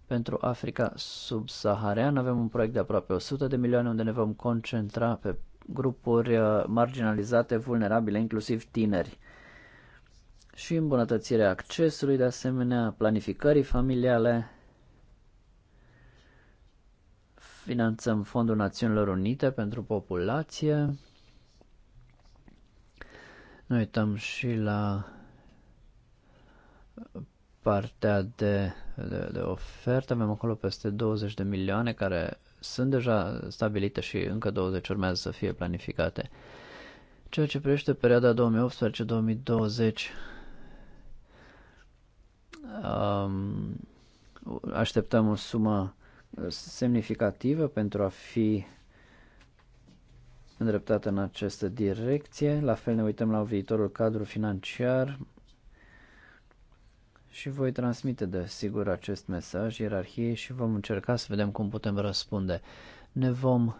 Pentru Africa subsahariană avem un proiect de aproape 100 de milioane unde ne vom concentra pe grupuri uh, marginalizate, vulnerabile, inclusiv tineri. Și îmbunătățirea accesului, de asemenea, planificării familiale. Finanțăm Fondul Națiunilor Unite pentru Populație. noi uităm și la partea de, de, de ofertă. Avem acolo peste 20 de milioane care sunt deja stabilite și încă 20 urmează să fie planificate. Ceea ce privește perioada 2018-2020, um, așteptăm o sumă semnificativă pentru a fi îndreptată în această direcție. La fel ne uităm la viitorul cadru financiar, și voi transmite de sigur acest mesaj ierarhiei și vom încerca să vedem cum putem răspunde. Ne vom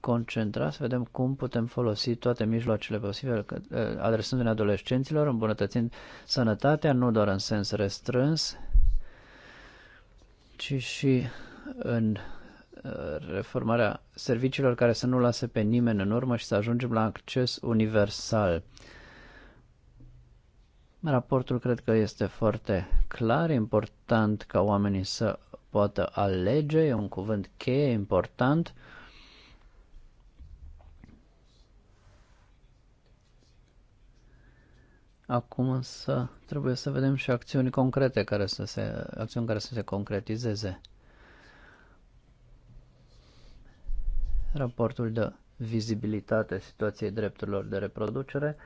concentra să vedem cum putem folosi toate mijloacele posibile, ă, adresându-ne adolescenților, îmbunătățind sănătatea, nu doar în sens restrâns, ci și în ă, reformarea serviciilor care să nu lase pe nimeni în urmă și să ajungem la acces universal. Raportul cred că este foarte clar, important ca oamenii să poată alege, e un cuvânt cheie important. Acum să trebuie să vedem și acțiuni concrete care să se, acțiuni care să se concretizeze. Raportul de vizibilitate situației drepturilor de reproducere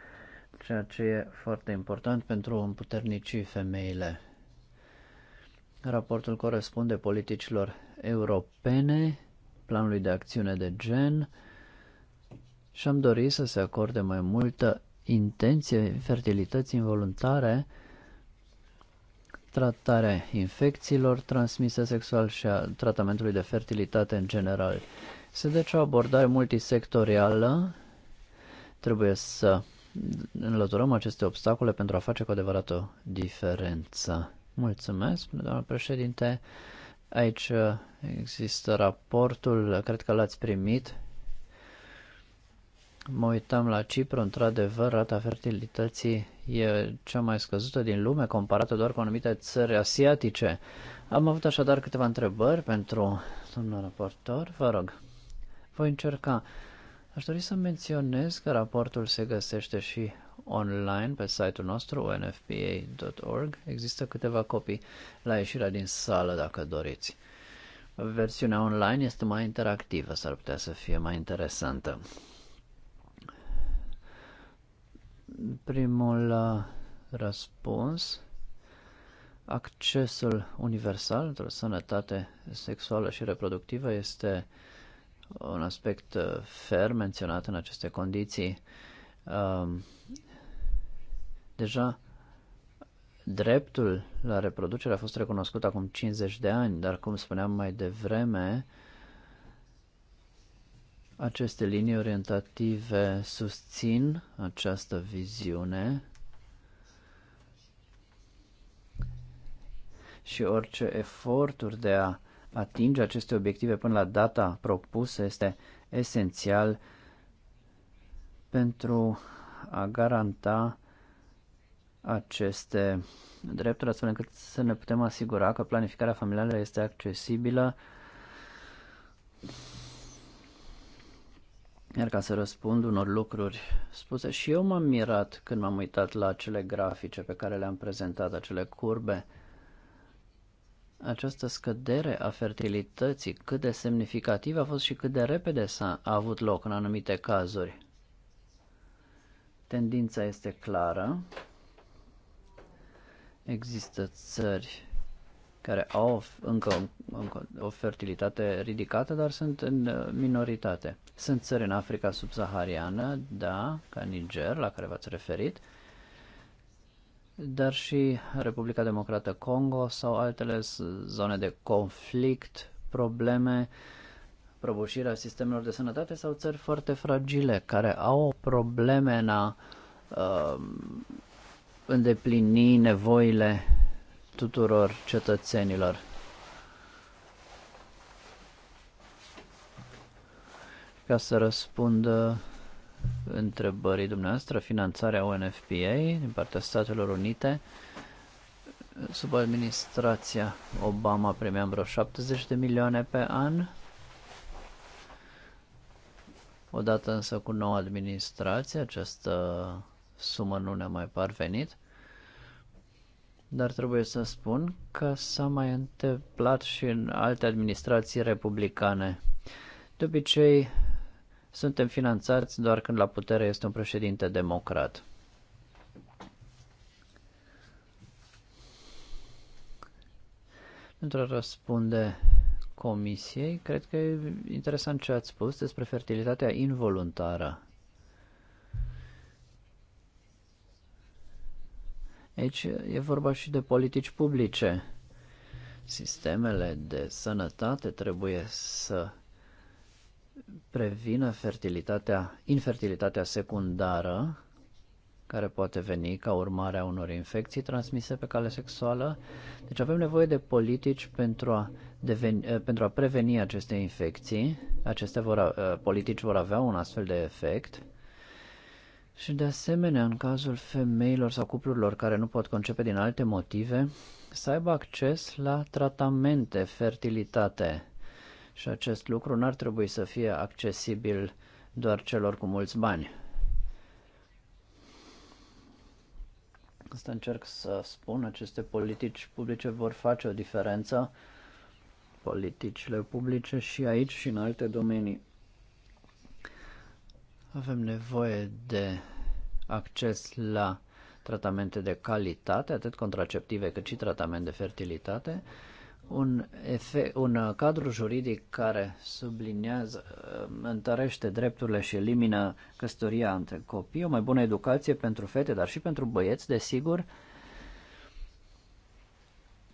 ceea ce e foarte important pentru a împuternici femeile. Raportul corespunde politicilor europene, planului de acțiune de gen și am dorit să se acorde mai multă intenție fertilității involuntare, tratarea infecțiilor transmise sexual și a tratamentului de fertilitate în general. Se deci o abordare multisectorială, trebuie să înlăturăm aceste obstacole pentru a face cu adevărat o diferență. Mulțumesc, doamnă președinte. Aici uh, există raportul, cred că l-ați primit. Mă uitam la Cipru, într-adevăr, rata fertilității e cea mai scăzută din lume, comparată doar cu anumite țări asiatice. Am avut așadar câteva întrebări pentru domnul raportor, vă rog. Voi încerca. Aș dori să menționez că raportul se găsește și online pe site-ul nostru onfpa.org. Există câteva copii la ieșirea din sală dacă doriți. Versiunea online este mai interactivă, s-ar putea să fie mai interesantă. Primul uh, răspuns accesul universal într-o sănătate sexuală și reproductivă este uh, un aspect uh, ferm menționat în aceste condiții. Um, deja dreptul la reproducere a fost recunoscut acum 50 de ani, dar cum spuneam mai devreme, aceste linii orientative susțin această viziune și orice eforturi de a atinge aceste obiective până la data propusă este esențial pentru a garanta aceste drepturi, astfel încât să ne putem asigura că planificarea familială este accesibilă. Iar ca să răspund unor lucruri spuse, și eu m-am mirat când m-am uitat la acele grafice pe care le-am prezentat, acele curbe această scădere a fertilității, cât de semnificativă a fost și cât de repede s-a avut loc în anumite cazuri. Tendința este clară. Există țări care au încă, încă o fertilitate ridicată, dar sunt în uh, minoritate. Sunt țări în Africa subsahariană, da, ca Niger, la care v-ați referit, uh, dar și Republica Democrată Congo sau altele zone de conflict, probleme, prăbușirea sistemelor de sănătate sau țări foarte fragile care au probleme în a uh, îndeplini nevoile tuturor cetățenilor. Ca să răspundă întrebării dumneavoastră, finanțarea UNFPA din partea Statelor Unite. Sub administrația Obama primeam vreo 70 de milioane pe an. Odată însă cu noua administrație, această sumă nu ne-a mai parvenit. Dar trebuie să spun că s-a mai întâmplat și în alte administrații republicane. De obicei, suntem finanțați doar când la putere este un președinte democrat. Pentru a răspunde comisiei, cred că e interesant ce ați spus despre fertilitatea involuntară. Aici e vorba și de politici publice. Sistemele de sănătate trebuie să prevină fertilitatea, infertilitatea secundară, care poate veni ca urmare a unor infecții transmise pe cale sexuală. Deci avem nevoie de politici pentru a, deveni, eh, pentru a preveni aceste infecții. Aceste vor, eh, politici vor avea un astfel de efect. Și de asemenea, în cazul femeilor sau cuplurilor care nu pot concepe din alte motive, să aibă acces la tratamente fertilitate și acest lucru n-ar trebui să fie accesibil doar celor cu mulți bani. Asta încerc să spun, aceste politici publice vor face o diferență, politicile publice și aici și în alte domenii. Avem nevoie de acces la tratamente de calitate, atât contraceptive cât și tratament de fertilitate, un, efect, un uh, cadru juridic care subliniază, uh, întărește drepturile și elimină căsătoria între copii, o mai bună educație pentru fete, dar și pentru băieți, desigur,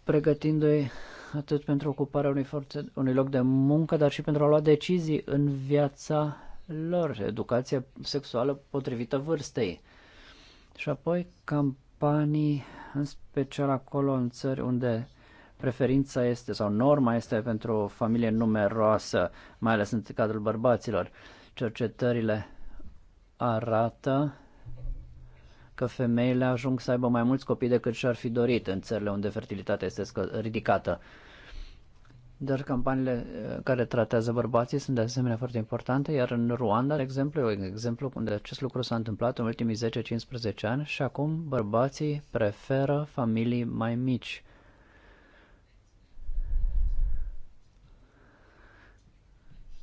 pregătindu-i atât pentru ocuparea unui, forțe, unui loc de muncă, dar și pentru a lua decizii în viața lor, educație sexuală potrivită vârstei. Și apoi campanii, în special acolo în țări unde preferința este sau norma este pentru o familie numeroasă, mai ales în cadrul bărbaților. Cercetările arată că femeile ajung să aibă mai mulți copii decât și-ar fi dorit în țările unde fertilitatea este ridicată. Dar campaniile uh, care tratează bărbații sunt de asemenea foarte importante, iar în Ruanda, de exemplu, e un exemplu unde acest lucru s-a întâmplat în ultimii 10-15 ani și acum bărbații preferă familii mai mici.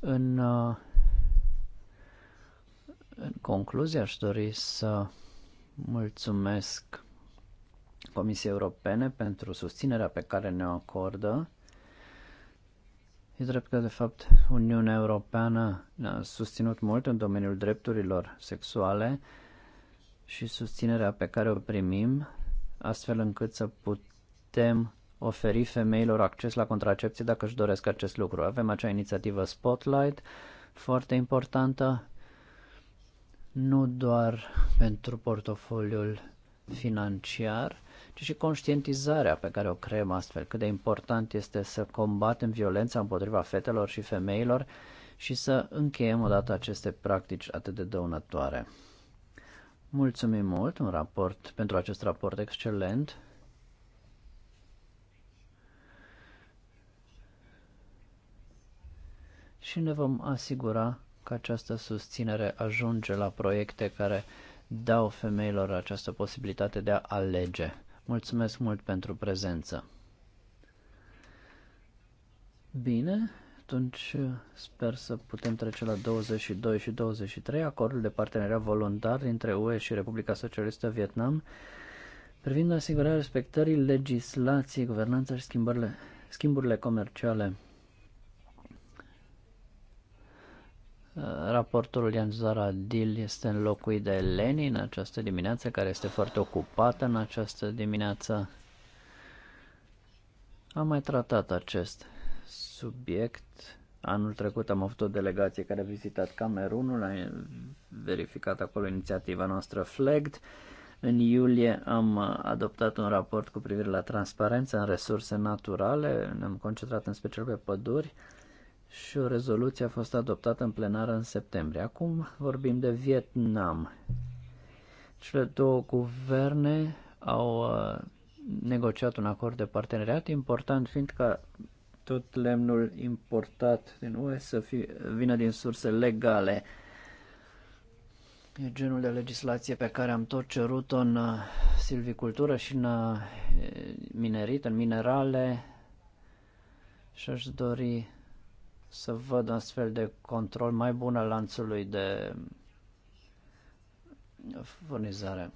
În, uh, în concluzie aș dori să mulțumesc Comisiei Europene pentru susținerea pe care ne-o acordă. E drept că, de fapt, Uniunea Europeană ne-a susținut mult în domeniul drepturilor sexuale și susținerea pe care o primim, astfel încât să putem oferi femeilor acces la contracepție dacă își doresc acest lucru. Avem acea inițiativă Spotlight, foarte importantă, nu doar pentru portofoliul financiar, ci și conștientizarea pe care o creăm astfel, cât de important este să combatem violența împotriva fetelor și femeilor și să încheiem odată aceste practici atât de dăunătoare. Mulțumim mult un raport, pentru acest raport excelent și ne vom asigura că această susținere ajunge la proiecte care dau femeilor această posibilitate de a alege. Mulțumesc mult pentru prezență. Bine, atunci sper să putem trece la 22 și 23, acordul de parteneriat voluntar dintre UE și Republica Socialistă Vietnam privind asigurarea respectării legislației, guvernanța și schimbările, schimburile comerciale. Uh, raportorul Ian Zaradil este înlocuit de Leni în această dimineață, care este foarte ocupată în această dimineață. Am mai tratat acest subiect. Anul trecut am avut o delegație care a vizitat Camerunul, a verificat acolo inițiativa noastră FLEGD. În iulie am adoptat un raport cu privire la transparență în resurse naturale, ne-am concentrat în special pe păduri și o rezoluție a fost adoptată în plenară în septembrie. Acum vorbim de Vietnam. Cele două guverne au uh, negociat un acord de parteneriat, important fiind ca tot lemnul importat din UE să fie, vină din surse legale. E genul de legislație pe care am tot cerut-o în uh, silvicultură și în uh, minerit, în minerale și aș dori să văd un astfel de control mai bun al lanțului de furnizare.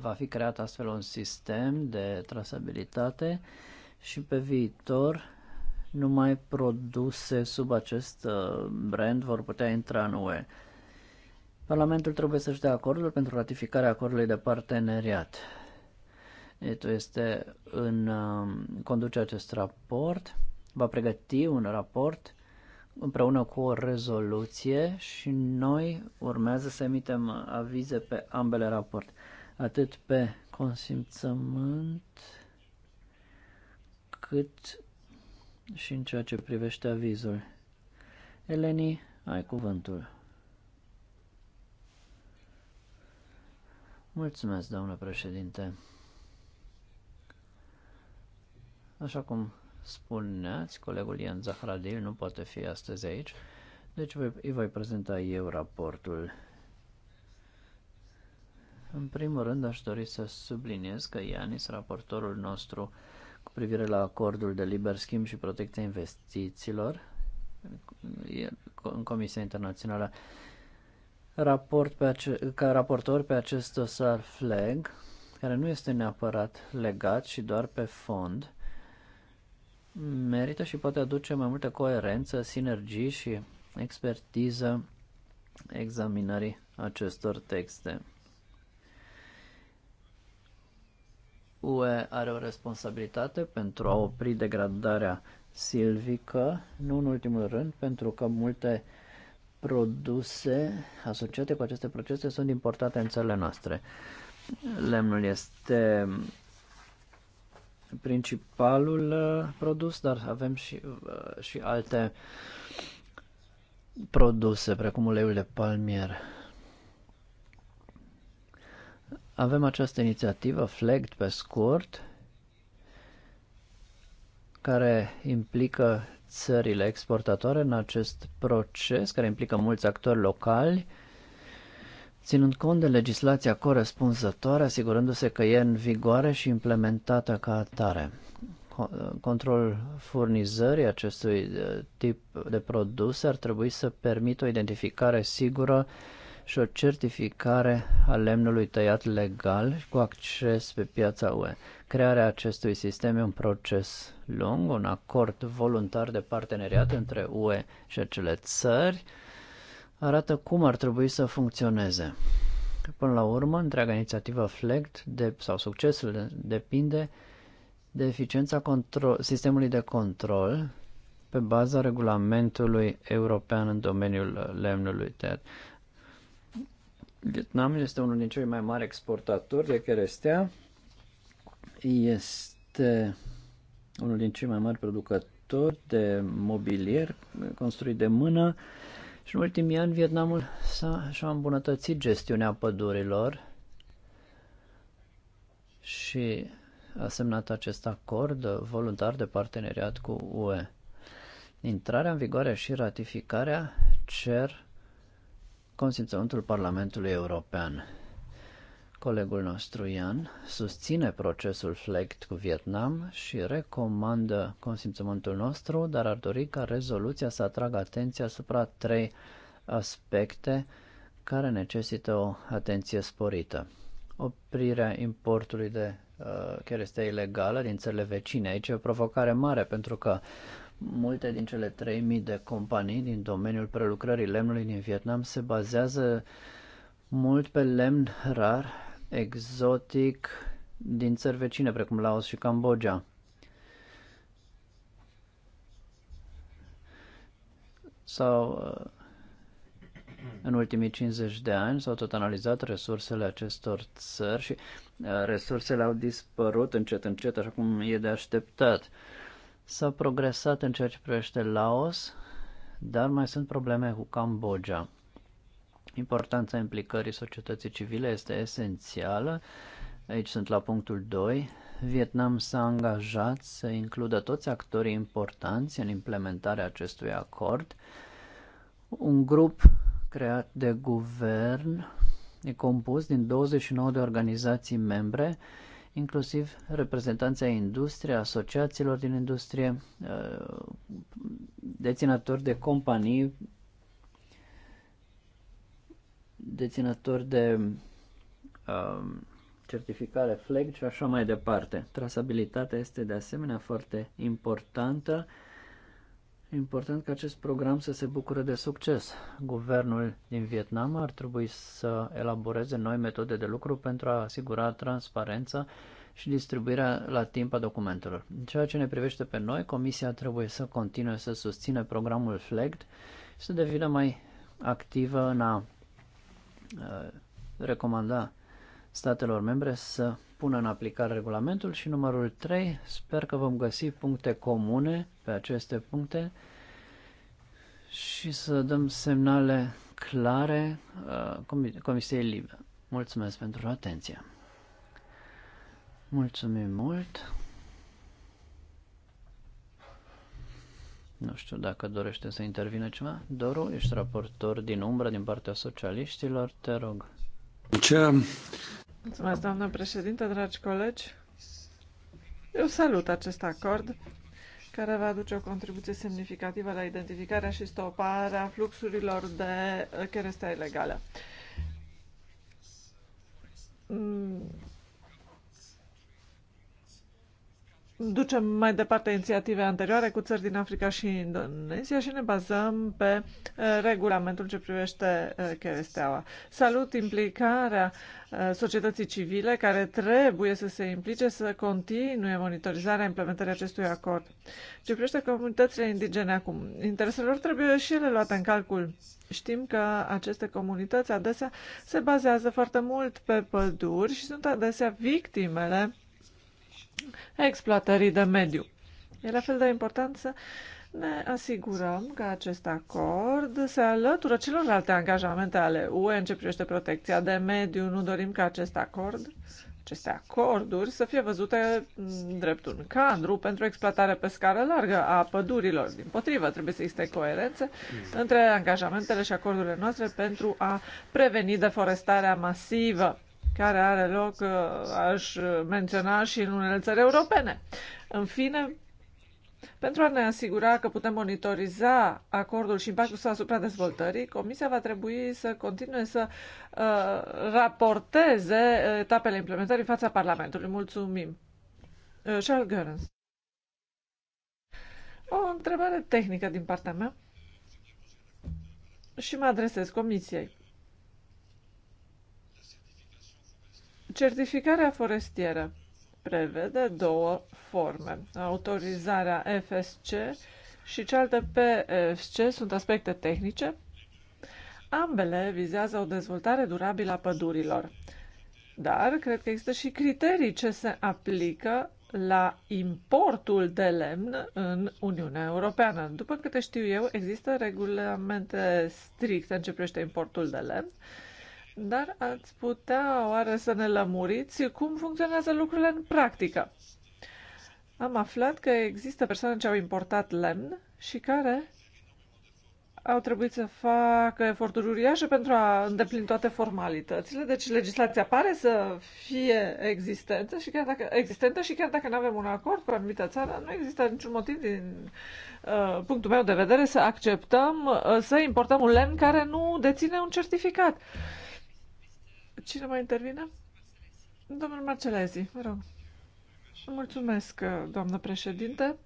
Va fi creat astfel un sistem de trasabilitate și pe viitor numai produse sub acest uh, brand vor putea intra în UE. Parlamentul trebuie să-și dea acordul pentru ratificarea acordului de parteneriat. este în uh, conduce acest raport va pregăti un raport împreună cu o rezoluție și noi urmează să emitem avize pe ambele raporte. atât pe consimțământ cât și în ceea ce privește avizul. Eleni, ai cuvântul. Mulțumesc, doamnă președinte. Așa cum spuneați, colegul Ian Zahradil nu poate fi astăzi aici, deci îi voi prezenta eu raportul. În primul rând aș dori să subliniez că Ianis, raportorul nostru cu privire la acordul de liber schimb și protecția investițiilor în Comisia Internațională, raport pe ace- ca raportor pe acest dosar FLEG, care nu este neapărat legat și doar pe fond, merită și poate aduce mai multă coerență, sinergii și expertiză examinării acestor texte. UE are o responsabilitate pentru a opri degradarea silvică, nu în ultimul rând, pentru că multe produse asociate cu aceste procese sunt importate în țările noastre. Lemnul este principalul uh, produs, dar avem și, uh, și alte produse, precum uleiul de palmier. Avem această inițiativă, FLEGT pe scurt, care implică țările exportatoare în acest proces, care implică mulți actori locali, ținând cont de legislația corespunzătoare, asigurându-se că e în vigoare și implementată ca atare. Control furnizării acestui uh, tip de produse ar trebui să permită o identificare sigură și o certificare a lemnului tăiat legal și cu acces pe piața UE. Crearea acestui sistem e un proces lung, un acord voluntar de parteneriat între UE și acele țări, arată cum ar trebui să funcționeze. Până la urmă, întreaga inițiativă FLECT de, sau succesul depinde de eficiența control, sistemului de control pe baza regulamentului european în domeniul lemnului TER. Vietnam este unul din cei mai mari exportatori de cherestea. Este unul din cei mai mari producători de mobilier construit de mână. Uh, și în ultimii ani Vietnamul s-a, și-a îmbunătățit gestiunea pădurilor și a semnat acest acord voluntar de parteneriat cu UE. Intrarea în vigoare și ratificarea cer consimțământul Parlamentului European. Colegul nostru Ian susține procesul FLECT cu Vietnam și recomandă consimțământul nostru, dar ar dori ca rezoluția să atragă atenția asupra trei aspecte care necesită o atenție sporită. Oprirea importului de uh, este ilegală din țările vecine. Aici e o provocare mare pentru că multe din cele 3000 de companii din domeniul prelucrării lemnului din Vietnam se bazează mult pe lemn rar exotic din țări vecine, precum Laos și Cambodgia. Sau uh, în ultimii 50 de ani s-au tot analizat resursele acestor țări și uh, resursele au dispărut încet, încet, așa cum e de așteptat. S-a progresat în ceea ce privește Laos, dar mai sunt probleme cu Cambodgia. Importanța implicării societății civile este esențială. Aici sunt la punctul 2. Vietnam s-a angajat să includă toți actorii importanți în implementarea acestui acord. Un grup creat de guvern e compus din 29 de organizații membre, inclusiv reprezentanții industriei, asociațiilor din industrie, ă, deținători de companii deținători de um, certificare FLEG și așa mai departe. Trasabilitatea este de asemenea foarte importantă. Important ca acest program să se bucure de succes. Guvernul din Vietnam ar trebui să elaboreze noi metode de lucru pentru a asigura transparența și distribuirea la timp a documentelor. În ceea ce ne privește pe noi, Comisia trebuie să continue să susțină programul FLEGT și să devină mai activă în a Uh, recomanda statelor membre să pună în aplicare regulamentul și numărul 3, sper că vom găsi puncte comune pe aceste puncte și să dăm semnale clare uh, Comisiei Libe. Mulțumesc pentru atenție. Mulțumim mult. Nu știu dacă dorește să intervine ceva. Doru, ești raportor din umbră din partea socialiștilor, te rog. Ce? Mulțumesc, doamnă președinte, dragi colegi. Eu salut acest acord care va aduce o contribuție semnificativă la identificarea și stoparea fluxurilor de cherestea ilegală ducem mai departe inițiative anterioare cu țări din Africa și Indonezia și ne bazăm pe uh, regulamentul ce privește uh, cheresteaua. Salut implicarea uh, societății civile care trebuie să se implice să continue monitorizarea implementării acestui acord. Ce privește comunitățile indigene acum, interesele lor trebuie și ele luate în calcul. Știm că aceste comunități adesea se bazează foarte mult pe păduri și sunt adesea victimele exploatării de mediu. E la fel de important să ne asigurăm că acest acord se alătură celorlalte angajamente ale UE în ce privește protecția de mediu. Nu dorim ca acest acord, aceste acorduri să fie văzute drept un cadru pentru exploatare pe scară largă a pădurilor. Din potrivă, trebuie să existe coerențe între angajamentele și acordurile noastre pentru a preveni deforestarea masivă care are loc, uh, aș menționa, și în unele țări europene. În fine, pentru a ne asigura că putem monitoriza acordul și impactul său asupra dezvoltării, Comisia va trebui să continue să uh, raporteze etapele implementării în fața Parlamentului. Mulțumim. Uh, Charles Görens. O întrebare tehnică din partea mea și mă adresez Comisiei. Certificarea forestieră prevede două forme. Autorizarea FSC și cealaltă PFC sunt aspecte tehnice. Ambele vizează o dezvoltare durabilă a pădurilor. Dar cred că există și criterii ce se aplică la importul de lemn în Uniunea Europeană. După câte știu eu, există regulamente stricte în ce privește importul de lemn dar ați putea oare să ne lămuriți cum funcționează lucrurile în practică? Am aflat că există persoane ce au importat lemn și care au trebuit să facă eforturi uriașe pentru a îndeplini toate formalitățile. Deci legislația pare să fie existentă și chiar dacă, existentă și chiar dacă nu avem un acord cu anumită țară, nu există niciun motiv din uh, punctul meu de vedere să acceptăm uh, să importăm un lemn care nu deține un certificat. Uh, Cine mai intervine? Domnul Marcelezi, vă rog. Mulțumesc, doamnă președinte.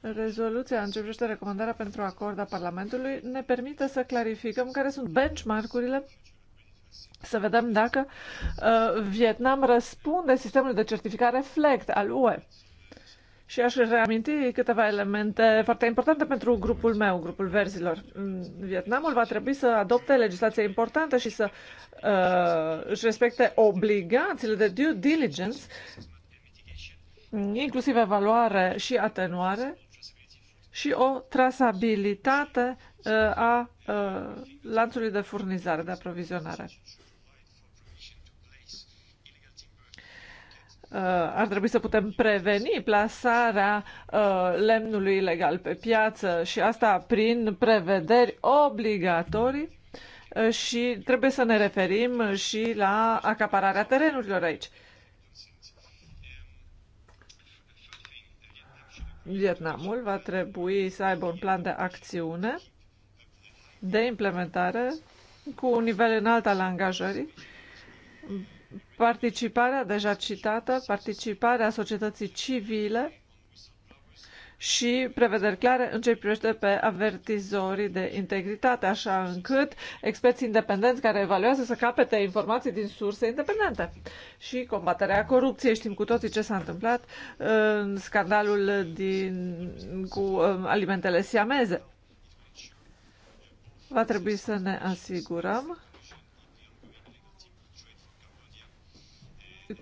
Rezoluția în ce privește recomandarea pentru acord a Parlamentului ne permite să clarificăm care sunt benchmark-urile să vedem dacă uh, Vietnam răspunde sistemului de certificare FLECT al UE. Și aș reaminti câteva elemente foarte importante pentru grupul meu, grupul verzilor. Vietnamul va trebui să adopte legislație importantă și să uh, își respecte obligațiile de due diligence, inclusiv evaluare și atenuare, și o trasabilitate uh, a uh, lanțului de furnizare, de aprovizionare. Uh, ar trebui să putem preveni plasarea uh, lemnului ilegal pe piață și asta prin prevederi obligatorii uh, și trebuie să ne referim și la acapararea terenurilor aici. Vietnamul va trebui să aibă un plan de acțiune de implementare cu un nivel înalt al angajării participarea deja citată, participarea societății civile și prevederi clare în ce privește pe avertizorii de integritate, așa încât experți independenți care evaluează să capete informații din surse independente. Și combaterea corupției, știm cu toții ce s-a întâmplat uh, în scandalul din, cu uh, alimentele siameze. Va trebui să ne asigurăm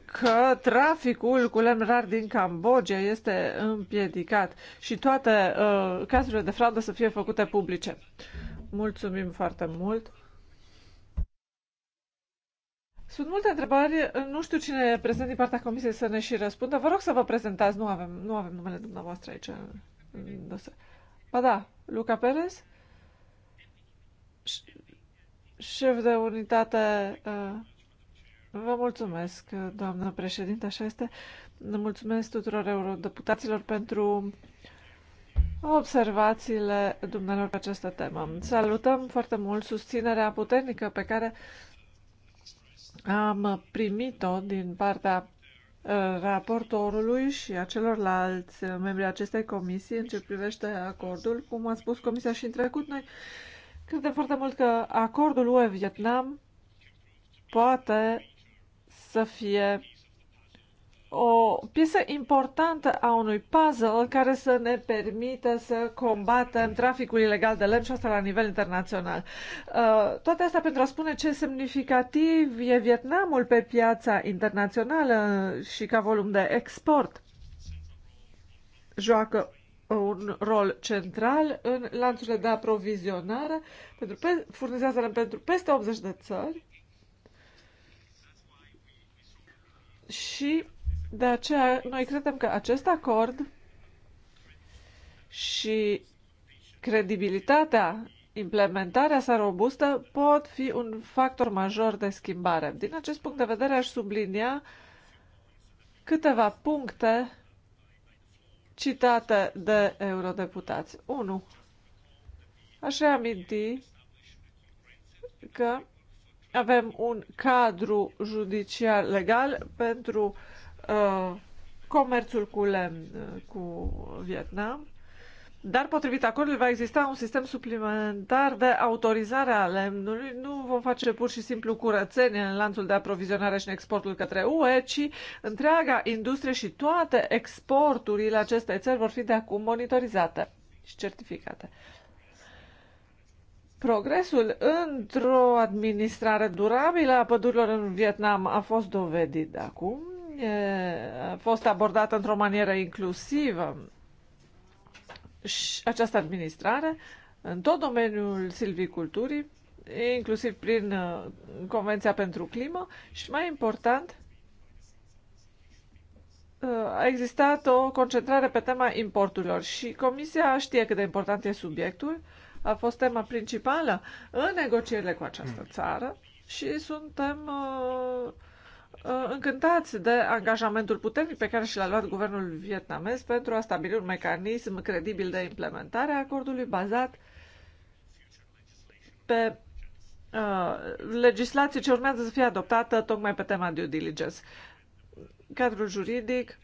că traficul cu lemn rar din Cambodgia este împiedicat și toate uh, cazurile de fraudă să fie făcute publice. Mulțumim foarte mult! Sunt multe întrebări, nu știu cine e prezent din partea comisiei să ne și răspundă. Vă rog să vă prezentați, nu avem, nu avem numele dumneavoastră aici Ba da, Luca Perez, șef de unitate uh, Vă mulțumesc, doamnă președinte, așa este. Mulțumesc tuturor eurodeputaților pentru observațiile dumnealor pe această temă. Salutăm foarte mult susținerea puternică pe care am primit-o din partea uh, raportorului și a celorlalți membri acestei comisii în ce privește acordul. Cum a spus comisia și în trecut, noi credem foarte mult că acordul UE-Vietnam poate să fie o piesă importantă a unui puzzle care să ne permită să combatem traficul ilegal de lemn și asta la nivel internațional. Uh, toate astea pentru a spune ce semnificativ e Vietnamul pe piața internațională și ca volum de export. Joacă un rol central în lanțurile de aprovizionare, pentru pe, furnizează pentru peste 80 de țări Și de aceea noi credem că acest acord și credibilitatea, implementarea sa robustă pot fi un factor major de schimbare. Din acest punct de vedere aș sublinia câteva puncte citate de eurodeputați. 1. Aș reaminti că avem un cadru judiciar legal pentru uh, comerțul cu lemn uh, cu Vietnam, dar potrivit acordului va exista un sistem suplimentar de autorizare a lemnului. Nu vom face pur și simplu curățenie în lanțul de aprovizionare și în exportul către UE, ci întreaga industrie și toate exporturile acestei țări vor fi de acum monitorizate și certificate. Progresul într-o administrare durabilă a pădurilor în Vietnam a fost dovedit acum, a fost abordată într-o manieră inclusivă și această administrare în tot domeniul silviculturii, inclusiv prin uh, Convenția pentru Climă și, mai important, uh, a existat o concentrare pe tema importurilor și Comisia știe cât de important e subiectul a fost tema principală în negocierile cu această țară și suntem uh, uh, încântați de angajamentul puternic pe care și l-a luat guvernul vietnamez pentru a stabili un mecanism credibil de implementare a acordului bazat pe uh, legislație ce urmează să fie adoptată tocmai pe tema due diligence. Cadrul juridic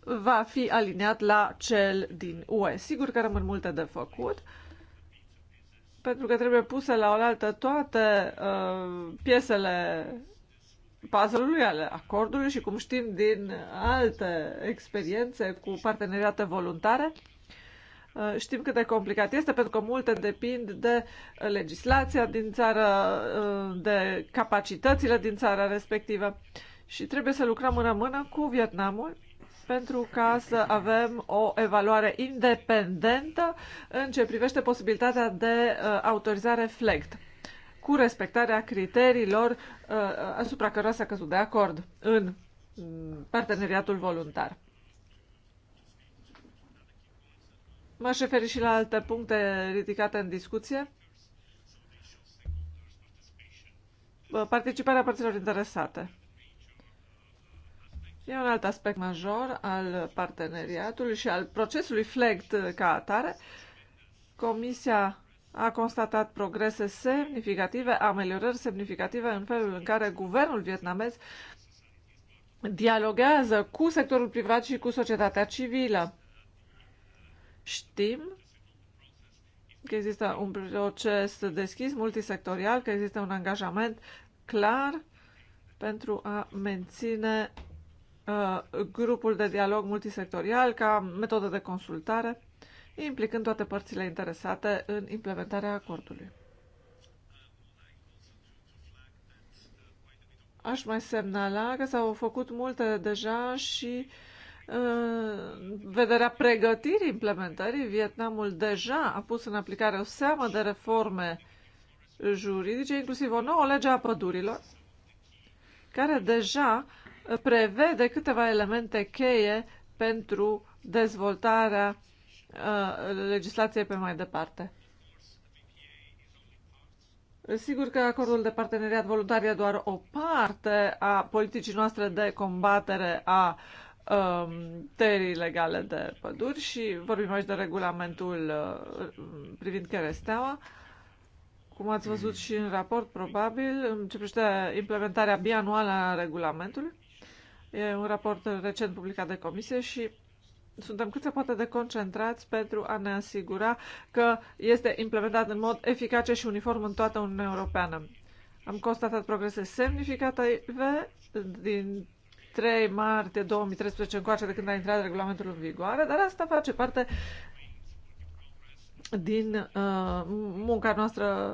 va fi aliniat la cel din UE. Sigur că rămân multe de făcut, uh, pentru că trebuie puse la oaltă toate uh, piesele puzzle-ului, ale acordului și cum știm din alte experiențe cu parteneriate voluntare, uh, Știm cât de complicat este, pentru că multe depind de legislația din țară, uh, de capacitățile din țara respectivă. Și trebuie să lucrăm în mână cu Vietnamul pentru ca să avem o evaluare independentă în ce privește posibilitatea de uh, autorizare FLECT cu respectarea criteriilor uh, asupra cărora s-a căzut de acord în mm, parteneriatul voluntar. M-aș referi și la alte puncte ridicate în discuție. Uh, participarea părților interesate. E un alt aspect major al parteneriatului și al procesului FLEGT ca atare. Comisia a constatat progrese semnificative, ameliorări semnificative în felul în care guvernul vietnamez dialoguează cu sectorul privat și cu societatea civilă. Știm că există un proces deschis, multisectorial, că există un angajament clar pentru a menține Uh, grupul de dialog multisectorial ca metodă de consultare, implicând toate părțile interesate în implementarea acordului. Aș mai semnala că s-au făcut multe deja și în uh, vederea pregătirii implementării, Vietnamul deja a pus în aplicare o seamă de reforme juridice, inclusiv o nouă lege a pădurilor, care deja prevede câteva elemente cheie pentru dezvoltarea uh, legislației pe mai departe. Sigur că acordul de parteneriat voluntar e doar o parte a politicii noastre de combatere a um, terii legale de păduri și vorbim aici de regulamentul uh, privind cheresteaua. Cum ați văzut și în raport, probabil, începește implementarea bianuală a regulamentului E un raport recent publicat de comisie și suntem cât se poate de concentrați pentru a ne asigura că este implementat în mod eficace și uniform în toată Uniunea Europeană. Am constatat progrese semnificative din 3 martie 2013 încoace de când a intrat regulamentul în vigoare, dar asta face parte din uh, munca noastră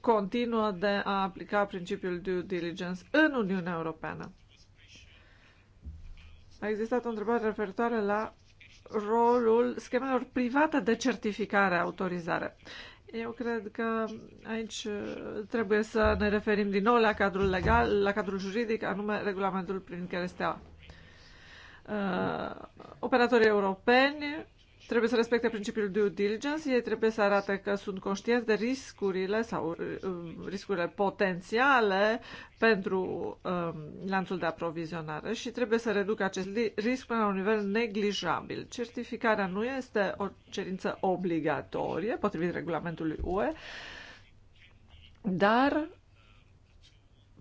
continuă de a aplica principiul due diligence în Uniunea Europeană. A existat o întrebare referitoare la rolul schemelor private de certificare, autorizare. Eu cred că aici uh, trebuie să ne referim din nou la cadrul legal, la cadrul juridic, anume regulamentul prin care stea uh, operatorii europeni trebuie să respecte principiul due diligence, ei trebuie să arate că sunt conștienți de riscurile sau uh, riscurile potențiale pentru um, lanțul de aprovizionare și trebuie să reducă acest risc până la un nivel neglijabil. Certificarea nu este o cerință obligatorie potrivit regulamentului UE, dar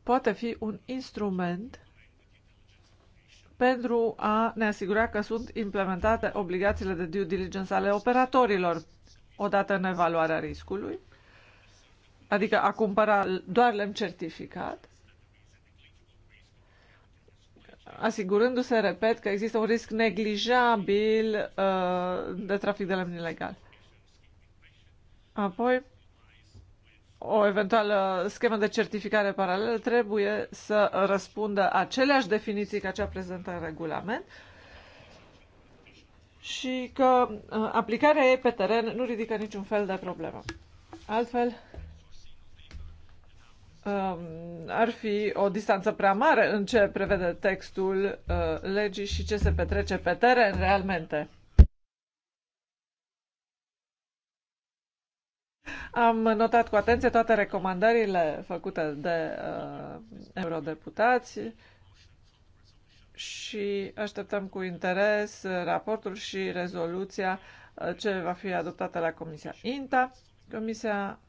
poate fi un instrument pentru a ne asigura că sunt implementate obligațiile de due diligence ale operatorilor odată în evaluarea riscului, adică a cumpăra doar lemn certificat, asigurându-se, repet, că există un risc neglijabil uh, de trafic de lemn ilegal. Apoi, o eventuală schemă de certificare paralelă trebuie să răspundă aceleași definiții ca cea prezentă în regulament și că uh, aplicarea ei pe teren nu ridică niciun fel de problemă. Altfel, um, ar fi o distanță prea mare în ce prevede textul uh, legii și ce se petrece pe teren realmente. Am notat cu atenție toate recomandările făcute de uh, eurodeputați și așteptăm cu interes raportul și rezoluția uh, ce va fi adoptată la Comisia INTA. Comisia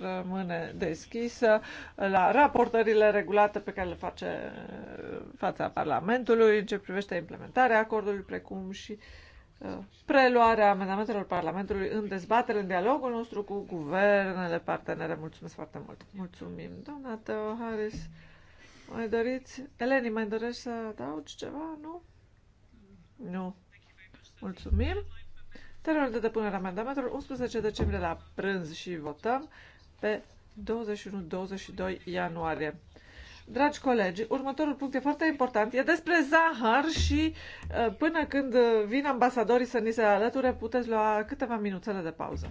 rămâne deschisă la raportările regulate pe care le face uh, fața Parlamentului în ce privește implementarea acordului, precum și uh, preluarea amendamentelor Parlamentului în dezbatere, în dialogul nostru cu guvernele partenere. Mulțumesc foarte mult! Mulțumim, doamna Teo Harris. Mai doriți? Eleni, mai dorești să adaugi ceva? Nu? Nu. Mulțumim. Termenul de depunere a amendamentelor 11 decembrie la prânz și votăm pe 21-22 ianuarie. Dragi colegi, următorul punct e foarte important. E despre zahăr și uh, până când uh, vin ambasadorii să ni se alăture, puteți lua câteva minuțele de pauză.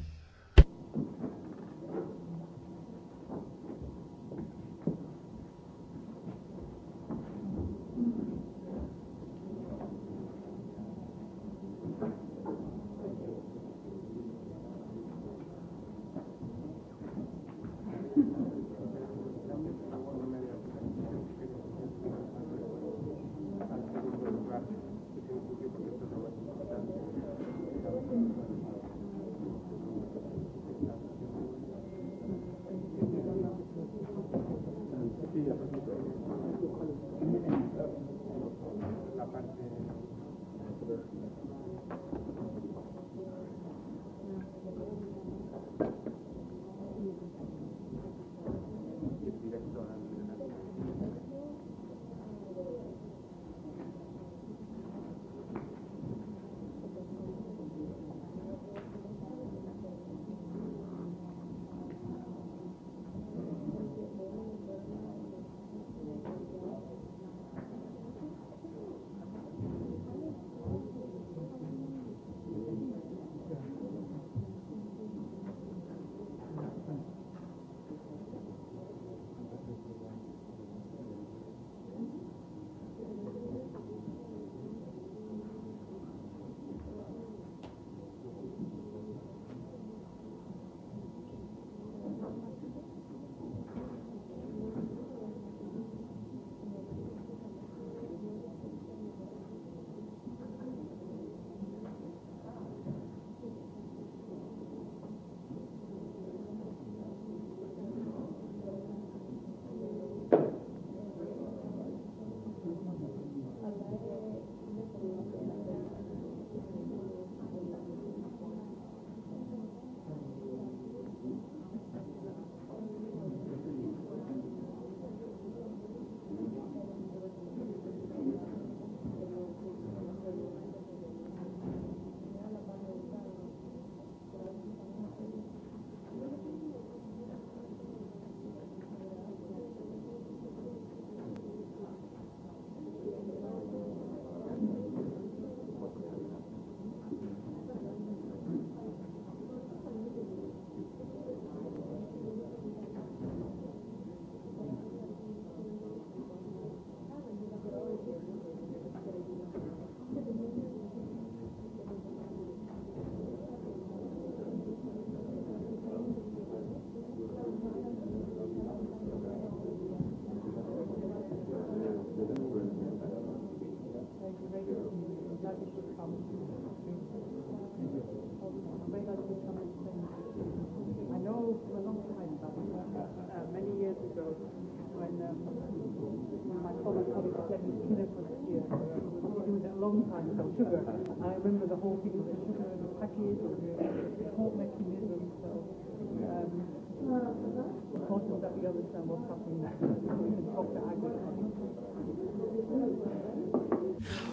Thank you.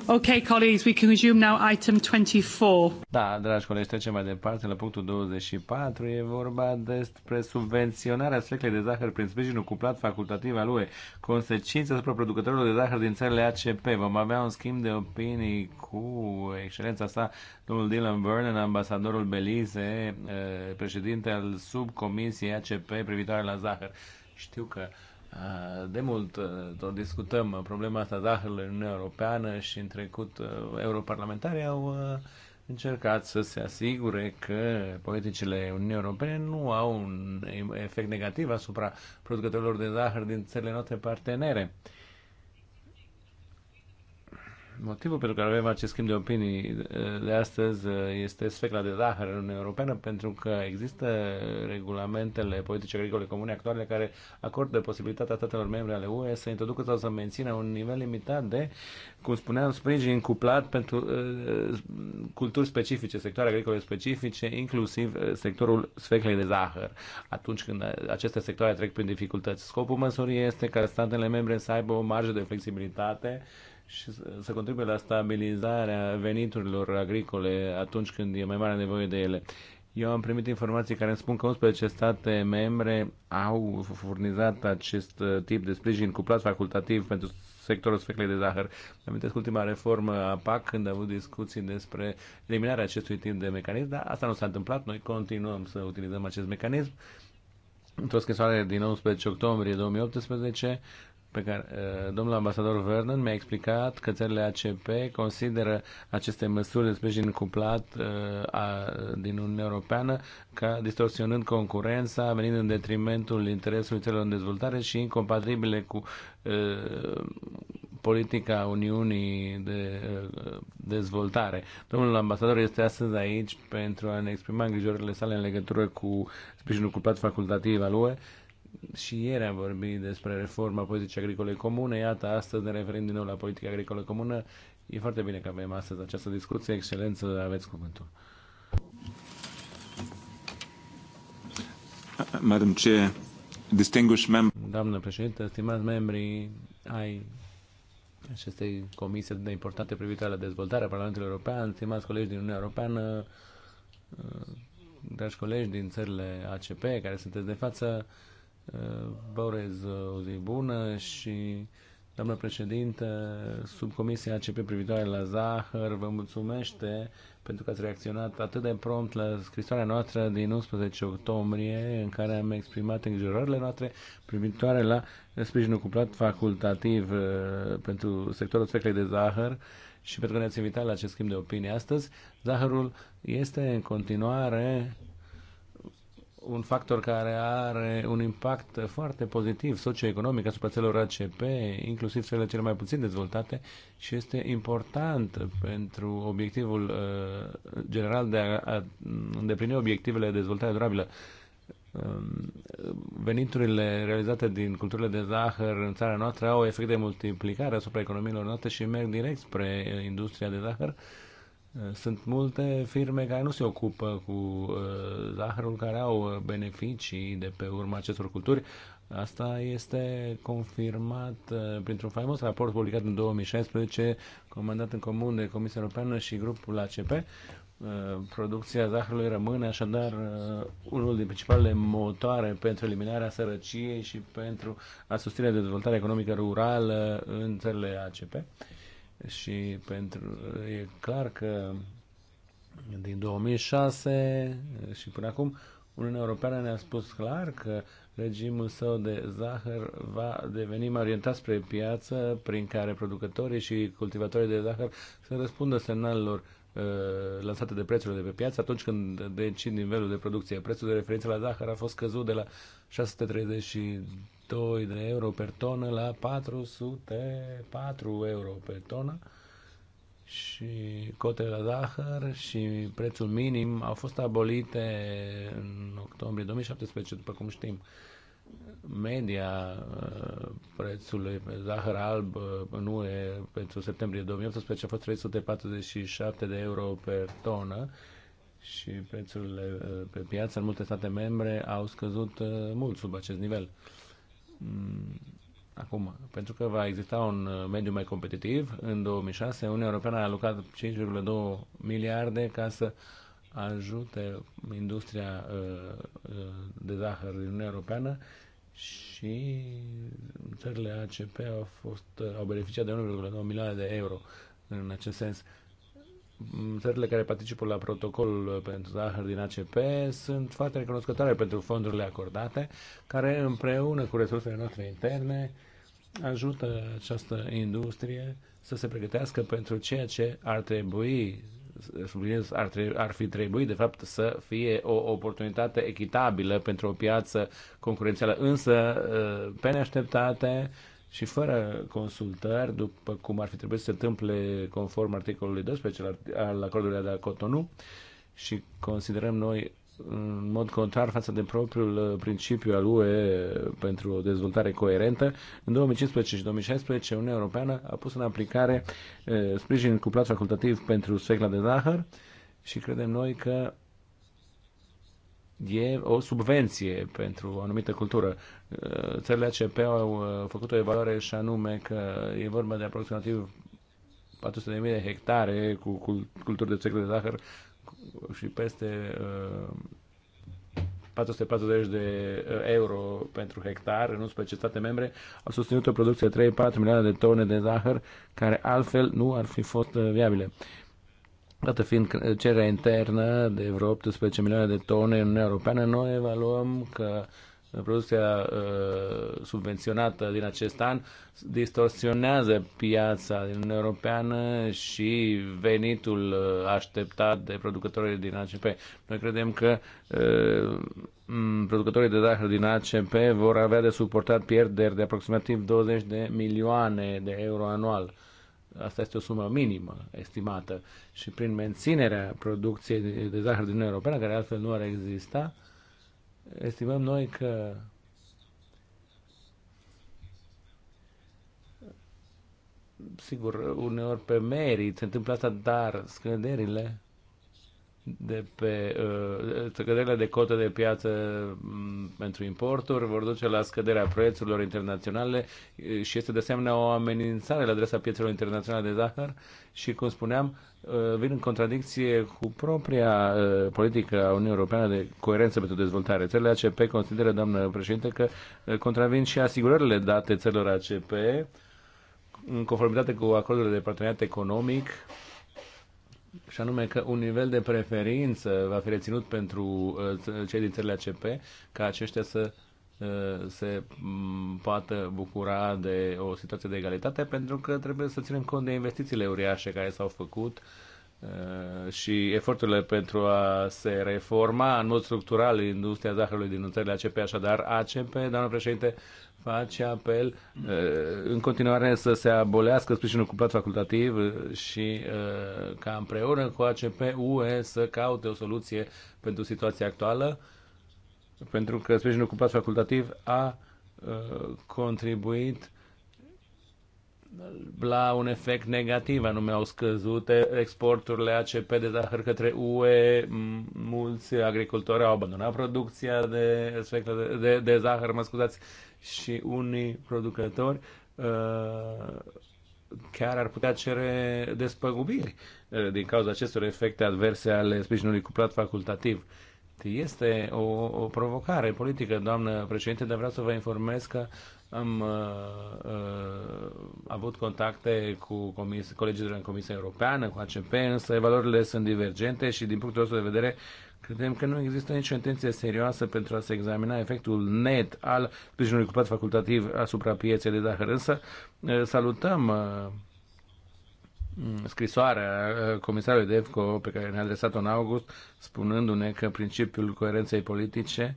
Ok, colleagues, we can resume now item 24. Da, dragi colegi, trecem mai departe la punctul 24. E vorba despre subvenționarea sfeclei de zahăr prin sprijinul cuplat facultativ al UE. Consecințe asupra producătorilor de zahăr din țările ACP. Vom avea un schimb de opinii cu excelența sa, domnul Dylan Vernon, ambasadorul Belize, eh, președinte al subcomisiei ACP privitoare la zahăr. Știu că Eh, de mult eh, tot discutăm problema asta zahărului în Uniunea Europeană și în trecut eh, europarlamentarii au încercat să se asigure că politicile Uniunii Europene nu au un efect negativ asupra producătorilor de zahăr din țările noastre partenere. Uh, Motivul pentru care avem acest schimb de opinii eh, de astăzi eh, este sfecla de zahăr în Uniunea Europeană, pentru că există regulamentele politice agricole comune actuale care acordă posibilitatea statelor membre ale UE să introducă sau să mențină un nivel limitat de, cum spuneam, sprijin cuplat pentru uh, culturi specifice, sectoare agricole specifice, inclusiv sectorul sfeclei de zahăr, atunci când aceste sectoare trec prin dificultăți. Scopul măsurii este ca statele membre să aibă o marjă de flexibilitate uh, și să contribuie la stabilizarea veniturilor agricole atunci când e mai mare nevoie de ele. Eu am primit informații care îmi spun că 11 state membre au furnizat acest uh, tip de sprijin cuplat facultativ pentru sectorul sfeclei de zahăr. Amintesc ultima reformă a PAC când a avut discuții despre eliminarea acestui tip de mecanism, dar asta nu s-a întâmplat. Noi continuăm să utilizăm acest mecanism. Într-o scrisoare din 11 octombrie 2018, pe care uh, domnul ambasador Vernon mi-a explicat că țările ACP consideră aceste măsuri de sprijin cuplat uh, a, din Uniunea Europeană ca distorsionând concurența, venind în detrimentul interesului țărilor în dezvoltare și incompatibile cu a, uh, politica Uniunii de dezvoltare. Domnul ambasador este astăzi aici pentru a ne exprima îngrijorările sale în legătură cu sprijinul cuplat facultativ al UE și ieri am vorbit despre reforma politicii agricole comune, iată, astăzi ne referim din nou la politica agricolă comună. E foarte bine că avem astăzi această discuție. Excelență, aveți cuvântul. Madam Chair, distinguished member. Doamnă președintă, stimați membri ai acestei comisii de importante privitoare la dezvoltarea Parlamentului European, stimați colegi din Uniunea Europeană, uh, dragi colegi din țările ACP care sunteți de față, Vă urez uh, o zi bună și, doamnă președintă, subcomisia ACP privitoare la zahăr vă mulțumește pentru că ați reacționat atât de prompt la scrisoarea noastră din 11 octombrie, în care am exprimat îngrijorările noastre privitoare la sprijinul cuplat facultativ uh, pentru sectorul sfeclei de zahăr și pentru că ne-ați invitat la acest schimb de opinie astăzi. Zahărul este în continuare un factor care are un impact foarte pozitiv socioeconomic asupra țelor ACP, inclusiv cele cele mai puțin dezvoltate și este important pentru obiectivul uh, general de a, a îndeplini obiectivele de dezvoltare durabilă. Uh, veniturile realizate din culturile de zahăr în țara noastră au efect de multiplicare asupra economiilor noastre și merg direct spre uh, industria de zahăr uh, sunt multe firme care nu se ocupă cu uh, zahărul, care au uh, beneficii de pe urma acestor culturi. Asta este confirmat uh, printr-un faimos raport publicat în 2016, comandat în comun de Comisia Europeană și grupul ACP. Producția zahărului rămâne așadar unul din principalele motoare pentru eliminarea sărăciei și pentru a susține dezvoltarea economică rurală în țările ACP și pentru, e clar că din 2006 și până acum Uniunea Europeană ne-a spus clar că regimul său de zahăr va deveni mai orientat spre piață prin care producătorii și cultivatorii de zahăr să răspundă semnalelor uh, lansate de prețurile de pe piață atunci când decid nivelul de producție. Prețul de referință la zahăr a fost căzut de la 630 2 de euro pe tonă la 404 euro pe tonă și cotele la zahăr și prețul minim au fost abolite în octombrie 2017, după cum știm. Media uh, prețului pe zahăr alb uh, în UE pentru septembrie 2018 a fost 347 de euro pe tonă și prețurile uh, pe piață în multe state membre au scăzut mult sub acest nivel. Mm, acum, pentru că va exista un uh, mediu mai competitiv. În 2006, Uniunea Europeană a alocat 5,2 miliarde ca să ajute industria uh, uh, de zahăr din Uniunea Europeană și țările ACP au, fost, au beneficiat de 1,9 milioane de euro în acest sens țările care participă la protocolul pentru zahăr din ACP sunt foarte recunoscătoare pentru fondurile acordate, care împreună cu resursele noastre interne ajută această industrie să se pregătească pentru ceea ce ar trebui subliniez, ar, ar fi trebuit, de fapt, să fie o oportunitate echitabilă pentru o piață concurențială, însă, pe neașteptate, și fără consultări, după cum ar fi trebuit să se întâmple conform articolului 12 al acordului de la Cotonou, și considerăm noi în mod contrar față de propriul uh, principiu al UE pentru o dezvoltare coerentă, în 2015 și 2016 Uniunea Europeană a pus în aplicare uh, sprijin cuplat facultativ pentru secla de zahăr și credem noi că e o subvenție pentru o anumită cultură. Uh, țările ACP au uh, făcut o evaluare și anume că e vorba de aproximativ 400.000 de hectare cu culturi de țecle de zahăr și peste 440 uh, de euro pentru hectar în 11 state membre, au susținut o producție de 3-4 milioane de tone de zahăr, care altfel nu ar fi fost viabile. Dată fiind cererea internă de vreo 18 milioane de tone în Uniunea Europeană, noi evaluăm că producția uh, subvenționată din acest an distorsionează piața din Uniunea Europeană și venitul uh, așteptat de producătorii din ACP. Noi credem că uh, producătorii de zahăr din ACP vor avea de suportat pierderi de aproximativ 20 de milioane de euro anual Asta este o sumă minimă estimată și prin menținerea producției de zahăr din Uniunea Europeană, care altfel nu ar exista, estimăm noi că sigur, uneori pe merit se întâmplă asta, dar scăderile de pe uh, scăderile de cotă de piață um, pentru importuri vor duce la scăderea prețurilor internaționale uh, și este de asemenea o amenințare la adresa piețelor internaționale de zahăr și, cum spuneam, uh, vin în contradicție cu propria uh, politică a Uniunii Europeană de coerență pentru dezvoltare. Țările ACP consideră, doamnă președinte, că uh, contravin și asigurările date țărilor ACP în conformitate cu acordurile de parteneriat economic și anume că un nivel de preferință va fi reținut pentru uh, cei din țările ACP, ca aceștia să uh, se mm, poată bucura de o situație de egalitate, pentru că trebuie să ținem cont de investițiile uriașe care s-au făcut uh, și eforturile pentru a se reforma în mod structural industria zahărului din țările ACP. Așadar, ACP, doamnă președinte, face apel uh, în continuare să se abolească sprijinul cuplat facultativ uh, și uh, ca împreună cu ACP UE să caute o soluție pentru situația actuală, pentru că sprijinul cuplat facultativ a contribuit la un efect negativ, anume au scăzut exporturile ACP de zahăr către UE, mulți agricultori au abandonat producția de, de, de, de zahăr, mă scuzați, uh, și unii producători uh, chiar ar putea cere despăgubiri uh, din cauza acestor efecte adverse ale sprijinului cuplat facultativ. Este o, o provocare politică, doamnă președinte, dar vreau să vă informez că am uh, uh, avut contacte cu comis, colegii de la Comisia Europeană, cu ACP, însă Valorile sunt divergente și din punctul nostru de vedere uh, Credem că nu există nicio intenție serioasă pentru a se examina efectul net al sprijinului ocupat facultativ asupra pieței de zahăr, însă salutăm scrisoarea comisarului Devco pe care ne-a adresat-o în august, spunându-ne că principiul coerenței politice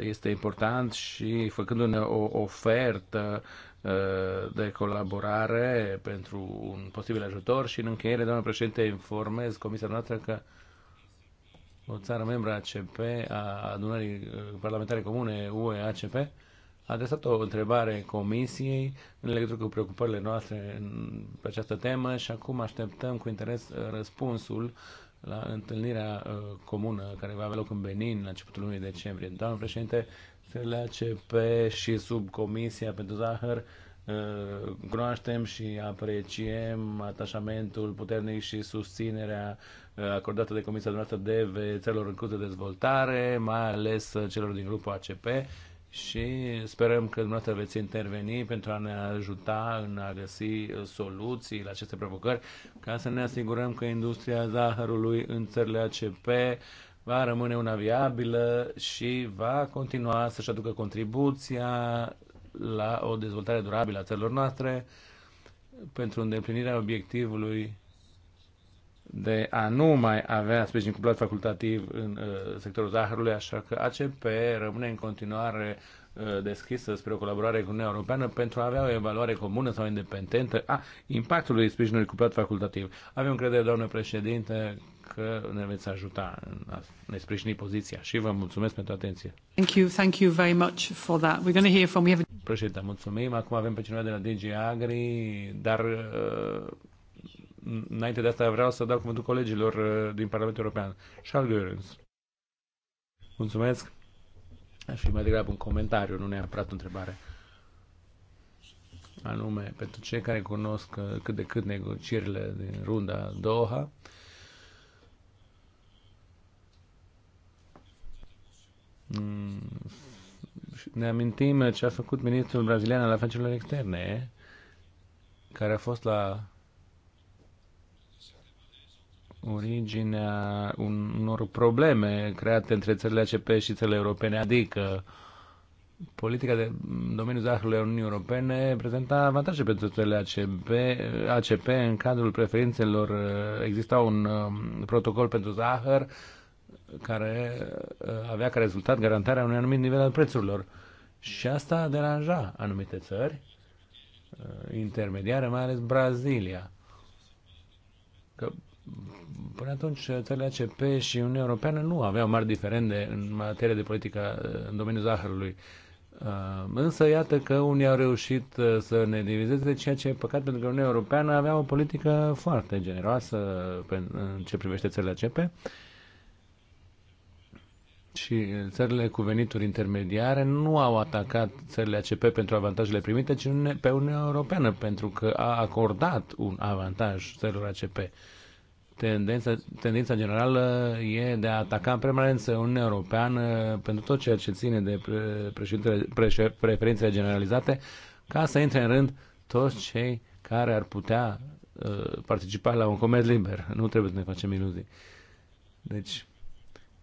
este important și făcându-ne o ofertă de colaborare pentru un posibil ajutor și în încheiere, doamnă președinte, informez comisia noastră că o țară membră ACP, a adunării uh, parlamentare comune UE-ACP, a adresat o întrebare comisiei în legătură cu preocupările noastre pe această temă și acum așteptăm cu interes uh, răspunsul la întâlnirea uh, comună care va avea loc în Benin la începutul lunii decembrie. Doamnă președinte, ACP și subcomisia pentru zahăr cunoaștem și apreciem atașamentul puternic și susținerea acordată de Comisia dumneavoastră de țelor în curs de dezvoltare, mai ales celor din grupul ACP și sperăm că dumneavoastră veți interveni pentru a ne ajuta în a găsi soluții la aceste provocări ca să ne asigurăm că industria zahărului în țările ACP va rămâne una viabilă și va continua să-și aducă contribuția la o dezvoltare durabilă a țărilor noastre pentru îndeplinirea obiectivului de a nu mai avea sprijin cuplat facultativ în uh, sectorul zahărului, așa că ACP rămâne în continuare uh, deschisă spre o colaborare cu Uniunea Europeană pentru a avea o evaluare comună sau independentă a impactului sprijinului cuplat facultativ. Avem încredere, doamnă președinte, că ne veți ajuta în a ne sprijini poziția și vă mulțumesc pentru atenție. Thank you, thank you very much for that. We're going to hear from... We have... Președinte, mulțumim. Acum avem pe cineva de la DG Agri, dar uh, Înainte de asta vreau să dau cuvântul colegilor uh, din Parlamentul European. Charles Görens. Mulțumesc. Aș fi mai degrabă un comentariu, nu neapărat o întrebare. Anume, pentru cei care cunosc uh, cât de cât negocierile din runda Doha, mm, ne amintim ce a făcut ministrul brazilian al afacerilor externe, care a fost la originea unor probleme create între țările ACP și țările europene, adică politica de domeniul zahărului a Uniunii Europene prezenta avantaje pentru țările ACP, ACP în cadrul preferințelor uh, exista un um, protocol pentru zahăr care uh, avea ca rezultat garantarea unui anumit nivel al prețurilor. Și asta deranja anumite țări uh, intermediare, mai ales Brazilia. Că Până atunci, țările ACP și Uniunea Europeană nu aveau mari diferende în materie de politică uh, în domeniul zahărului. Uh, însă, iată că unii au reușit uh, să ne divizeze, ceea ce e păcat pentru că Uniunea Europeană avea o politică foarte generoasă în ce privește țările ACP și țările cu venituri intermediare nu au atacat țările ACP pentru avantajele primite, ci pe Uniunea Europeană pentru că a acordat un avantaj țărilor ACP. Tendența, tendința generală e de a ataca în permanență Uniunea Europeană pentru tot ceea ce ține de pre, pre, preferințele generalizate, ca să intre în rând toți cei care ar putea uh, participa la un comerț liber. Nu trebuie să ne facem iluzii. Deci,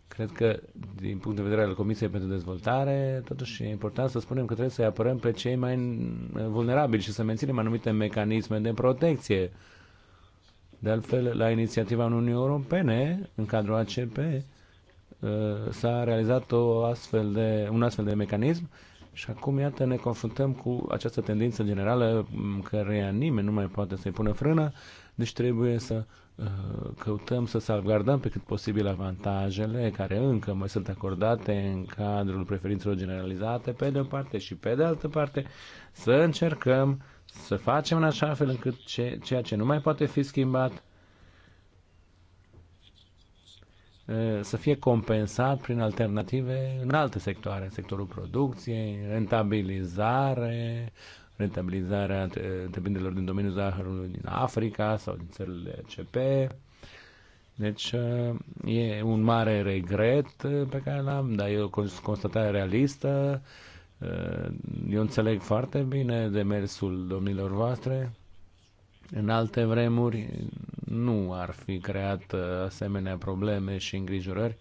cred că, din punct de vedere al Comisiei pentru Dezvoltare, totuși e important să spunem că trebuie să-i apărăm pe cei mai uh, vulnerabili și să menținem anumite mecanisme de protecție uh, de altfel, la inițiativa Uniunii Europene, în cadrul ACP, uh, s-a realizat o astfel de, un astfel de mecanism și acum, iată, ne confruntăm cu această tendință generală care nimeni nu mai poate să-i pună frână. deci trebuie să uh, căutăm să salvgardăm pe cât posibil avantajele care încă mai sunt acordate în cadrul preferințelor generalizate, pe de o parte și pe de altă parte, să încercăm să facem în așa fel încât ce, ceea ce nu mai poate fi schimbat să fie compensat prin alternative în alte sectoare, sectorul producției, rentabilizare, rentabilizarea întreprinderilor din domeniul zahărului din Africa sau din țările CP. Deci e un mare regret pe care l-am, dar e o constatare realistă Eh, eu înțeleg foarte bine demersul domnilor voastre. În alte vremuri nu ar fi creat eh, asemenea probleme și îngrijorări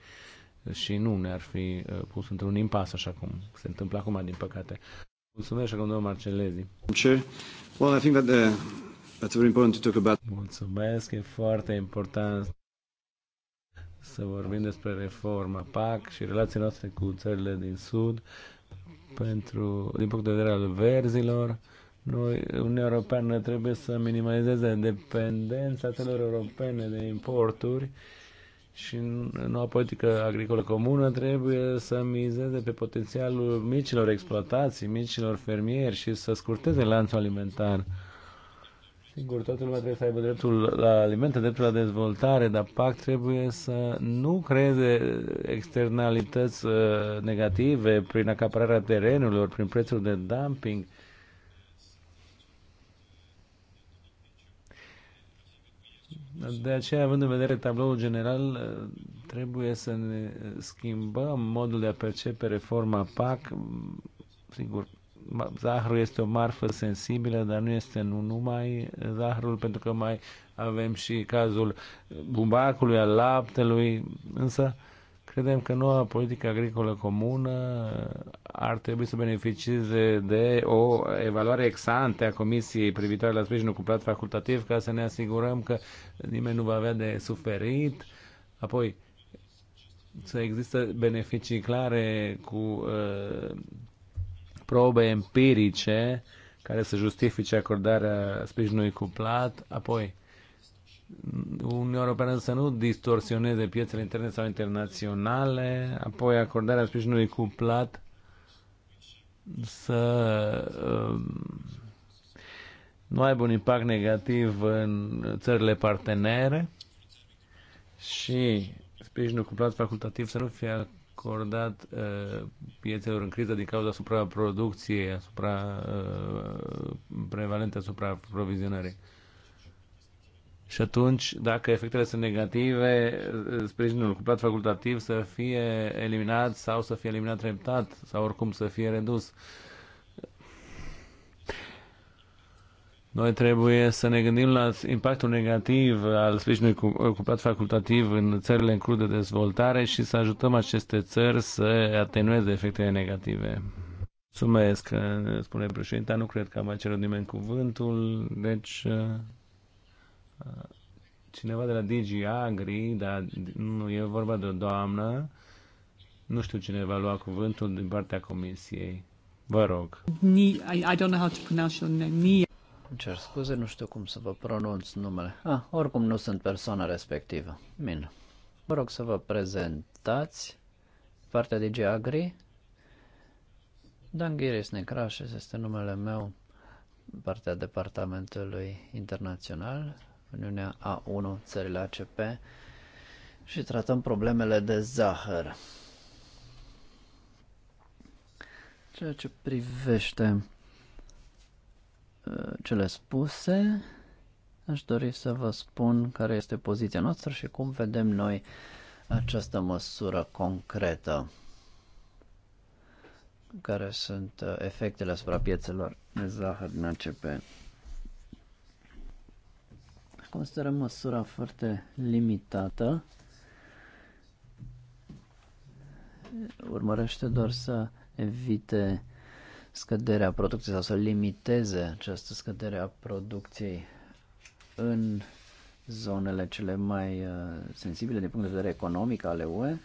și nu ne-ar fi eh, pus într-un impas, așa cum se întâmplă acum, din păcate. Mulțumesc, acum domnul Marcelezi. Well, I think that the, uh, that's very important to talk about. Mulțumesc, e foarte important să vorbim despre reforma PAC și relații noastre cu țările din Sud pentru, din punct de vedere al verzilor, noi, Uniunea Europeană trebuie să minimizeze dependența țărilor europene de importuri și noua politică agricolă comună trebuie să mizeze pe potențialul micilor exploatații, micilor fermieri și să scurteze lanțul alimentar Sigur, toată lumea trebuie să aibă dreptul la alimente, dreptul la dezvoltare, dar PAC trebuie să nu creeze externalități uh, negative prin acapararea terenurilor, prin prețuri de dumping. De aceea, având în vedere tabloul general, uh, trebuie să ne schimbăm modul de a percepe reforma PAC, sigur, zahrul este o marfă sensibilă, dar nu este nu numai zahrul, pentru că mai avem și cazul bumbacului, al laptelui, însă credem că noua politică agricolă comună ar trebui să beneficieze de o evaluare exante a Comisiei privitoare la sprijinul plat facultativ ca să ne asigurăm că nimeni nu va avea de suferit. Apoi, să există beneficii clare cu uh, probe empirice care să justifice acordarea sprijinului cuplat, apoi Uniunea Europeană să nu distorsioneze piețele interne sau internaționale, apoi acordarea sprijinului cuplat să um, nu aibă un impact negativ în țările partenere și sprijinul cuplat facultativ să nu fie acordat uh, piețelor în criză din cauza supraproducției, asupra, uh, prevalente asupra provizionării. Și atunci, dacă efectele sunt negative, uh, sprijinul plat facultativ să fie eliminat sau să fie eliminat treptat sau oricum să fie redus. Uh, Noi trebuie să ne gândim la impactul negativ al sprijinului ocupat facultativ în țările în curs de dezvoltare și să ajutăm aceste țări să atenueze efectele negative. Mulțumesc, spune președinta, nu cred că am mai cerut nimeni cuvântul, deci cineva de la Digi Agri, dar nu e vorba de o doamnă, nu știu cine va lua cuvântul din partea comisiei. Vă rog. Ni, I, I don't know how to pronounce your name. Ni îmi cer scuze, nu știu cum să vă pronunț numele. Ah, oricum nu sunt persoana respectivă. Bine. Vă rog să vă prezentați partea de Agri. Dan Ghiris Necrașes este numele meu, partea departamentului internațional, Uniunea A1, țările ACP și tratăm problemele de zahăr. Ceea ce privește Eh, cele spuse, aș dori să vă spun care este poziția noastră și cum vedem noi această măsură concretă, care sunt eh, efectele asupra piețelor de zahăr din ACP. Considerăm măsura foarte limitată. Urmărește doar să evite scăderea producției sau să limiteze această scădere a producției în zonele cele mai uh, sensibile din punct de vedere economic ale UE.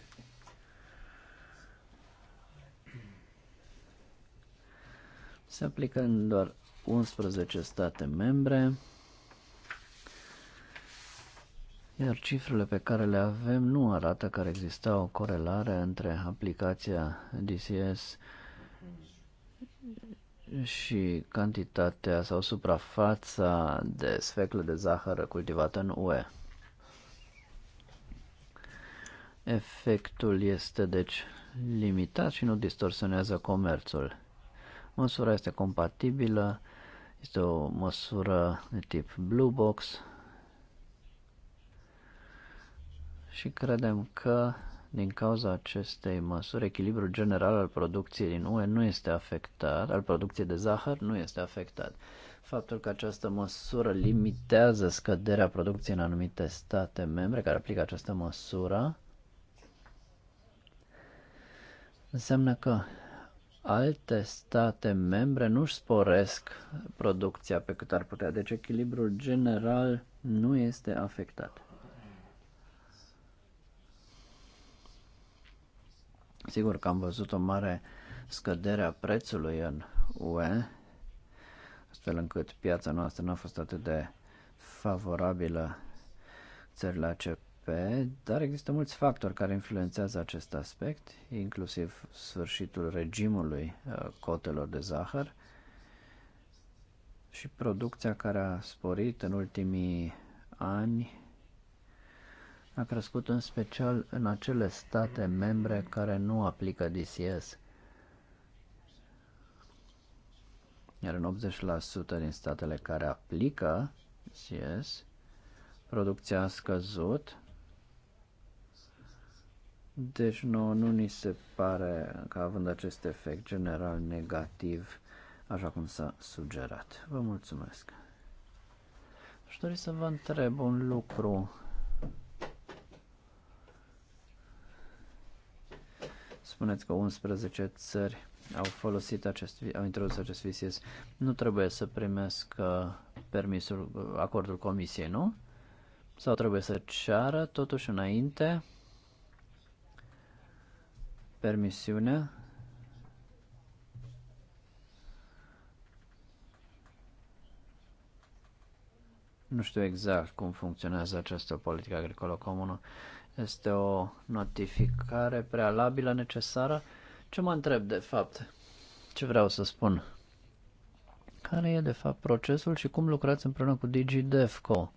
Se aplică în doar 11 state membre, iar cifrele pe care le avem nu arată că ar exista o corelare între aplicația DCS și cantitatea sau suprafața de sfeclă de zahăr cultivată în UE. Efectul este deci limitat și nu distorsionează comerțul. Măsura este compatibilă, este o măsură de tip blue box și credem că din cauza acestei măsuri, echilibrul general al producției din UE nu este afectat, al producției de zahăr nu este afectat. Faptul că această măsură limitează scăderea producției în anumite state membre care aplică această măsură înseamnă că alte state membre nu își sporesc producția pe cât ar putea, deci echilibrul general nu este afectat. Sigur că am văzut o mare scădere a prețului în UE, astfel încât piața noastră nu a fost atât de favorabilă țările ACP, dar există mulți factori care influențează acest aspect, inclusiv sfârșitul regimului uh, cotelor de zahăr și producția care a sporit în ultimii ani a crescut în special în acele state membre care nu aplică DCS. Iar în 80% din statele care aplică DCS, producția a scăzut, deci nouă nu ni se pare că având acest efect general negativ, așa cum s-a sugerat. Vă mulțumesc! Aș dori să vă întreb un lucru Spuneți că 11 țări au folosit acest, au introdus acest VCS. Nu trebuie să primesc permisul, acordul comisiei, nu? Sau trebuie să ceară totuși înainte permisiunea Nu știu exact cum funcționează această politică agricolă comună. Este o notificare prealabilă necesară? Ce mă întreb de fapt? Ce vreau să spun? Care e de fapt procesul și cum lucrați împreună cu Digidevco?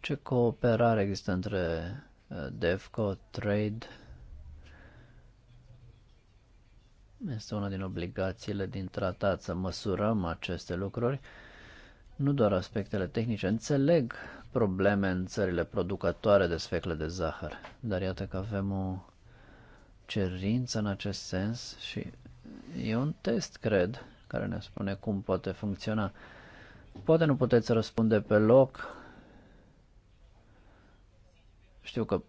Ce cooperare există între uh, Devco Trade? Este una din obligațiile din tratat să măsurăm aceste lucruri, nu doar aspectele tehnice. Înțeleg probleme în țările producătoare de sfecle de zahăr, dar iată că avem o cerință în acest sens și e un test, cred, care ne spune cum poate funcționa. Poate nu puteți răspunde pe loc. Știu că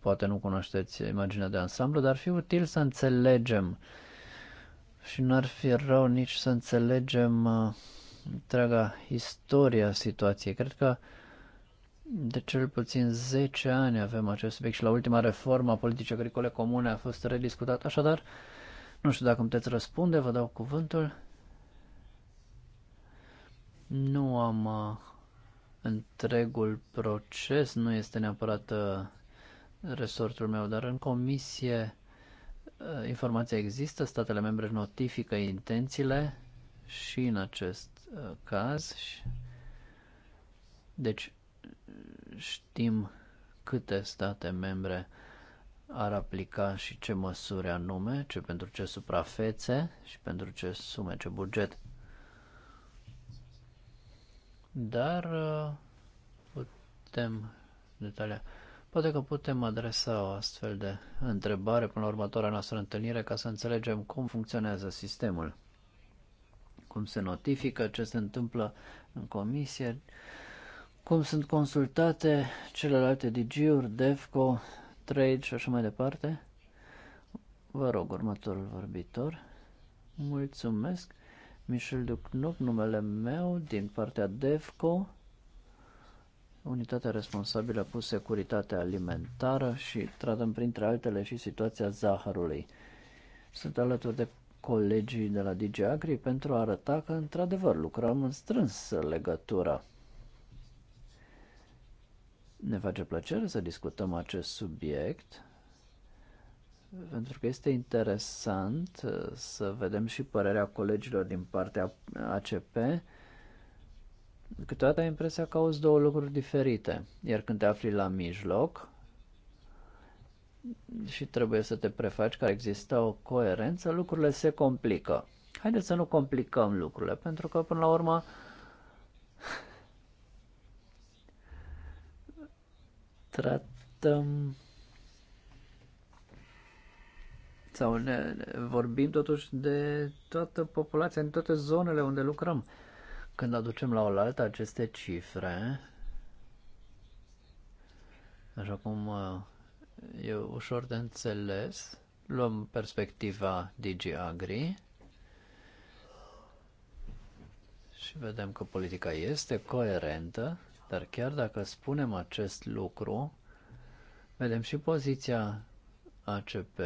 poate nu cunoașteți imaginea de ansamblu, dar ar fi util să înțelegem și n-ar fi rău nici să înțelegem uh, întreaga istoria situației. Cred că de cel puțin 10 ani avem acest subiect și la ultima reformă a politicii agricole comune a fost rediscutat. Așadar, nu știu dacă îmi puteți răspunde, vă dau cuvântul. Nu am uh, întregul proces, nu este neapărat uh, resortul meu, dar în comisie uh, informația există, statele membre notifică intențiile și în acest caz. Deci știm câte state membre ar aplica și ce măsuri anume, ce pentru ce suprafețe și pentru ce sume, ce buget. Dar uh, putem detalia. Poate că putem adresa o astfel de întrebare până la următoarea noastră întâlnire ca să înțelegem cum funcționează sistemul cum se notifică, ce se întâmplă în comisie, cum sunt consultate celelalte DG-uri, DEFCO, Trade și așa mai departe. Vă rog, următorul vorbitor. Mulțumesc. Michel Ducnuc, numele meu, din partea DEFCO, unitatea responsabilă cu securitatea alimentară și tratăm printre altele și situația zahărului. Sunt alături de colegii de la DG Agri pentru a arăta că, într-adevăr, lucrăm în strânsă legătură. Ne face plăcere să discutăm acest subiect pentru că este interesant uh, să vedem și părerea colegilor din partea ACP. Câteodată ai impresia că auzi două lucruri diferite, iar când te afli la mijloc, și trebuie să te prefaci că există o coerență, lucrurile se complică. Haideți să nu complicăm lucrurile, pentru că până la urmă tratăm sau ne, vorbim totuși de toată populația, în toate zonele unde lucrăm. Când aducem la oaltă aceste cifre, așa cum uh, e ușor de înțeles. Luăm perspectiva DigiAgri și vedem că politica este coerentă, dar chiar dacă spunem acest lucru, vedem și poziția ACP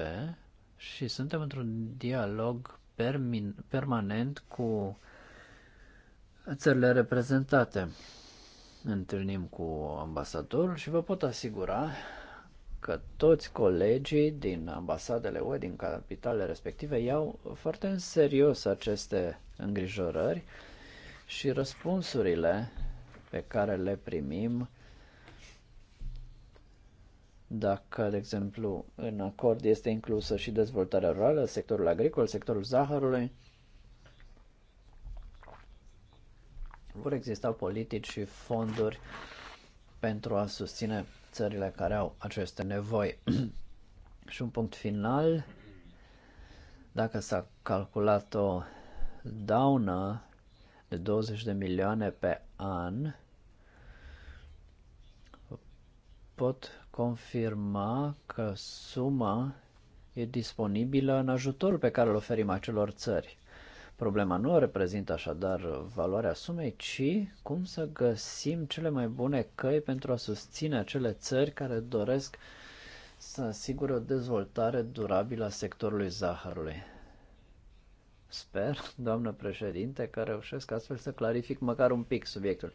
și suntem într-un dialog permanent cu țările reprezentate. Întâlnim cu ambasadorul și vă pot asigura că toți colegii din ambasadele UE, din capitalele respective, iau foarte în serios aceste îngrijorări și răspunsurile pe care le primim dacă, de exemplu, în acord este inclusă și dezvoltarea rurală, sectorul agricol, sectorul zahărului, vor exista politici și fonduri pentru a susține țările care au aceste nevoi. <clears throat> Și un punct final, dacă s-a calculat o daună de 20 de milioane pe an, pot confirma că suma e disponibilă în ajutorul pe care îl oferim acelor țări. Problema nu reprezintă așadar valoarea sumei, ci cum să găsim cele mai bune căi pentru a susține acele țări care doresc să asigure o dezvoltare durabilă a sectorului zahărului. Sper, doamnă președinte, că reușesc astfel să clarific măcar un pic subiectul.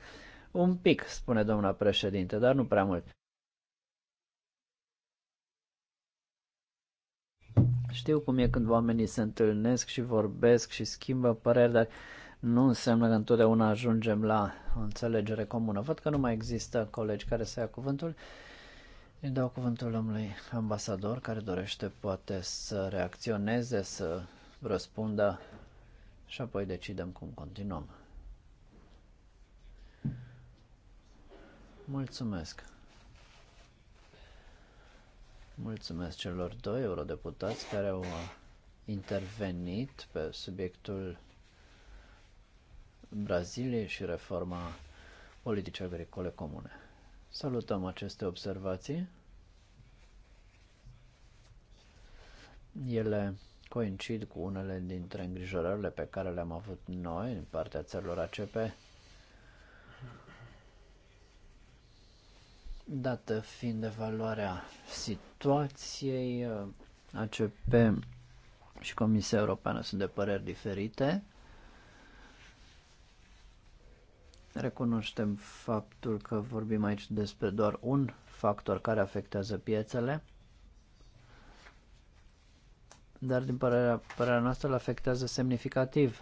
Un pic, spune doamna președinte, dar nu prea mult. Știu cum e când oamenii se întâlnesc și vorbesc și schimbă păreri, dar nu înseamnă că întotdeauna ajungem la o înțelegere comună. Văd că nu mai există colegi care să ia cuvântul. Îi dau cuvântul omului ambasador care dorește poate să reacționeze, să răspundă și apoi decidem cum continuăm. Mulțumesc. Mulțumesc celor doi eurodeputați care au intervenit pe subiectul Braziliei și reforma politicii agricole comune. Salutăm aceste observații. Ele coincid cu unele dintre îngrijorările pe care le-am avut noi în partea țărilor ACP, dată fiind evaluarea valoarea sit situației uh, ACP și Comisia Europeană sunt de păreri diferite. Recunoaștem faptul că vorbim aici despre doar un factor care afectează piețele, dar din părerea, părerea noastră îl afectează semnificativ.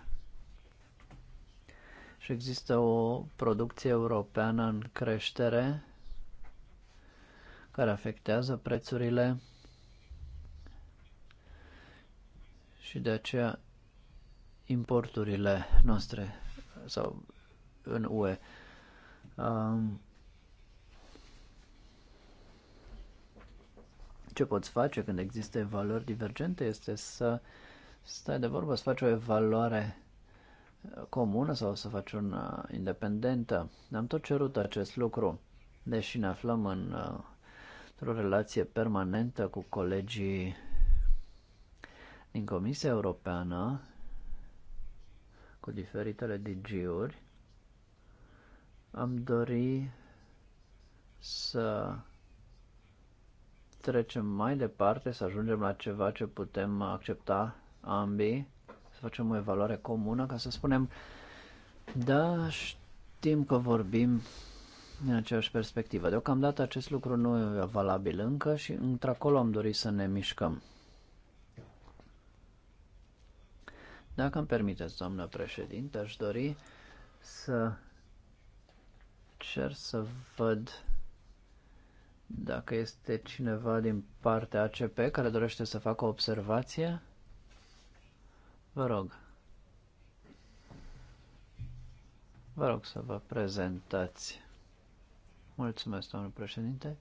Și există o producție europeană în creștere care afectează prețurile și de aceea importurile noastre sau în UE. Um, ce poți face când există valori divergente este să stai de vorbă, să faci o evaluare comună sau să faci una independentă. Am tot cerut acest lucru, deși ne aflăm în uh, într-o relație permanentă cu colegii din Comisia Europeană, cu diferitele DG-uri, am dori să trecem mai departe, să ajungem la ceva ce putem accepta ambii, să facem o evaluare comună, ca să spunem, da, știm că vorbim în aceeași perspectivă. Deocamdată acest lucru nu e valabil încă și într-acolo am dorit să ne mișcăm. Dacă îmi permiteți, doamnă președinte, aș dori să cer să văd dacă este cineva din partea ACP care dorește să facă o observație. Vă rog. Vă rog să vă prezentați. Mulțumesc, domnul președinte.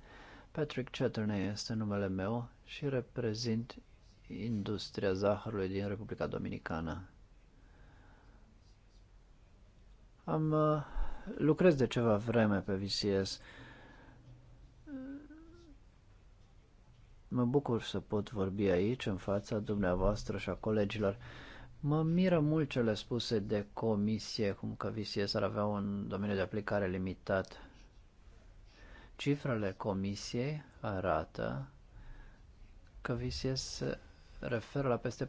Patrick Chatterney este numele meu și reprezint industria zahărului din Republica Dominicană. Am uh, lucrez de ceva vreme pe VCS. Mă bucur să pot vorbi aici, în fața dumneavoastră și a colegilor. Mă miră mult cele spuse de comisie, cum că VCS ar avea un domeniu de aplicare limitat. Cifrele comisiei arată că VCS se referă la peste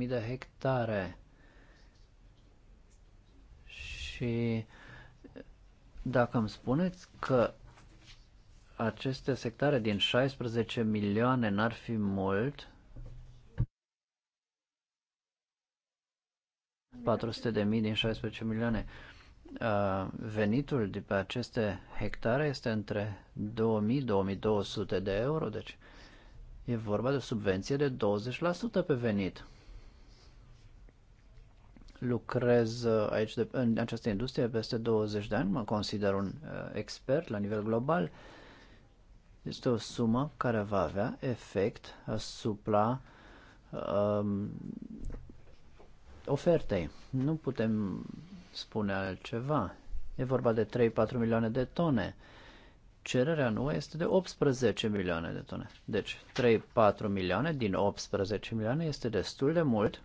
400.000 de hectare și dacă îmi spuneți că aceste sectare din 16 milioane n-ar fi mult, 400.000 din 16 milioane. Uh, venitul de pe aceste hectare este între 2000-2200 de euro, deci e vorba de o subvenție de 20% pe venit. Lucrez uh, aici de, în această industrie peste 20 de ani, mă consider un uh, expert la nivel global. Este o sumă care va avea efect asupra um, ofertei. Nu putem spune altceva. E vorba de 3-4 milioane de tone. Cererea în este de 18 milioane de tone. Deci 3-4 milioane din 18 milioane este destul de mult,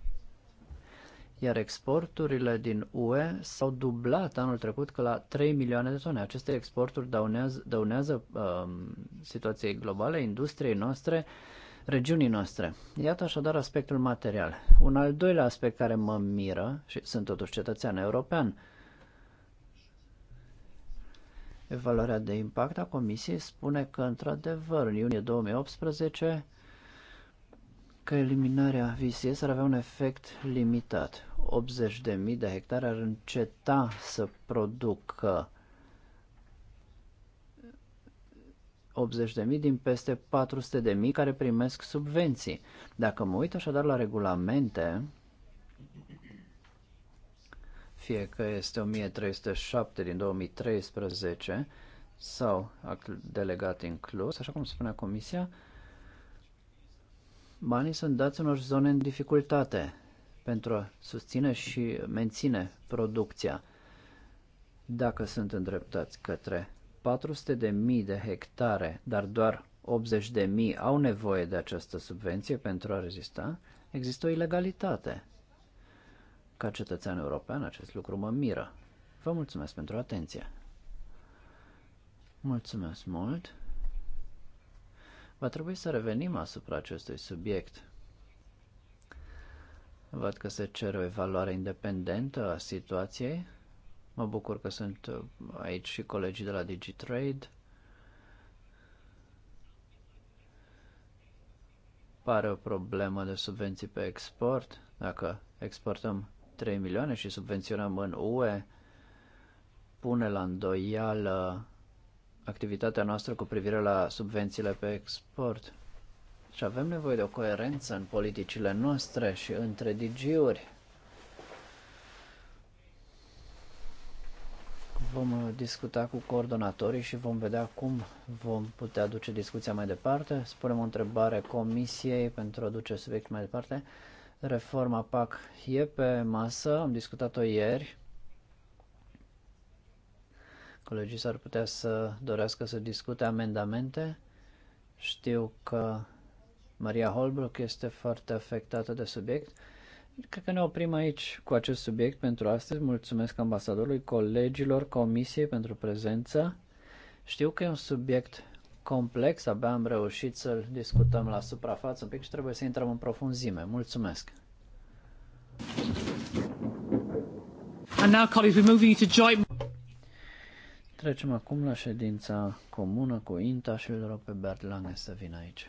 iar exporturile din UE s-au dublat anul trecut că la 3 milioane de tone. Aceste exporturi dăunează, dăunează um, situației globale, industriei noastre, uh, regiunii noastre. Iată așadar aspectul material. Un al doilea aspect care mă miră, și sunt totuși cetățean european, Evaluarea de impact a Comisiei spune că, într-adevăr, în iunie 2018, că eliminarea VCS ar avea un efect limitat. 80.000 de hectare ar înceta să producă 80.000 din peste 400.000 care primesc subvenții. Dacă mă uit așadar la regulamente, fie că este 1307 din 2013 sau act delegat inclus, așa cum spunea Comisia, banii sunt dați unor zone în dificultate pentru a susține și menține producția dacă sunt îndreptați către 400.000 de, mii de hectare, dar doar 80.000 de mii au nevoie de această subvenție pentru a rezista, există o ilegalitate. Ca cetățean european, acest lucru mă miră. Vă mulțumesc pentru atenție. Mulțumesc mult. Va trebui să revenim asupra acestui subiect. Văd că se cere o evaluare independentă a situației Mă bucur că sunt uh, aici și colegii de la DigiTrade. Pare o problemă de subvenții pe export. Dacă exportăm 3 milioane și subvenționăm în UE, pune la îndoială activitatea noastră cu privire la subvențiile pe export. Și avem nevoie de o coerență în politicile noastre și între digiuri. Vom uh, discuta cu coordonatorii și vom vedea cum vom putea duce discuția mai departe. Spunem o întrebare comisiei pentru a duce subiectul mai departe. Reforma PAC e pe masă, am discutat-o ieri. Colegii s-ar putea să dorească să discute amendamente. Știu că Maria Holbrook este foarte afectată de subiect Cred că ne oprim aici cu acest subiect pentru astăzi. Mulțumesc ambasadorului, colegilor, comisiei pentru prezență. Știu că e un subiect complex, abia am reușit să-l discutăm la suprafață un pic și trebuie să intrăm în profunzime. Mulțumesc! And now, colleagues, we're moving to join... Trecem acum la ședința comună cu INTA și îl rog pe Bert Lange să vină aici.